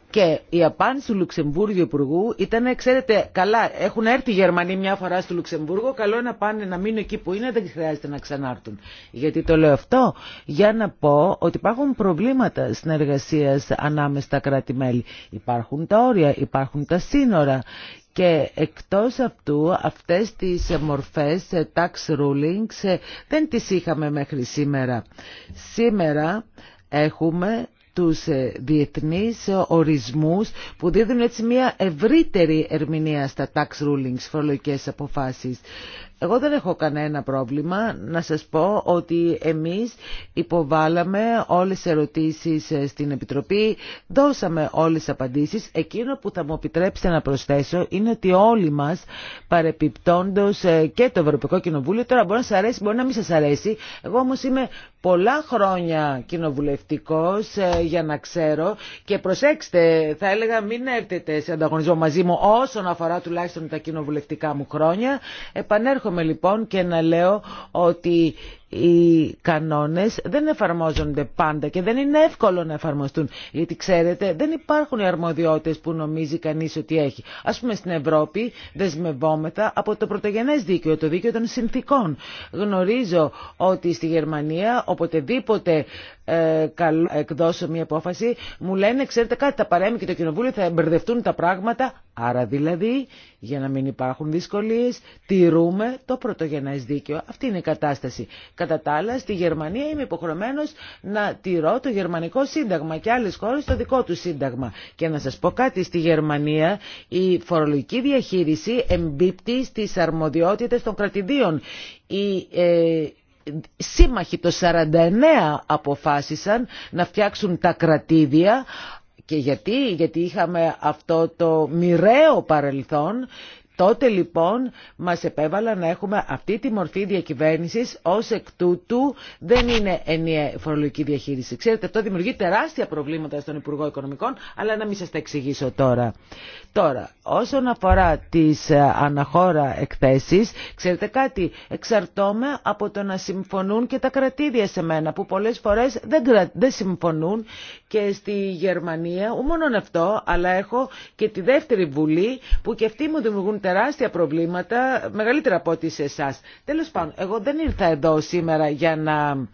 και η απάντηση του Λουξεμβούργου Υπουργού ήταν, ξέρετε, καλά, έχουν έρθει οι Γερμανοί μια φορά στο Λουξεμβούργο, καλό είναι να πάνε να μείνουν εκεί που είναι, δεν χρειάζεται να ξανάρθουν. Γιατί το λέω αυτό, για να πω ότι υπάρχουν προβλήματα συνεργασία ανάμεσα στα κράτη-μέλη. Υπάρχουν τα όρια, υπάρχουν τα σύνορα. Και εκτός αυτού αυτές τις μορφές tax rulings δεν τις είχαμε μέχρι σήμερα. Σήμερα έχουμε τους ε, διεθνείς ορισμούς που δίδουν έτσι μια ευρύτερη ερμηνεία στα tax rulings, φορολογικές αποφάσεις. Εγώ δεν έχω κανένα πρόβλημα να σας πω ότι εμείς υποβάλαμε όλες τις ερωτήσεις ε, στην Επιτροπή, δώσαμε όλες τις απαντήσεις. Εκείνο που θα μου επιτρέψετε να προσθέσω είναι ότι όλοι μας παρεπιπτόντος ε, και το Ευρωπαϊκό Κοινοβούλιο, τώρα μπορεί να σας αρέσει, μπορεί να μην σας αρέσει, εγώ όμως είμαι πολλά χρόνια κοινοβουλευτικός ε, για να ξέρω και προσέξτε θα έλεγα μην έρθετε σε ανταγωνισμό μαζί μου όσον αφορά τουλάχιστον τα κοινοβουλευτικά μου χρόνια. Επανέρχομαι Έρχομαι λοιπόν και να λέω ότι οι κανόνες δεν εφαρμόζονται πάντα και δεν είναι εύκολο να εφαρμοστούν γιατί ξέρετε δεν υπάρχουν οι αρμοδιότητες που νομίζει κανείς ότι έχει. Ας πούμε στην Ευρώπη δεσμευόμεθα από το πρωτογενές δίκαιο, το δίκαιο των συνθήκων. Γνωρίζω ότι στη Γερμανία οποτεδήποτε ε, εκδώσω μια απόφαση μου λένε ξέρετε κάτι τα παρέμει και το κοινοβούλιο θα εμπερδευτούν τα πράγματα άρα δηλαδή για να μην υπάρχουν δυσκολίες τηρούμε το πρωτογενέ δίκαιο. Αυτή είναι η κατάσταση. Κατά τα άλλα, στη Γερμανία είμαι υποχρεωμένο να τηρώ το γερμανικό σύνταγμα και άλλε χώρε το δικό του σύνταγμα. Και να σα πω κάτι, στη Γερμανία η φορολογική διαχείριση εμπίπτει στι αρμοδιότητε των κρατηδίων. Η, ε, Σύμμαχοι το 49 αποφάσισαν να φτιάξουν τα κρατήδια και γιατί, γιατί είχαμε αυτό το μοιραίο παρελθόν Τότε λοιπόν μας επέβαλα να έχουμε αυτή τη μορφή διακυβέρνησης ως εκ τούτου δεν είναι ενιαία φορολογική διαχείριση. Ξέρετε αυτό δημιουργεί τεράστια προβλήματα στον Υπουργό Οικονομικών αλλά να μην σας τα εξηγήσω τώρα. Τώρα όσον αφορά τις ε, αναχώρα εκθέσεις ξέρετε κάτι εξαρτώμε από το να συμφωνούν και τα κρατήδια σε μένα που πολλές φορές δεν, κρα... δεν συμφωνούν και στη Γερμανία, μόνον αυτό αλλά έχω και τη δεύτερη βουλή που και αυτοί μου δημιουργούν τεράστια προβλήματα, μεγαλύτερα από ό,τι σε εσά. Τέλο πάντων, εγώ δεν ήρθα εδώ σήμερα για να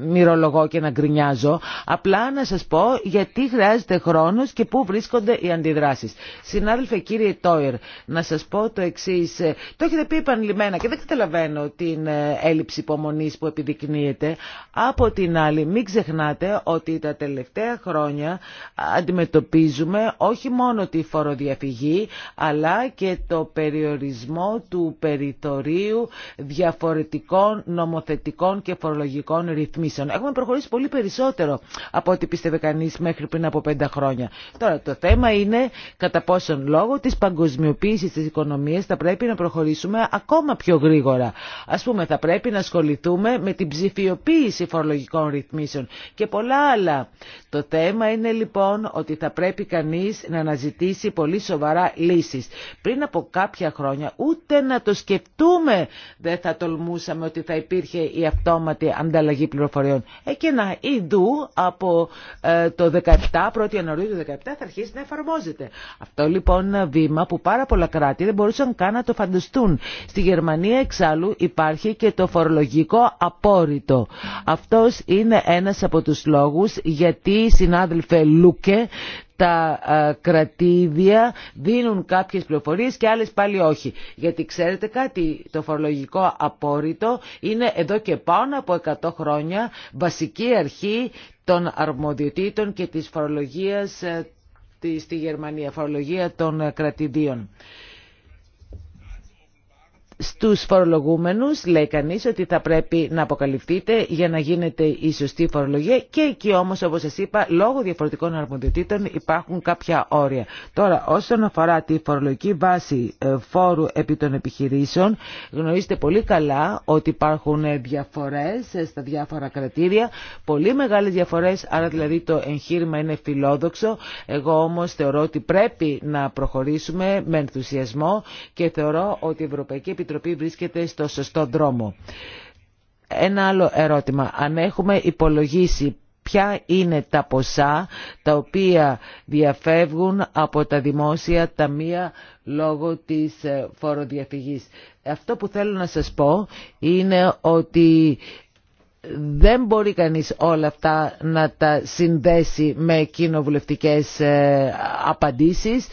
μυρολογώ και να γκρινιάζω. Απλά να σα πω γιατί χρειάζεται χρόνο και πού βρίσκονται οι αντιδράσει. Συνάδελφε κύριε Τόιρ, να σα πω το εξή. Το έχετε πει επανειλημμένα και δεν καταλαβαίνω την ε, έλλειψη υπομονή που επιδεικνύεται. Από την άλλη, μην ξεχνάτε ότι τα τελευταία χρόνια αντιμετωπίζουμε όχι μόνο τη φοροδιαφυγή, αλλά και και το περιορισμό του περιθωρίου διαφορετικών νομοθετικών και φορολογικών ρυθμίσεων. Έχουμε προχωρήσει πολύ περισσότερο από ό,τι πίστευε κανείς μέχρι πριν από πέντε χρόνια. Τώρα το θέμα είναι κατά πόσον λόγω της παγκοσμιοποίησης της οικονομίας θα πρέπει να προχωρήσουμε ακόμα πιο γρήγορα. Ας πούμε θα πρέπει να ασχοληθούμε με την ψηφιοποίηση φορολογικών ρυθμίσεων και πολλά άλλα. Το θέμα είναι λοιπόν ότι θα πρέπει κανείς να αναζητήσει πολύ σοβαρά λύσεις. Πριν από κάποια χρόνια ούτε να το σκεφτούμε δεν θα τολμούσαμε ότι θα υπήρχε η αυτόματη ανταλλαγή πληροφοριών. Ε, και από το 17, 1η Ιανουαρίου του 17 θα αρχίσει να εφαρμόζεται. Αυτό λοιπόν είναι ένα βήμα που πάρα πολλά κράτη δεν μπορούσαν καν να το φανταστούν. Στη Γερμανία εξάλλου υπάρχει και το φορολογικό απόρριτο. Αυτός είναι ένας από τους λόγους γιατί συνάδελφε Λούκε τα κρατήδια δίνουν κάποιες πληροφορίες και άλλες πάλι όχι. Γιατί ξέρετε κάτι, το φορολογικό απόρριτο είναι εδώ και πάνω από 100 χρόνια βασική αρχή των αρμοδιοτήτων και της φορολογίας ε, στη Γερμανία, φορολογία των ε, κρατηδίων στους φορολογούμενους λέει κανείς ότι θα πρέπει να αποκαλυφθείτε για να γίνεται η σωστή φορολογία και εκεί όμως όπως σας είπα λόγω διαφορετικών αρμοδιοτήτων υπάρχουν κάποια όρια. Τώρα όσον αφορά τη φορολογική βάση ε, φόρου επί των επιχειρήσεων γνωρίζετε πολύ καλά ότι υπάρχουν διαφορές ε, στα διάφορα κρατήρια, πολύ μεγάλες διαφορές άρα δηλαδή το εγχείρημα είναι φιλόδοξο. Εγώ όμως θεωρώ ότι πρέπει να προχωρήσουμε με ενθουσιασμό και θεωρώ ότι η Ευρωπαϊκή Επιτροπή Επιτροπή βρίσκεται στο σωστό δρόμο. Ένα άλλο ερώτημα. Αν έχουμε υπολογίσει ποια είναι τα ποσά τα οποία διαφεύγουν από τα δημόσια ταμεία λόγω της ε, φοροδιαφυγής. Αυτό που θέλω να σας πω είναι ότι δεν μπορεί κανείς όλα αυτά να τα συνδέσει με κοινοβουλευτικές ε, απαντήσεις.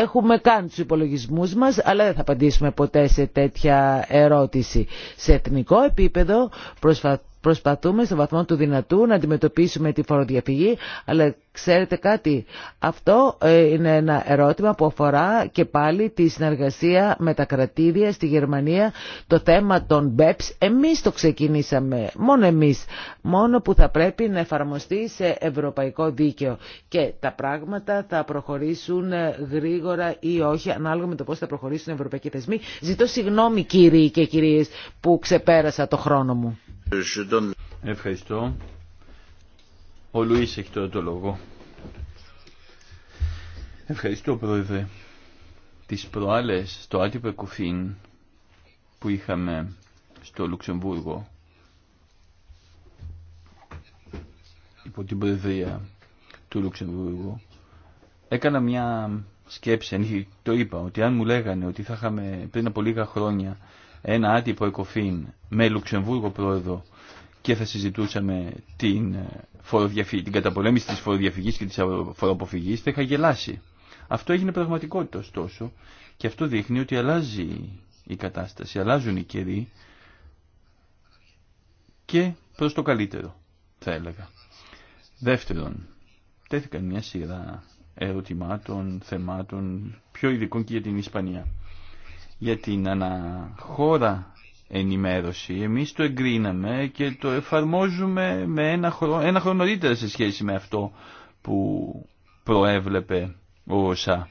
Έχουμε κάνει τους υπολογισμούς μας, αλλά δεν θα απαντήσουμε ποτέ σε τέτοια ερώτηση. Σε εθνικό επίπεδο προσπαθούμε Προσπαθούμε στο βαθμό του δυνατού να αντιμετωπίσουμε τη φοροδιαφυγή, αλλά ξέρετε κάτι, αυτό ε, είναι ένα ερώτημα που αφορά και πάλι τη συνεργασία με τα κρατήδια στη Γερμανία, το θέμα των BEPS. Εμείς το ξεκινήσαμε, μόνο εμείς, μόνο που θα πρέπει να εφαρμοστεί σε ευρωπαϊκό δίκαιο και τα πράγματα θα προχωρήσουν ε, γρήγορα ή όχι, ανάλογα με το πώς θα προχωρήσουν οι ευρωπαϊκοί θεσμοί. Ζητώ συγγνώμη κύριοι και κυρίες που ξεπέρασα το χρόνο μου. Ευχαριστώ. Ο Λουίς έχει τώρα το λόγο. Ευχαριστώ πρόεδρε. Τις προάλλες στο άτυπο Κουφίν που είχαμε στο Λουξεμβούργο υπό την προεδρία του Λουξεμβούργου έκανα μια σκέψη, το είπα, ότι αν μου λέγανε ότι θα είχαμε πριν από λίγα χρόνια ένα άτυπο εκοφήν με Λουξεμβούργο πρόεδρο και θα συζητούσαμε την, ε, την καταπολέμηση της φοροδιαφυγής και της φοροποφυγής, θα είχα γελάσει. Αυτό έγινε πραγματικότητα ωστόσο και αυτό δείχνει ότι αλλάζει η κατάσταση, αλλάζουν οι καιροί και προς το καλύτερο θα έλεγα. Δεύτερον, τέθηκαν μια σειρά ερωτημάτων, θεμάτων πιο ειδικών και για την Ισπανία για την αναχώρα ενημέρωση. Εμείς το εγκρίναμε και το εφαρμόζουμε με ένα, χρόνο, ένα χρόνο σε σχέση με αυτό που προέβλεπε ο ΩΣΑ.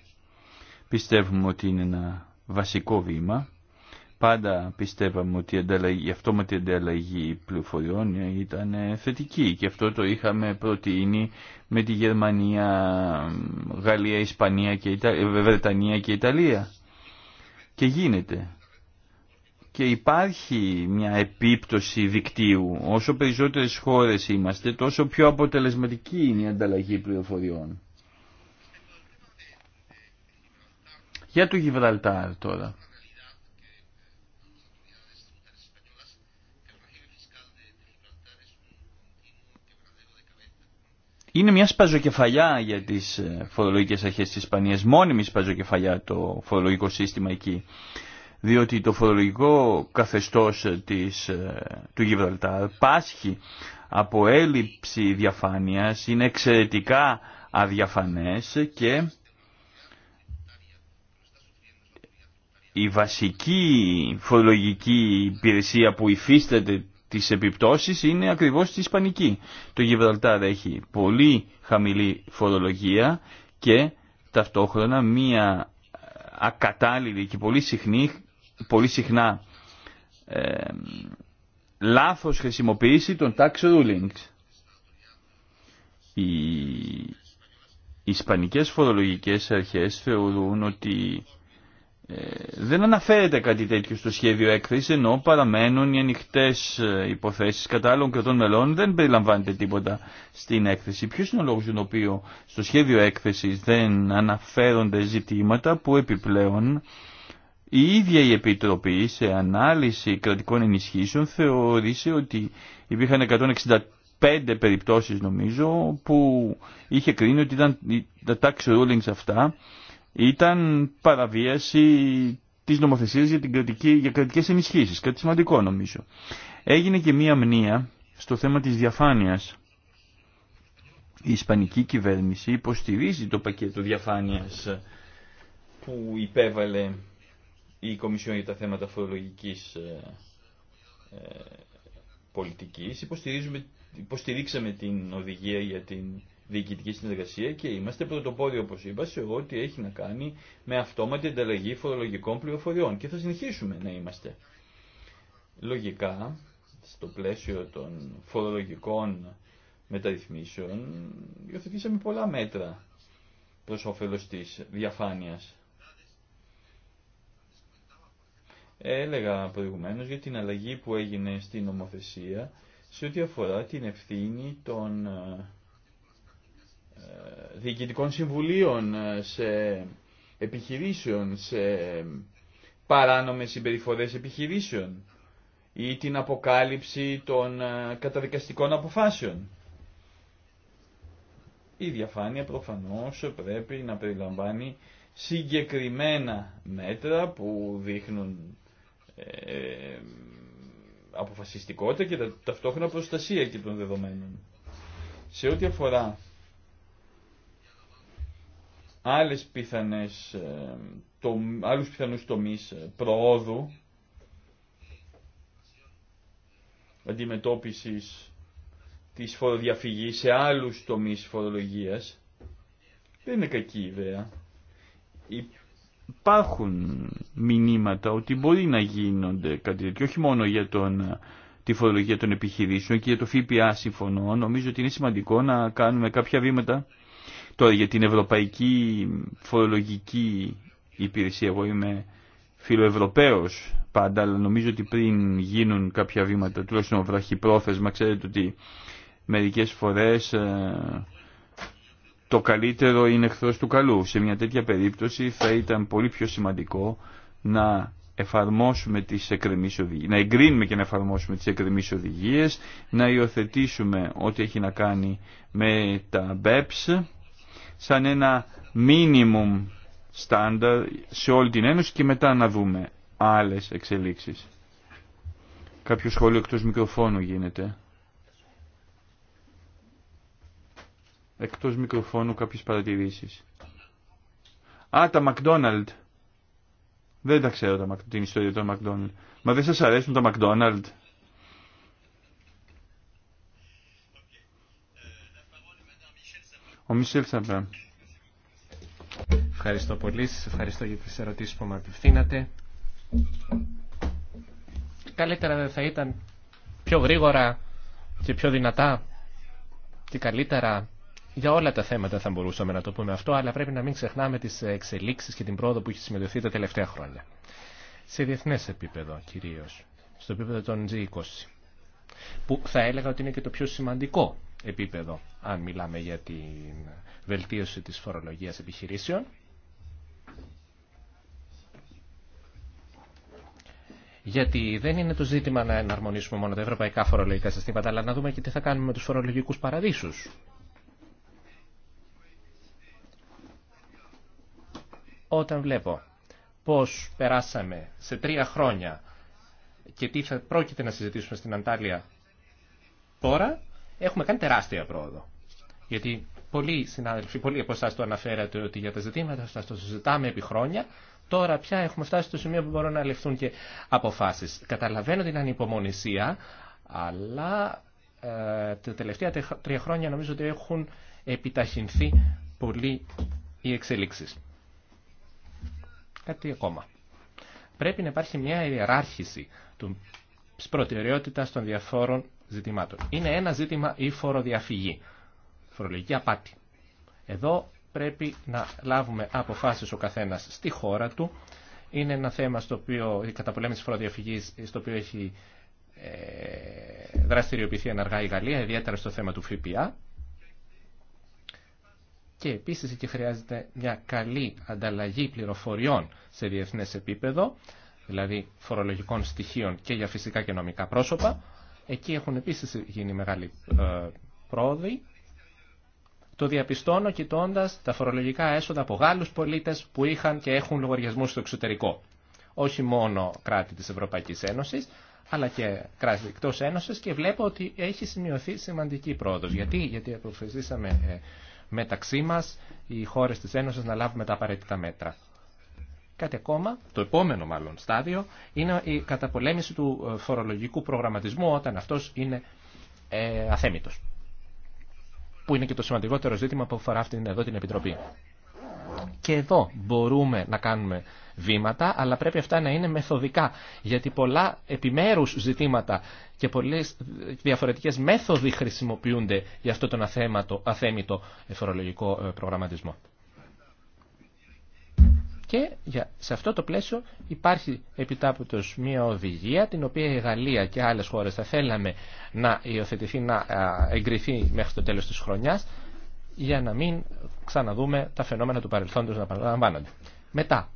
Πιστεύουμε ότι είναι ένα βασικό βήμα. Πάντα πιστεύαμε ότι η, η αυτόματη ανταλλαγή πληροφοριών ήταν θετική και αυτό το είχαμε προτείνει με τη Γερμανία, Γαλλία, Ισπανία και Βρετανία και Ιταλία και γίνεται. Και υπάρχει μια επίπτωση δικτύου. Όσο περισσότερες χώρες είμαστε, τόσο πιο αποτελεσματική είναι η ανταλλαγή πληροφοριών. Για το Γιβραλτάρ τώρα. Είναι μια σπαζοκεφαλιά για τις ε, φορολογικέ αρχές της Ισπανία, μόνιμη σπαζοκεφαλιά το φορολογικό σύστημα εκεί. Διότι το φορολογικό καθεστώς ε, του Γιβραλτάρ πάσχει από έλλειψη διαφάνειας, είναι εξαιρετικά αδιαφανές και η βασική φορολογική υπηρεσία που υφίσταται τις επιπτώσεις είναι ακριβώς τη ισπανική. Το Γιβραλτάρ έχει πολύ χαμηλή φορολογία και ταυτόχρονα μία ακατάλληλη και πολύ, συχνή, πολύ συχνά ε, λάθος χρησιμοποίηση των tax rulings. Οι ισπανικές φορολογικές αρχές θεωρούν ότι ε, δεν αναφέρεται κάτι τέτοιο στο σχέδιο έκθεση ενώ παραμένουν οι ανοιχτέ ε, υποθέσει κατά άλλων κρατών μελών. Δεν περιλαμβάνεται τίποτα στην έκθεση. Ποιο είναι ο λόγο τον οποίο στο σχέδιο έκθεση δεν αναφέρονται ζητήματα που επιπλέον η ίδια η Επιτροπή σε ανάλυση κρατικών ενισχύσεων θεωρήσε ότι υπήρχαν 165 περιπτώσεις νομίζω που είχε κρίνει ότι ήταν τα tax rulings αυτά ήταν παραβίαση της νομοθεσίας για, την κρατική, κρατικές ενισχύσεις, κάτι σημαντικό νομίζω. Έγινε και μία μνήα στο θέμα της διαφάνειας. Η Ισπανική κυβέρνηση υποστηρίζει το πακέτο διαφάνειας που υπέβαλε η Κομισιόν για τα θέματα φορολογικής ε, ε, πολιτικής. Υποστηρίζουμε, υποστηρίξαμε την οδηγία για την διοικητική συνεργασία και είμαστε πρωτοπόροι, όπω είπα, σε ό,τι έχει να κάνει με αυτόματη ανταλλαγή φορολογικών πληροφοριών και θα συνεχίσουμε να είμαστε. Λογικά, στο πλαίσιο των φορολογικών μεταρρυθμίσεων, υιοθετήσαμε πολλά μέτρα προ όφελο τη διαφάνεια. Έλεγα προηγουμένως για την αλλαγή που έγινε στην νομοθεσία σε ό,τι αφορά την ευθύνη των ε, ε, διοικητικών συμβουλίων, ε, σε επιχειρήσεων, σε παράνομες συμπεριφορές επιχειρήσεων ή την αποκάλυψη των ε, καταδικαστικών αποφάσεων. Η διαφάνεια προφανώς πρέπει να περιλαμβάνει συγκεκριμένα μέτρα που δείχνουν ε, αποφασιστικότητα και ταυτόχρονα προστασία και των δεδομένων. Σε ό,τι αφορά άλλες πιθανές, ε, το, άλλους πιθανούς τομείς ε, προόδου αντιμετώπισης της φοροδιαφυγής σε άλλους τομείς φορολογίας δεν είναι κακή ιδέα. Υπάρχουν μηνύματα ότι μπορεί να γίνονται κάτι τέτοιο, όχι μόνο για τον, τη φορολογία των επιχειρήσεων και για το ΦΠΑ συμφωνώ. Νομίζω ότι είναι σημαντικό να κάνουμε κάποια βήματα Τώρα για την Ευρωπαϊκή Φορολογική Υπηρεσία, εγώ είμαι φιλοευρωπαίος πάντα, αλλά νομίζω ότι πριν γίνουν κάποια βήματα, τουλάχιστον βραχυπρόθεσμα, ξέρετε ότι μερικές φορές ε, το καλύτερο είναι εχθρό του καλού. Σε μια τέτοια περίπτωση θα ήταν πολύ πιο σημαντικό να εφαρμόσουμε τις να εγκρίνουμε και να εφαρμόσουμε τις εκκρεμίες οδηγίες, να υιοθετήσουμε ό,τι έχει να κάνει με τα BEPS, σαν ένα minimum standard σε όλη την Ένωση και μετά να δούμε άλλες εξελίξεις. Κάποιο σχόλιο εκτός μικροφώνου γίνεται. Εκτός μικροφώνου κάποιες παρατηρήσεις. Α, τα McDonald. Δεν τα ξέρω τα, την ιστορία των McDonald. Μα δεν σας αρέσουν τα McDonald. Ο Μισελ Σαμπρά. Ευχαριστώ πολύ. Σας ευχαριστώ για τις ερωτήσεις που μου απευθύνατε. Καλύτερα δεν θα ήταν πιο γρήγορα και πιο δυνατά και καλύτερα για όλα τα θέματα θα μπορούσαμε να το πούμε αυτό, αλλά πρέπει να μην ξεχνάμε τις εξελίξεις και την πρόοδο που έχει συμμετοχθεί τα τελευταία χρόνια. Σε διεθνές επίπεδο κυρίως, στο επίπεδο των G20, που θα έλεγα ότι είναι και το πιο σημαντικό επίπεδο, αν μιλάμε για την βελτίωση της φορολογίας επιχειρήσεων. Γιατί δεν είναι το ζήτημα να εναρμονίσουμε μόνο τα ευρωπαϊκά φορολογικά συστήματα, αλλά να δούμε και τι θα κάνουμε με τους φορολογικούς παραδείσους. Όταν βλέπω πώς περάσαμε σε τρία χρόνια και τι θα πρόκειται να συζητήσουμε στην Αντάλια τώρα, έχουμε κάνει τεράστια πρόοδο. Γιατί πολλοί συνάδελφοι, πολλοί από εσά το αναφέρατε ότι για τα ζητήματα αυτά το συζητάμε επί χρόνια. Τώρα πια έχουμε φτάσει στο σημείο που μπορούν να λεφθούν και αποφάσει. Καταλαβαίνω την ανυπομονησία, αλλά ε, τα τελευταία τρία χρόνια νομίζω ότι έχουν επιταχυνθεί πολύ οι εξελιξει. Κάτι ακόμα. Πρέπει να υπάρχει μια ιεράρχηση τη προτεραιότητα των διαφόρων ζητημάτων. Είναι ένα ζήτημα η φοροδιαφυγή, φορολογική απάτη. Εδώ πρέπει να λάβουμε αποφάσεις ο καθένας στη χώρα του. Είναι ένα θέμα στο οποίο η καταπολέμηση της φοροδιαφυγής, στο οποίο έχει ε, δραστηριοποιηθεί εναργά η Γαλλία, ιδιαίτερα στο θέμα του ΦΠΑ. Και επίσης εκεί χρειάζεται μια καλή ανταλλαγή πληροφοριών σε διεθνές επίπεδο, δηλαδή φορολογικών στοιχείων και για φυσικά και νομικά πρόσωπα, Εκεί έχουν επίσης γίνει μεγάλη ε, πρόοδοι. Το διαπιστώνω κοιτώντα τα φορολογικά έσοδα από Γάλλους πολίτες που είχαν και έχουν λογαριασμού στο εξωτερικό. Όχι μόνο κράτη της Ευρωπαϊκής Ένωσης, αλλά και κράτη εκτός Ένωσης και βλέπω ότι έχει σημειωθεί σημαντική πρόοδος. Γιατί, Γιατί αποφασίσαμε ε, μεταξύ μας οι χώρες της Ένωσης να λάβουμε τα απαραίτητα μέτρα. Κάτι ακόμα, το επόμενο μάλλον στάδιο, είναι η καταπολέμηση του ε, φορολογικού προγραμματισμού όταν αυτός είναι ε, Που είναι και το σημαντικότερο ζήτημα που αφορά αυτήν εδώ την Επιτροπή. Και εδώ μπορούμε να κάνουμε βήματα, αλλά πρέπει αυτά να είναι μεθοδικά. Γιατί πολλά επιμέρους ζητήματα και πολλές ε, διαφορετικές μέθοδοι χρησιμοποιούνται για αυτό τον αθέμητο ε, φορολογικό προγραμματισμό. Και σε αυτό το πλαίσιο υπάρχει επιτάπητος μια οδηγία την οποία η Γαλλία και άλλες χώρες θα θέλαμε να υιοθετηθεί, να εγκριθεί μέχρι το τέλος της χρονιάς για να μην ξαναδούμε τα φαινόμενα του παρελθόντος να παραλαμβάνονται. Μετά,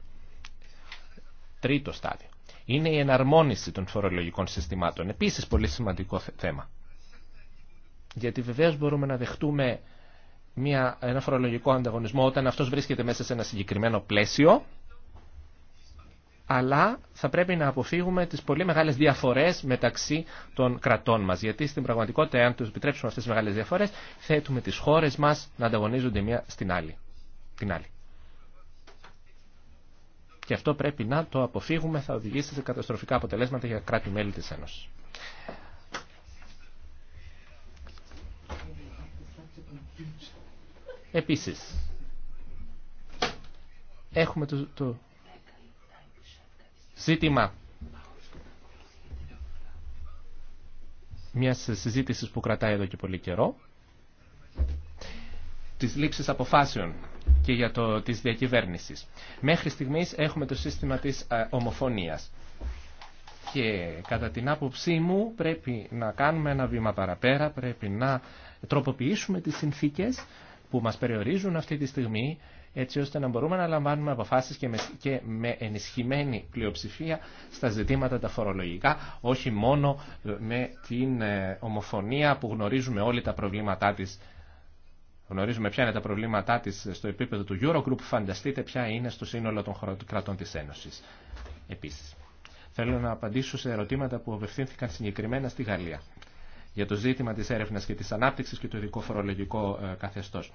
τρίτο στάδιο, είναι η εναρμόνιση των φορολογικών συστημάτων. Επίσης πολύ σημαντικό θέμα. Γιατί βεβαίως μπορούμε να δεχτούμε μια, ένα φορολογικό ανταγωνισμό όταν αυτός βρίσκεται μέσα σε ένα συγκεκριμένο πλαίσιο, αλλά θα πρέπει να αποφύγουμε τις πολύ μεγάλες διαφορές μεταξύ των κρατών μας. Γιατί στην πραγματικότητα, αν τους επιτρέψουμε αυτές τις μεγάλες διαφορές, θέτουμε τις χώρες μας να ανταγωνίζονται μία στην άλλη. Την άλλη. Και αυτό πρέπει να το αποφύγουμε, θα οδηγήσει σε καταστροφικά αποτελέσματα για κράτη-μέλη της Ένωσης. Επίσης, έχουμε το, το ζήτημα μιας συζήτησης που κρατάει εδώ και πολύ καιρό, της λήψης αποφάσεων και για το, της διακυβέρνησης. Μέχρι στιγμής έχουμε το σύστημα της α, ε, ομοφωνίας. Και κατά την άποψή μου πρέπει να κάνουμε ένα βήμα παραπέρα, πρέπει να τροποποιήσουμε τις συνθήκες που μας περιορίζουν αυτή τη στιγμή έτσι ώστε να μπορούμε να λαμβάνουμε αποφάσεις και με, και με ενισχυμένη πλειοψηφία στα ζητήματα τα φορολογικά, όχι μόνο ε, με την ε, ομοφωνία που γνωρίζουμε όλοι τα προβλήματά της. Γνωρίζουμε ποια είναι τα προβλήματά της στο επίπεδο του Eurogroup, φανταστείτε ποια είναι στο σύνολο των κρατών της Ένωσης. Επίσης, θέλω να απαντήσω σε ερωτήματα που απευθύνθηκαν συγκεκριμένα στη Γαλλία για το ζήτημα της έρευνας και της ανάπτυξης και το ειδικό φορολογικό ε, καθεστώς.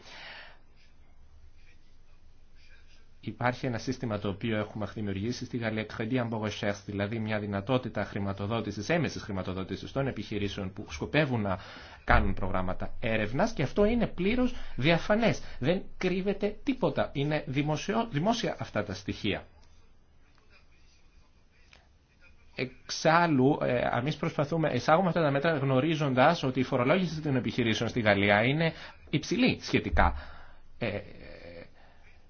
Υπάρχει ένα σύστημα το οποίο έχουμε δημιουργήσει στη Γαλλία, Credit δηλαδή μια δυνατότητα χρηματοδότησης, έμεσης χρηματοδότησης των επιχειρήσεων που σκοπεύουν να κάνουν προγράμματα έρευνας και αυτό είναι πλήρως διαφανές. Δεν κρύβεται τίποτα. Είναι δημοσιο, δημόσια αυτά τα στοιχεία. Εξάλλου, ε, εμεί προσπαθούμε, εισάγουμε αυτά τα μέτρα γνωρίζοντα ότι η φορολόγηση των επιχειρήσεων στη Γαλλία είναι υψηλή σχετικά. Ε,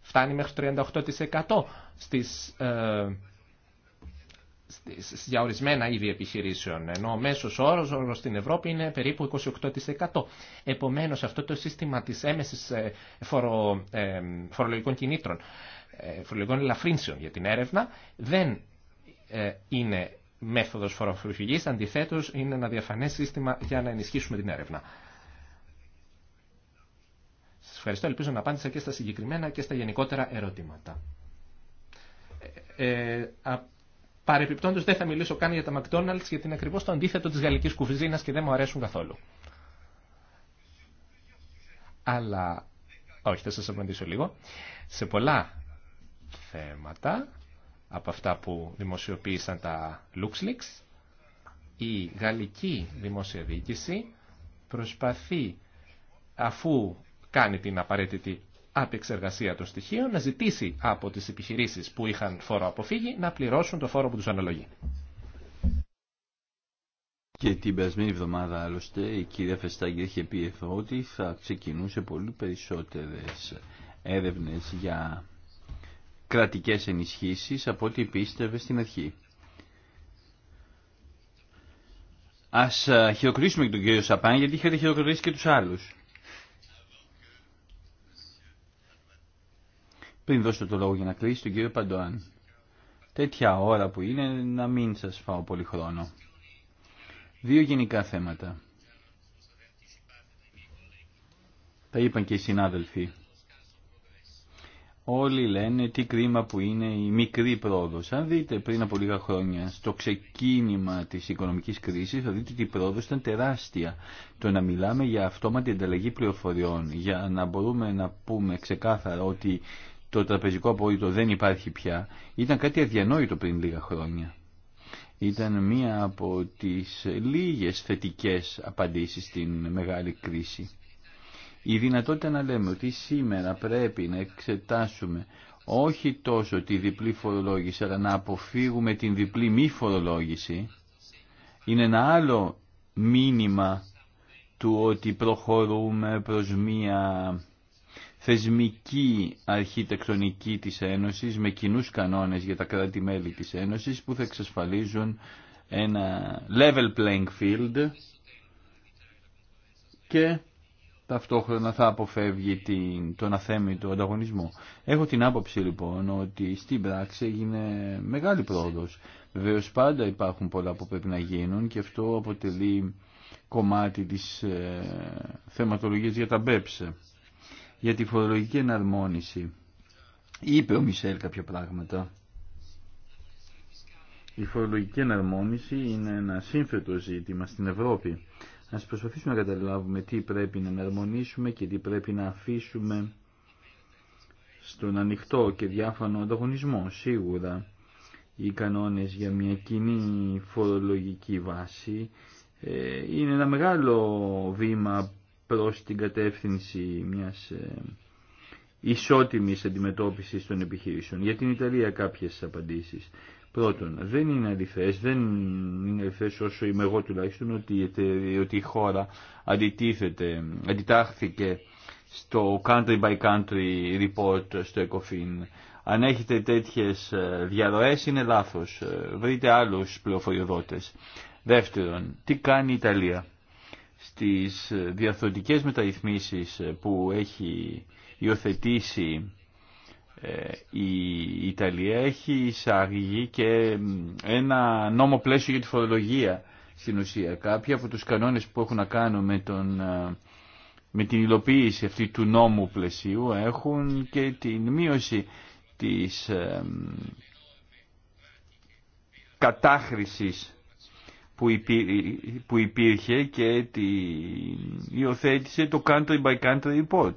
φτάνει μέχρι 38% στις, ε, στις, για ορισμένα είδη επιχειρήσεων, ενώ ο μέσος όρος, στην Ευρώπη είναι περίπου 28%. Επομένως, αυτό το σύστημα της έμεσης ε, φορο, ε, φορολογικών κινήτρων, φορολογικών ελαφρύνσεων για την έρευνα, δεν ε, είναι μέθοδος φοροφυγής, αντιθέτως είναι ένα διαφανές σύστημα για να ενισχύσουμε την έρευνα. Σας ευχαριστώ, ελπίζω να απάντησα και στα συγκεκριμένα και στα γενικότερα ερωτήματα. Ε, ε δεν θα μιλήσω καν για τα McDonald's γιατί είναι ακριβώς το αντίθετο της γαλλικής κουβιζίνα και δεν μου αρέσουν καθόλου. Αλλά, όχι, θα σα απαντήσω λίγο. Σε πολλά θέματα από αυτά που δημοσιοποίησαν τα LuxLeaks. Η γαλλική δημόσια προσπαθεί, αφού κάνει την απαραίτητη απεξεργασία των στοιχείων, να ζητήσει από τις επιχειρήσεις που είχαν φόρο αποφύγει να πληρώσουν το φόρο που τους αναλογεί. Και την περασμένη εβδομάδα άλλωστε η κυρία Φεστάγκη είχε πει ότι θα ξεκινούσε πολύ περισσότερες έρευνες για κρατικές ενισχύσεις από ό,τι πίστευε στην αρχή. Ας ε, χειροκροτήσουμε και τον κύριο Σαπάν γιατί είχατε χειροκροτήσει και τους άλλους. Πριν δώσω το λόγο για να κλείσει τον κύριο Παντοάν. Τέτοια ώρα που είναι να μην σας φάω πολύ χρόνο. Δύο γενικά θέματα. Τα είπαν και οι συνάδελφοι όλοι λένε τι κρίμα που είναι η μικρή πρόοδος. Αν δείτε πριν από λίγα χρόνια στο ξεκίνημα της οικονομικής κρίσης θα δείτε ότι η πρόοδος ήταν τεράστια. Το να μιλάμε για αυτόματη ανταλλαγή πληροφοριών, για να μπορούμε να πούμε ξεκάθαρα ότι το τραπεζικό απόρριτο δεν υπάρχει πια, ήταν κάτι αδιανόητο πριν λίγα χρόνια. Ήταν μία από τις λίγες θετικές απαντήσεις στην μεγάλη κρίση. Η δυνατότητα να λέμε ότι σήμερα πρέπει να εξετάσουμε όχι τόσο τη διπλή φορολόγηση, αλλά να αποφύγουμε την διπλή μη φορολόγηση, είναι ένα άλλο μήνυμα του ότι προχωρούμε προς μία θεσμική αρχιτεκτονική της Ένωσης με κοινούς κανόνες για τα κράτη-μέλη της Ένωσης που θα εξασφαλίζουν ένα level playing field και ταυτόχρονα θα αποφεύγει την, τον αθέμητο ανταγωνισμό. Έχω την άποψη λοιπόν ότι στην πράξη έγινε μεγάλη πρόοδος. Βεβαίω πάντα υπάρχουν πολλά που πρέπει να γίνουν και αυτό αποτελεί κομμάτι της ε, θεματολογίας για τα μπέψε. Για τη φορολογική εναρμόνιση. Είπε ο Μισελ κάποια πράγματα. Η φορολογική εναρμόνιση είναι ένα σύνθετο ζήτημα στην Ευρώπη Ας προσπαθήσουμε να καταλάβουμε τι πρέπει να εναρμονίσουμε και τι πρέπει να αφήσουμε στον ανοιχτό και διάφανο ανταγωνισμό. Σίγουρα οι κανόνες για μια κοινή φορολογική βάση ε, είναι ένα μεγάλο βήμα προς την κατεύθυνση μιας ε, ισότιμης αντιμετώπισης των επιχειρήσεων. Για την Ιταλία κάποιες απαντήσεις. Πρώτον, δεν είναι αληθές, δεν είναι αληθές όσο είμαι εγώ τουλάχιστον ότι, ότι η χώρα αντιτίθεται, αντιτάχθηκε στο country by country report στο ECOFIN. Αν έχετε τέτοιες ε, διαρροέ είναι λάθος. Ε, βρείτε άλλους πληροφοριοδότες. Δεύτερον, τι κάνει η Ιταλία στις ε, διαθροντικές μεταρρυθμίσεις που έχει υιοθετήσει ε, η Ιταλία έχει εισάγει και ένα νόμο πλαίσιο για τη φορολογία στην ουσία. Κάποιοι από τους κανόνες που έχουν να κάνουν με, τον, ε, με την υλοποίηση αυτή του νόμου πλαισίου έχουν και την μείωση της ε, κατάχρησης που υπήρχε και την υιοθέτησε το country by country report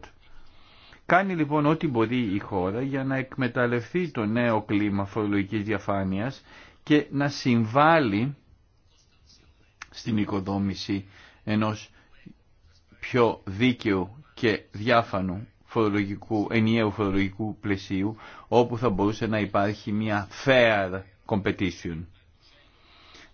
Κάνει λοιπόν ό,τι μπορεί η χώρα για να εκμεταλλευτεί το νέο κλίμα φορολογικής διαφάνειας και να συμβάλλει στην οικοδόμηση ενός πιο δίκαιου και διάφανου φορολογικού, ενιαίου φορολογικού πλαισίου όπου θα μπορούσε να υπάρχει μια fair competition.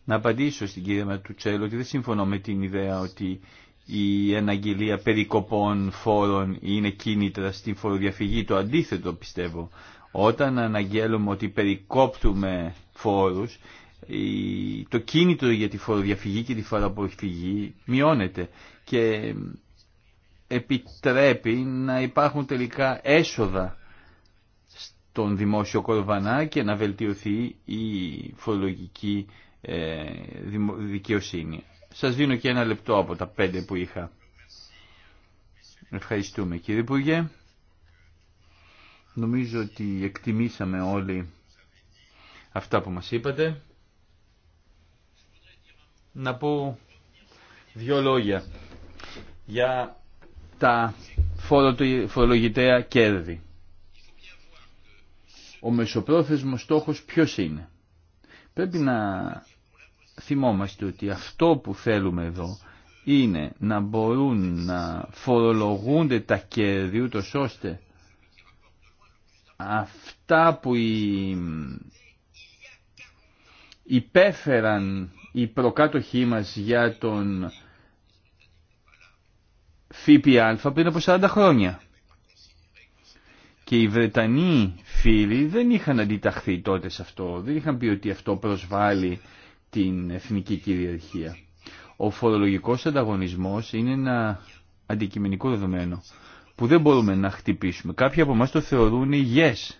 Να απαντήσω στην κυρία Ματουτσέλο ότι δεν συμφωνώ με την ιδέα ότι η αναγγελία περικοπών φόρων είναι κίνητρα στην φοροδιαφυγή. Το αντίθετο πιστεύω. Όταν αναγγέλουμε ότι περικόπτουμε φόρους, το κίνητρο για τη φοροδιαφυγή και τη φοροαποφυγή μειώνεται και επιτρέπει να υπάρχουν τελικά έσοδα στον δημόσιο κορβανά και να βελτιωθεί η φορολογική ε, δικαιοσύνη. Σας δίνω και ένα λεπτό από τα πέντε που είχα. Ευχαριστούμε κύριε Υπουργέ. Νομίζω ότι εκτιμήσαμε όλοι αυτά που μας είπατε. Να πω δύο λόγια για τα φορολογητέα κέρδη. Ο μεσοπρόθεσμος στόχος ποιος είναι. Πρέπει να θυμόμαστε ότι αυτό που θέλουμε εδώ είναι να μπορούν να φορολογούνται τα κέρδη ούτως ώστε αυτά που υπέφεραν οι προκάτοχοί μας για τον ΦΠΑ πριν από 40 χρόνια. Και οι Βρετανοί φίλοι δεν είχαν αντιταχθεί τότε σε αυτό, δεν είχαν πει ότι αυτό προσβάλλει την εθνική κυριαρχία. Ο φορολογικός ανταγωνισμός είναι ένα αντικειμενικό δεδομένο που δεν μπορούμε να χτυπήσουμε. Κάποιοι από εμά το θεωρούν υγιές. Yes.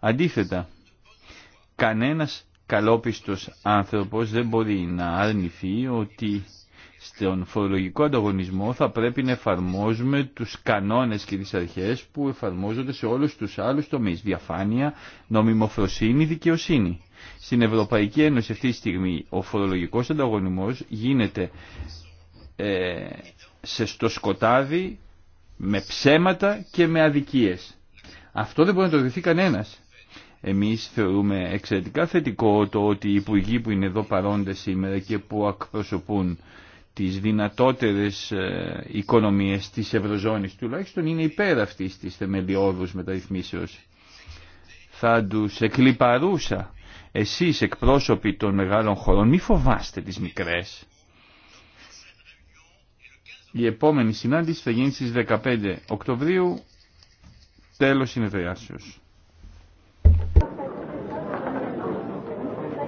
Αντίθετα, κανένας καλόπιστος άνθρωπος δεν μπορεί να αρνηθεί ότι στον φορολογικό ανταγωνισμό θα πρέπει να εφαρμόζουμε τους κανόνες και τις αρχές που εφαρμόζονται σε όλους τους άλλους τομείς. Διαφάνεια, νομιμοφροσύνη, δικαιοσύνη. Στην Ευρωπαϊκή Ένωση αυτή τη στιγμή ο φορολογικός ανταγωνισμός γίνεται ε, σε, στο σκοτάδι με ψέματα και με αδικίες. Αυτό δεν μπορεί να το δεχθεί κανένας. Εμείς θεωρούμε εξαιρετικά θετικό το ότι οι υπουργοί που είναι εδώ παρόντες σήμερα και που εκπροσωπούν τις δυνατότερες ε, οικονομίες της Ευρωζώνης τουλάχιστον είναι υπέρ αυτής της θεμελιώδους μεταρρυθμίσεως. Θα τους εκλυπαρούσα εσείς εκπρόσωποι των μεγάλων χωρών μη φοβάστε τις μικρές. Η επόμενη συνάντηση θα γίνει στις 15 Οκτωβρίου, τέλος συνεδριάσεως.